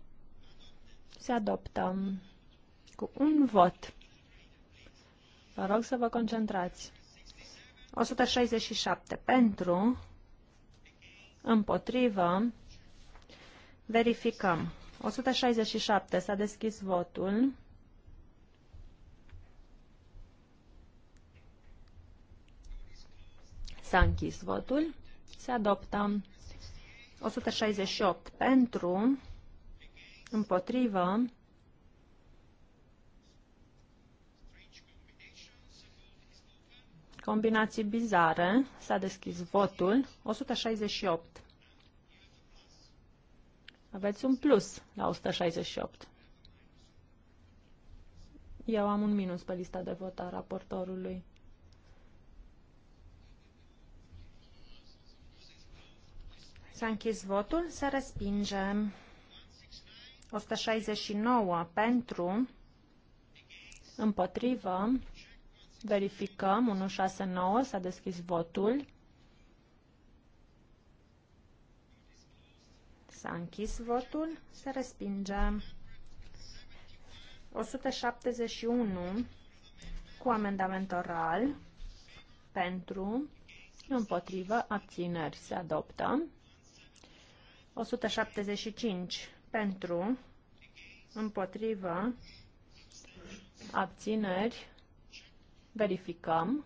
se adoptă cu un vot. Vă rog să vă concentrați. 167 pentru, împotrivă, verificăm. 167 s-a deschis votul. S-a închis votul. Se adoptă 168 pentru, împotrivă, combinații bizare, s-a deschis votul, 168. Aveți un plus la 168. Eu am un minus pe lista de vot a raportorului. S-a închis votul, să respingem. 169 pentru, împotrivă, verificăm, 169, s-a deschis votul. S-a închis votul, se respinge. 171 cu amendament oral pentru, împotrivă, abțineri se adoptă. 175 pentru, împotrivă, abțineri, verificăm.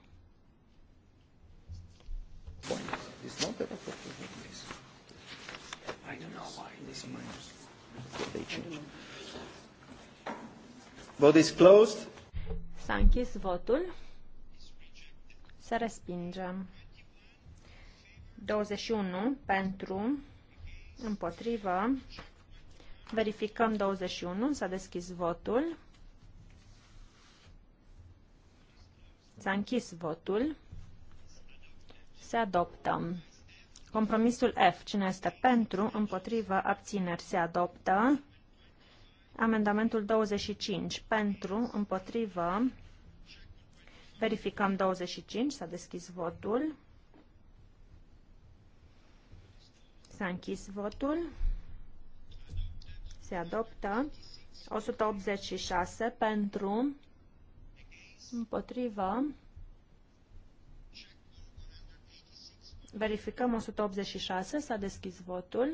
Vote is closed. S-a închis votul. Să respingem. 21 pentru, împotrivă, Verificăm 21, s-a deschis votul. S-a închis votul. Se adoptă. Compromisul F. Cine este pentru, împotrivă, abțineri, se adoptă. Amendamentul 25. Pentru, împotrivă. Verificăm 25. S-a deschis votul. S-a închis votul se adoptă. 186 pentru, împotrivă, verificăm 186, s-a deschis votul.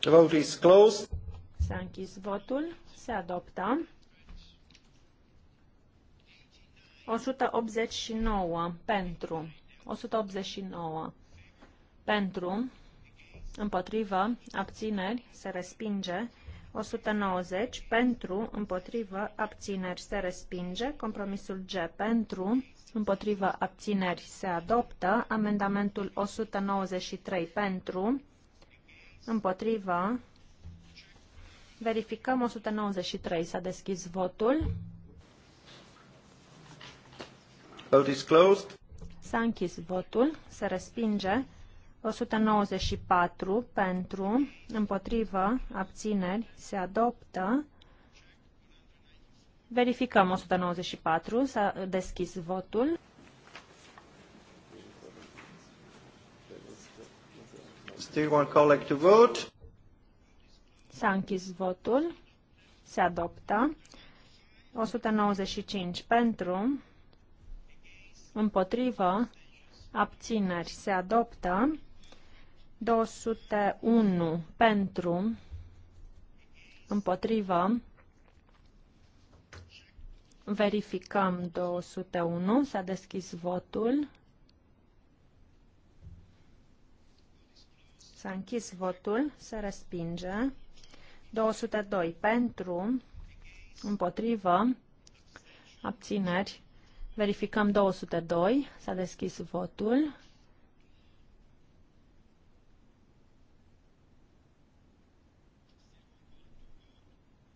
The vote is closed. S-a închis votul, se adoptă. 189 pentru, 189 pentru, împotrivă, abțineri, se respinge. 190 pentru, împotrivă, abțineri, se respinge. Compromisul G pentru, împotrivă, abțineri, se adoptă. Amendamentul 193 pentru, împotrivă. Verificăm 193. S-a deschis votul. Vote is closed. S-a închis votul. Se respinge. 194 pentru, împotrivă, abțineri, se adoptă. Verificăm 194, s-a deschis votul. Still one colleague to vote. S-a închis votul. Se adoptă. 195 pentru, împotrivă, abțineri, se adoptă. 201 pentru, împotrivă, verificăm 201, s-a deschis votul, s-a închis votul, se respinge, 202 pentru, împotrivă, abțineri, verificăm 202, s-a deschis votul,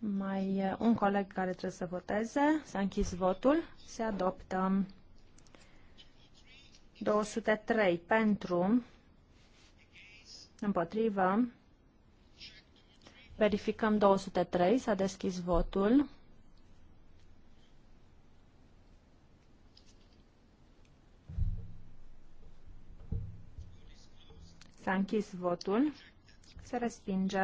Mai e un coleg care trebuie să voteze. S-a închis votul. Se adoptă. 203 pentru. Împotrivă. Verificăm 203. S-a deschis votul. S-a închis votul. Se respinge.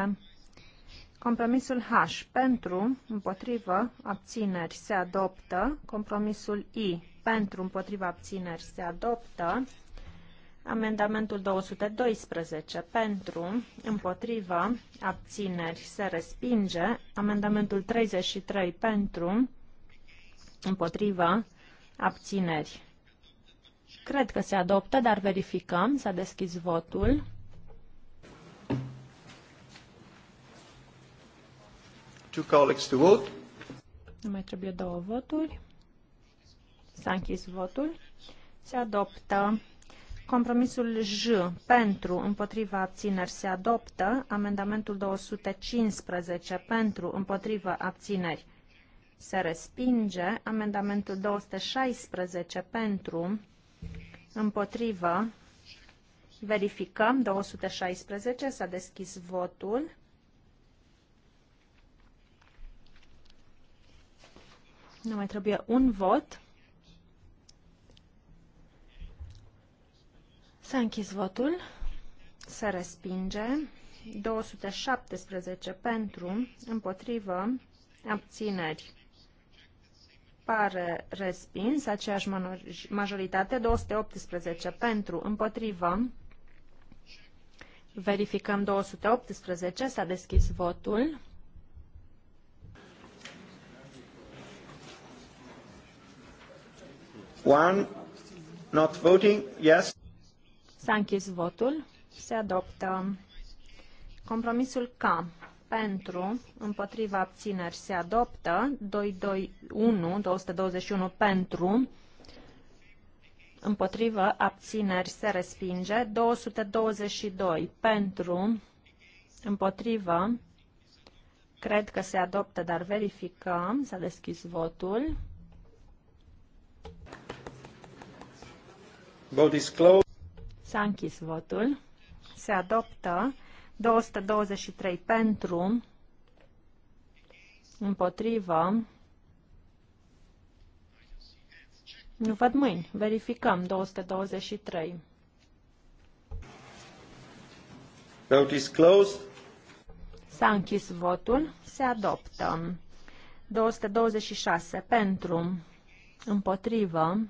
Compromisul H pentru, împotrivă, abțineri se adoptă. Compromisul I pentru, împotrivă, abțineri se adoptă. Amendamentul 212 pentru, împotrivă, abțineri se respinge. Amendamentul 33 pentru, împotrivă, abțineri. Cred că se adoptă, dar verificăm. S-a deschis votul. two colleagues to vote. Nu mai trebuie două voturi. S-a închis votul. Se adoptă compromisul J pentru, împotriva abțineri se adoptă. Amendamentul 215 pentru, împotriva abțineri se respinge. Amendamentul 216 pentru, împotriva. verificăm. 216 s-a deschis votul. Ne mai trebuie un vot. S-a închis votul. Se respinge. 217 pentru, împotrivă, abțineri. Pare respins, aceeași majoritate, 218 pentru, împotrivă. Verificăm 218, s-a deschis votul. One, not voting, yes. S-a închis votul. Se adoptă compromisul K. Pentru, împotriva abțineri se adoptă, 221, 221 pentru, împotriva abțineri se respinge, 222 pentru, împotriva. cred că se adoptă, dar verificăm, s-a deschis votul. S-a închis votul. Se adoptă 223 pentru, împotrivă, nu văd mâini, verificăm 223. Vote is closed. S-a închis votul, se adoptă 226 pentru, împotrivă,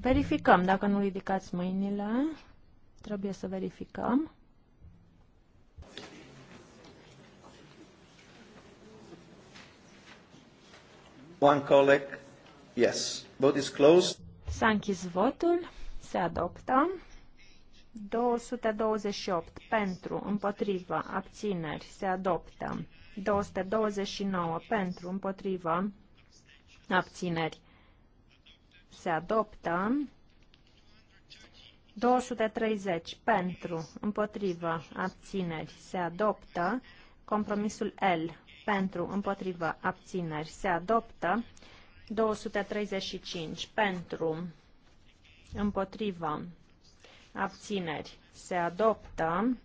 Verificăm, dacă nu ridicați mâinile, trebuie să verificăm. One colleague, yes. Vote is closed. S-a închis votul, se adoptă. 228 pentru, împotrivă, abțineri, se adoptă. 229 pentru, împotrivă, abțineri, se adoptă. 230 pentru, împotrivă, abțineri, se adoptă. Compromisul L pentru, împotrivă, abțineri, se adoptă. 235 pentru, împotrivă, abțineri, se adoptă.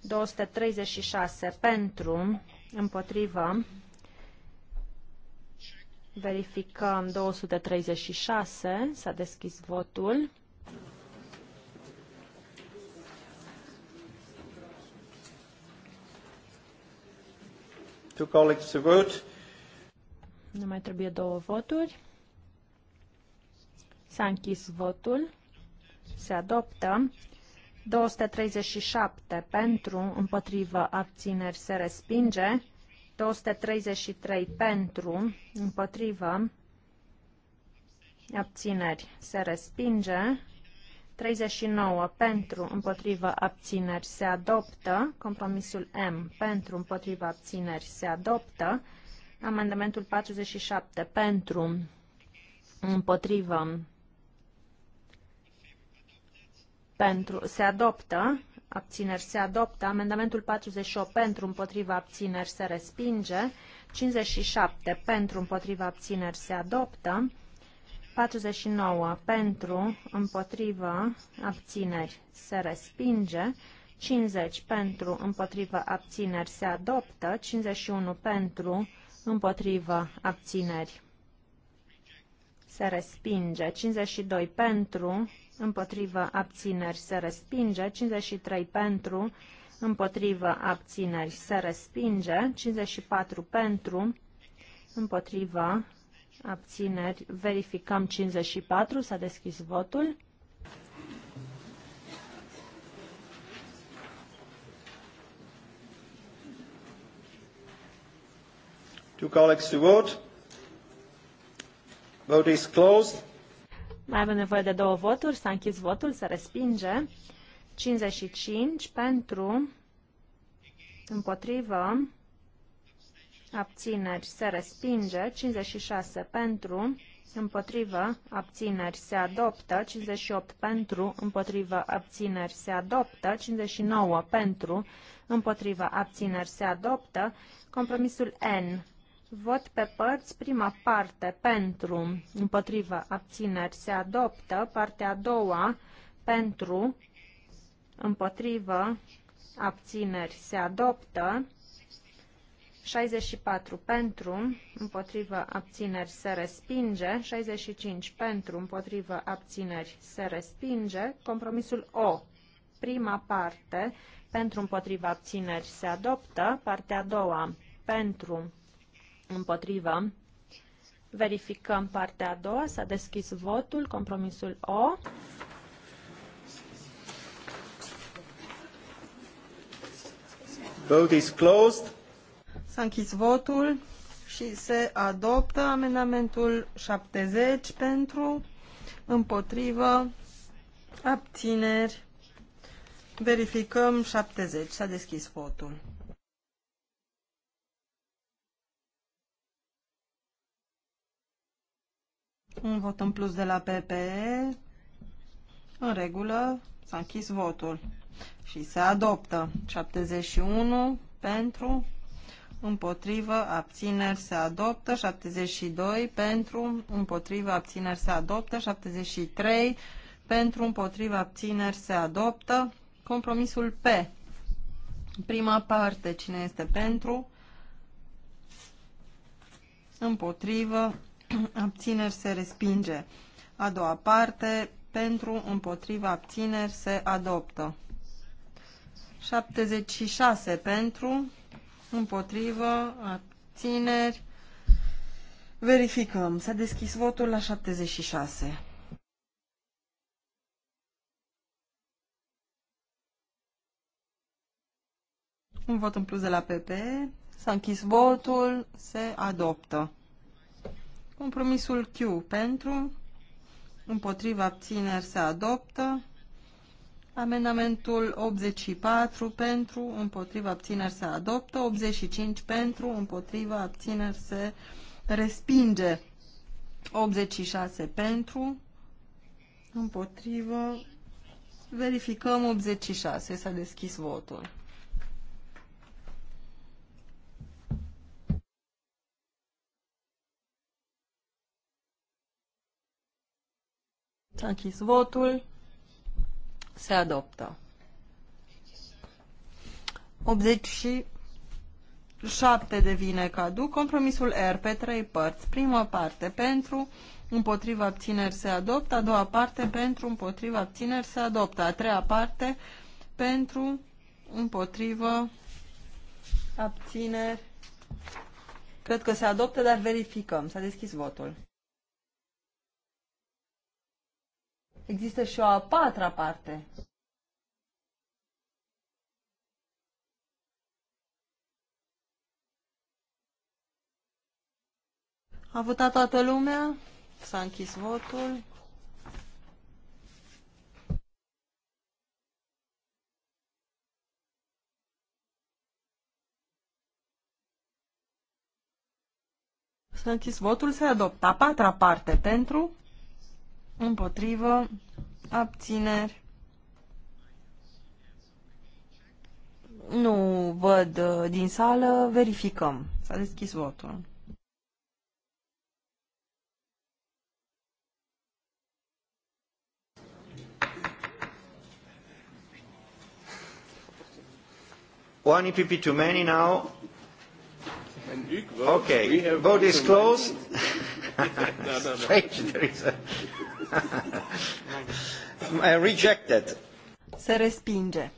236 pentru, împotrivă, Verificăm 236. S-a deschis votul. Two colleagues to vote. Nu mai trebuie două voturi. S-a închis votul. Se adoptă. 237 pentru, împotrivă, abțineri, se respinge. 233 pentru, împotrivă, abțineri, se respinge. 39 pentru, împotrivă, abțineri, se adoptă. Compromisul M pentru, împotrivă, abțineri, se adoptă. Amendamentul 47 pentru, împotrivă, pentru, se adoptă abțineri se adoptă, amendamentul 48 pentru împotriva abțineri se respinge, 57 pentru împotriva abțineri se adoptă, 49 pentru împotriva abțineri se respinge, 50 pentru împotriva abțineri se adoptă, 51 pentru împotriva abțineri se respinge, 52 pentru împotrivă abțineri se respinge, 53 pentru, împotrivă abțineri se respinge, 54 pentru, împotrivă abțineri, verificăm 54, s-a deschis votul. Two colleagues to vote. Vote is closed. Mai avem nevoie de două voturi. S-a închis votul, se respinge. 55 pentru, împotrivă, abțineri, se respinge. 56 pentru, împotrivă, abțineri, se adoptă. 58 pentru, împotrivă, abțineri, se adoptă. 59 pentru, împotrivă, abțineri, se adoptă. Compromisul N Vot pe părți, prima parte, pentru, împotriva, abțineri, se adoptă, partea a doua, pentru, împotrivă, abțineri, se adoptă, 64 pentru, împotrivă, abțineri, se respinge, 65 pentru, împotrivă, abțineri, se respinge, compromisul O, prima parte, pentru, împotrivă, abțineri, se adoptă, partea a doua, pentru, Împotrivă. Verificăm partea a doua. S-a deschis votul. Compromisul O. Vote is closed. S-a închis votul și se adoptă amendamentul 70 pentru, împotrivă, abțineri. Verificăm 70. S-a deschis votul. Un vot în plus de la PPE. În regulă, s-a închis votul. Și se adoptă 71 pentru, împotrivă, abțineri se adoptă, 72 pentru, împotrivă, abțineri se adoptă, 73 pentru, împotrivă, abțineri se adoptă, compromisul P. Prima parte, cine este pentru, împotrivă, abțineri se respinge. A doua parte, pentru, împotriva, abțineri se adoptă. 76 pentru, împotriva abțineri. Verificăm. S-a deschis votul la 76. Un vot în plus de la PP. S-a închis votul. Se adoptă. Compromisul Q pentru, împotriva abțineri se adoptă. Amendamentul 84 pentru, împotriva abțineri se adoptă, 85 pentru, împotriva abțineri se respinge, 86 pentru, împotriva, verificăm 86, s-a deschis votul. S-a închis votul. Se adoptă. 87 devine cadu. Compromisul R pe trei părți. Prima parte pentru, împotriva abțineri se adoptă. A doua parte pentru, împotriva abțineri se adoptă. A treia parte pentru, împotriva abțineri. Cred că se adoptă, dar verificăm. S-a deschis votul. există și o a patra parte. A votat toată lumea? S-a închis votul. S-a închis votul, se adoptă a patra parte pentru, împotrivă, abțineri. Nu văd uh, din sală, verificăm. S-a deschis votul. One EPP too many now. Okay, vote is closed. Strange, there is a Rejected. Se respinge.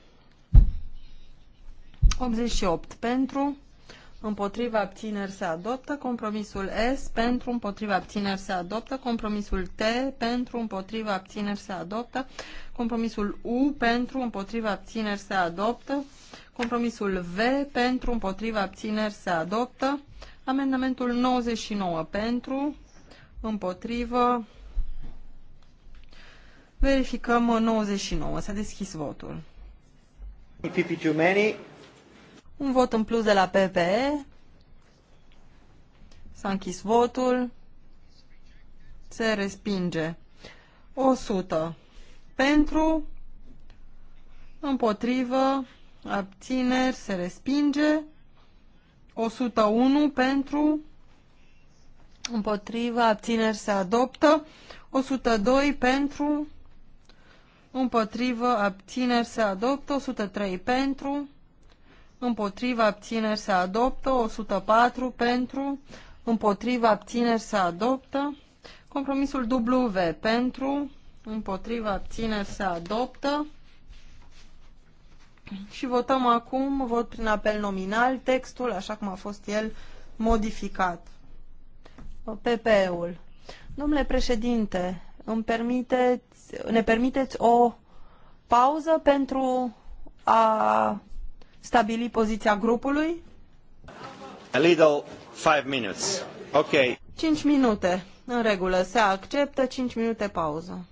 88 pentru, împotriva abțineri se adoptă, compromisul S pentru, împotriva abțineri se adoptă, compromisul T pentru, împotriva abțineri se adoptă, compromisul U pentru, împotriva abțineri se adoptă, compromisul V pentru, împotriva abțineri se adoptă, amendamentul 99 pentru, împotrivă, Verificăm 99. S-a deschis votul. Un vot în plus de la PPE. S-a închis votul. Se respinge. 100. Pentru, împotrivă, abțineri, se respinge. 101 pentru, împotrivă, abțineri, se adoptă. 102 pentru, împotrivă, abțineri se adoptă, 103 pentru, împotrivă, abțineri se adoptă, 104 pentru, împotrivă, abțineri se adoptă, compromisul W pentru, împotrivă, abțineri se adoptă și votăm acum, vot prin apel nominal, textul așa cum a fost el modificat. pp ul Domnule președinte, îmi permiteți ne permiteți o pauză pentru a stabili poziția grupului? A little five minutes. Okay. 5 minute. În regulă, se acceptă 5 minute pauză.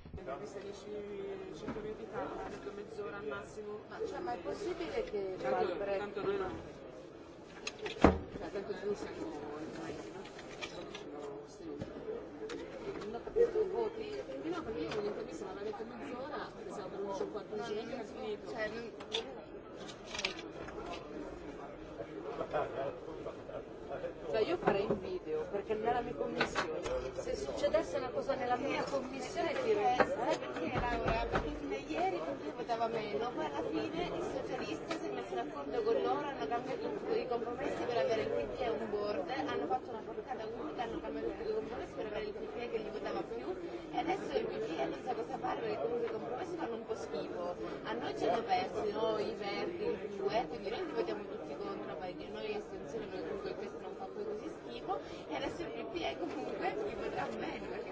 la mia commissione si resta perché era fino ieri tutti votava meno, ma alla fine i socialisti si è messo d'accordo con loro, hanno cambiato tutti i compromessi per avere il PT a un board, hanno fatto una portata unica, hanno cambiato tutti i compromessi per avere il PT che li votava più e adesso il PT non sa cosa fare perché comunque i compromessi fanno un po' schifo. A noi ci hanno persi noi i verdi, il due, quindi noi li votiamo tutti contro, perché noi estensione perché comunque questo non fa poi così schifo e adesso il PP è comunque li voterà meno. Perché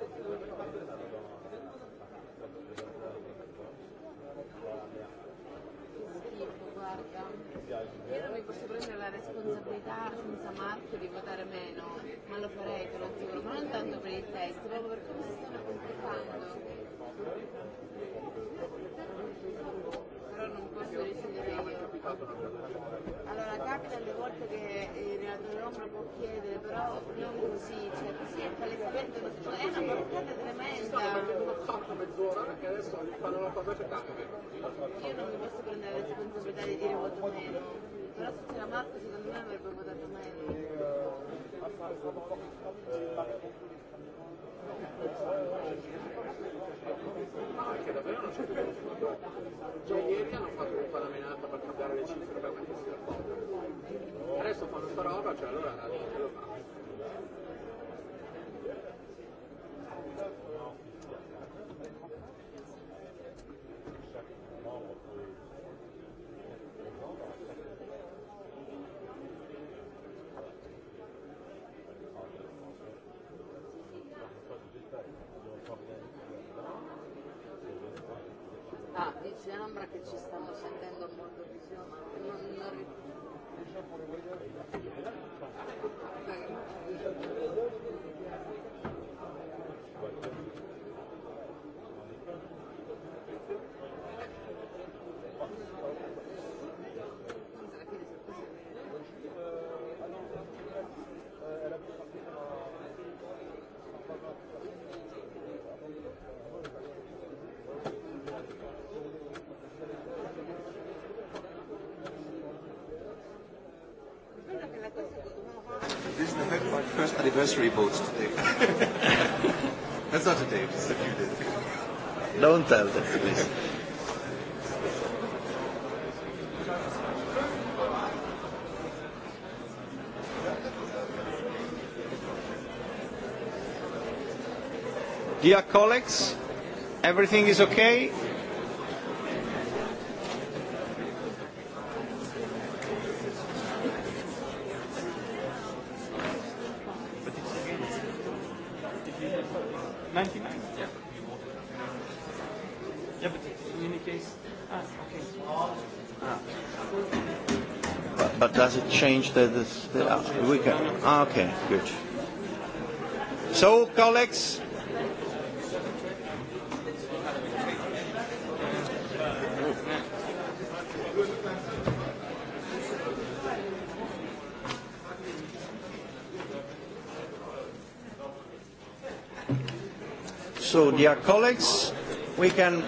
Io non mi posso prendere la responsabilità senza Marco di votare meno, ma ma non tanto per il testo, proprio per come si stanno comportando. Però non posso Allora capita alle volte che il relatore ombra può chiedere, però non così, cioè così è palesemente una è una portata tremenda. mezz'ora perché adesso fanno una cosa che Io non mi posso prendere la responsabilità di dire voto meno, però se c'era Marco secondo me avrebbe votato meglio. Eh, perché davvero non c'è più nessuno. Cioè ieri hanno fatto tutta la menata per cambiare le cifre per mettersi d'accordo. Adesso fanno sta roba, cioè allora la gente lo fa. anniversary boats today. That's not today, it's a few days. Don't tell them, please. Dear colleagues, everything is okay? finish the, the, the uh, we can. Ah, okay, good. So, colleagues, So, dear colleagues, we can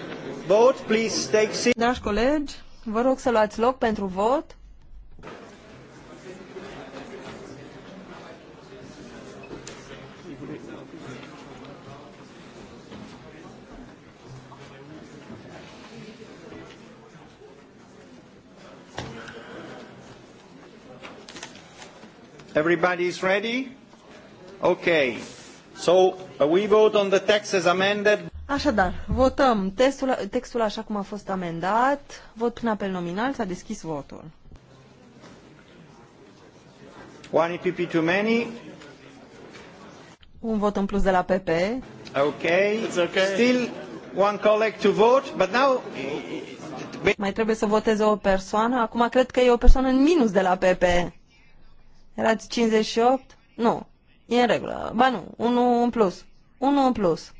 vote. Please take seat. Dragi colegi, vă rog să luați loc pentru vot. Everybody is ready? Okay. So uh, we vote on the text as amended. Așadar, votăm textul, textul așa cum a fost amendat. Vot prin apel nominal. S-a deschis votul. One EPP too many. Un vot în plus de la PP. Okay. It's okay. Still one colleague to vote, but now mai trebuie să voteze o persoană. Acum cred că e o persoană în minus de la PP. Erați 58? Nu. E în regulă. Ba nu, unul în plus. Unul în plus.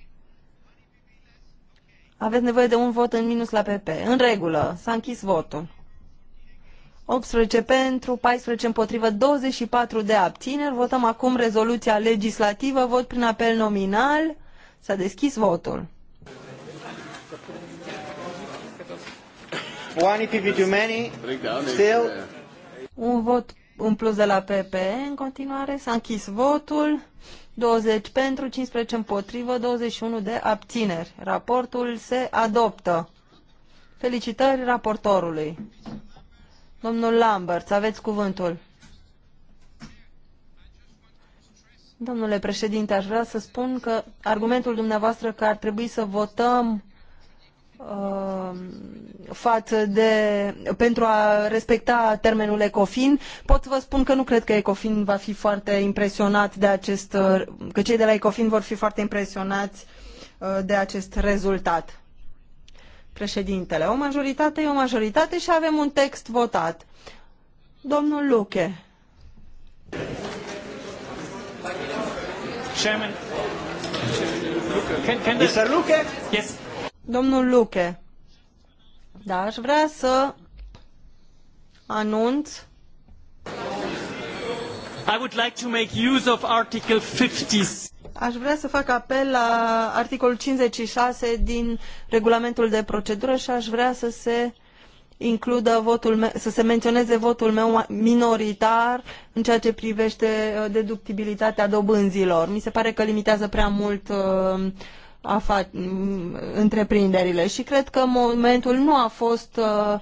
Aveți nevoie de un vot în minus la PP. În regulă. S-a închis votul. 18 pentru, 14 împotrivă, 24 de abțineri. Votăm acum rezoluția legislativă. Vot prin apel nominal. S-a deschis votul. One many. Still. Un vot în plus de la PP în continuare. S-a închis votul. 20 pentru, 15 împotrivă, 21 de abțineri. Raportul se adoptă. Felicitări raportorului. Domnul Lambert, aveți cuvântul. Domnule președinte, aș vrea să spun că argumentul dumneavoastră că ar trebui să votăm Uh, față de, pentru a respecta termenul ECOFIN, pot să vă spun că nu cred că ECOFIN va fi foarte impresionat de acest, uh, că cei de la ECOFIN vor fi foarte impresionați uh, de acest rezultat. Președintele, o majoritate e o majoritate și avem un text votat. Domnul Luche. Chairman. Can, can the... Mr. Yes. Domnul Luche, da, aș vrea să anunț I would like to make use of article 50. Aș vrea să fac apel la articolul 56 din regulamentul de procedură și aș vrea să se includă votul meu, să se menționeze votul meu minoritar în ceea ce privește uh, deductibilitatea dobânzilor. Mi se pare că limitează prea mult uh, întreprinderile și cred că momentul nu a fost uh,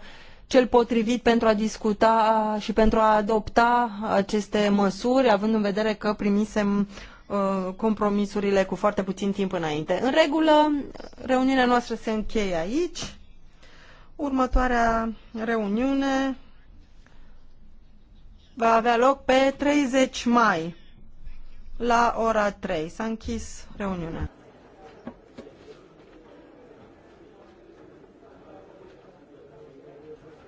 cel potrivit pentru a discuta și pentru a adopta aceste măsuri, având în vedere că primisem uh, compromisurile cu foarte puțin timp înainte. În regulă, reuniunea noastră se încheie aici. Următoarea reuniune va avea loc pe 30 mai la ora 3. S-a închis reuniunea.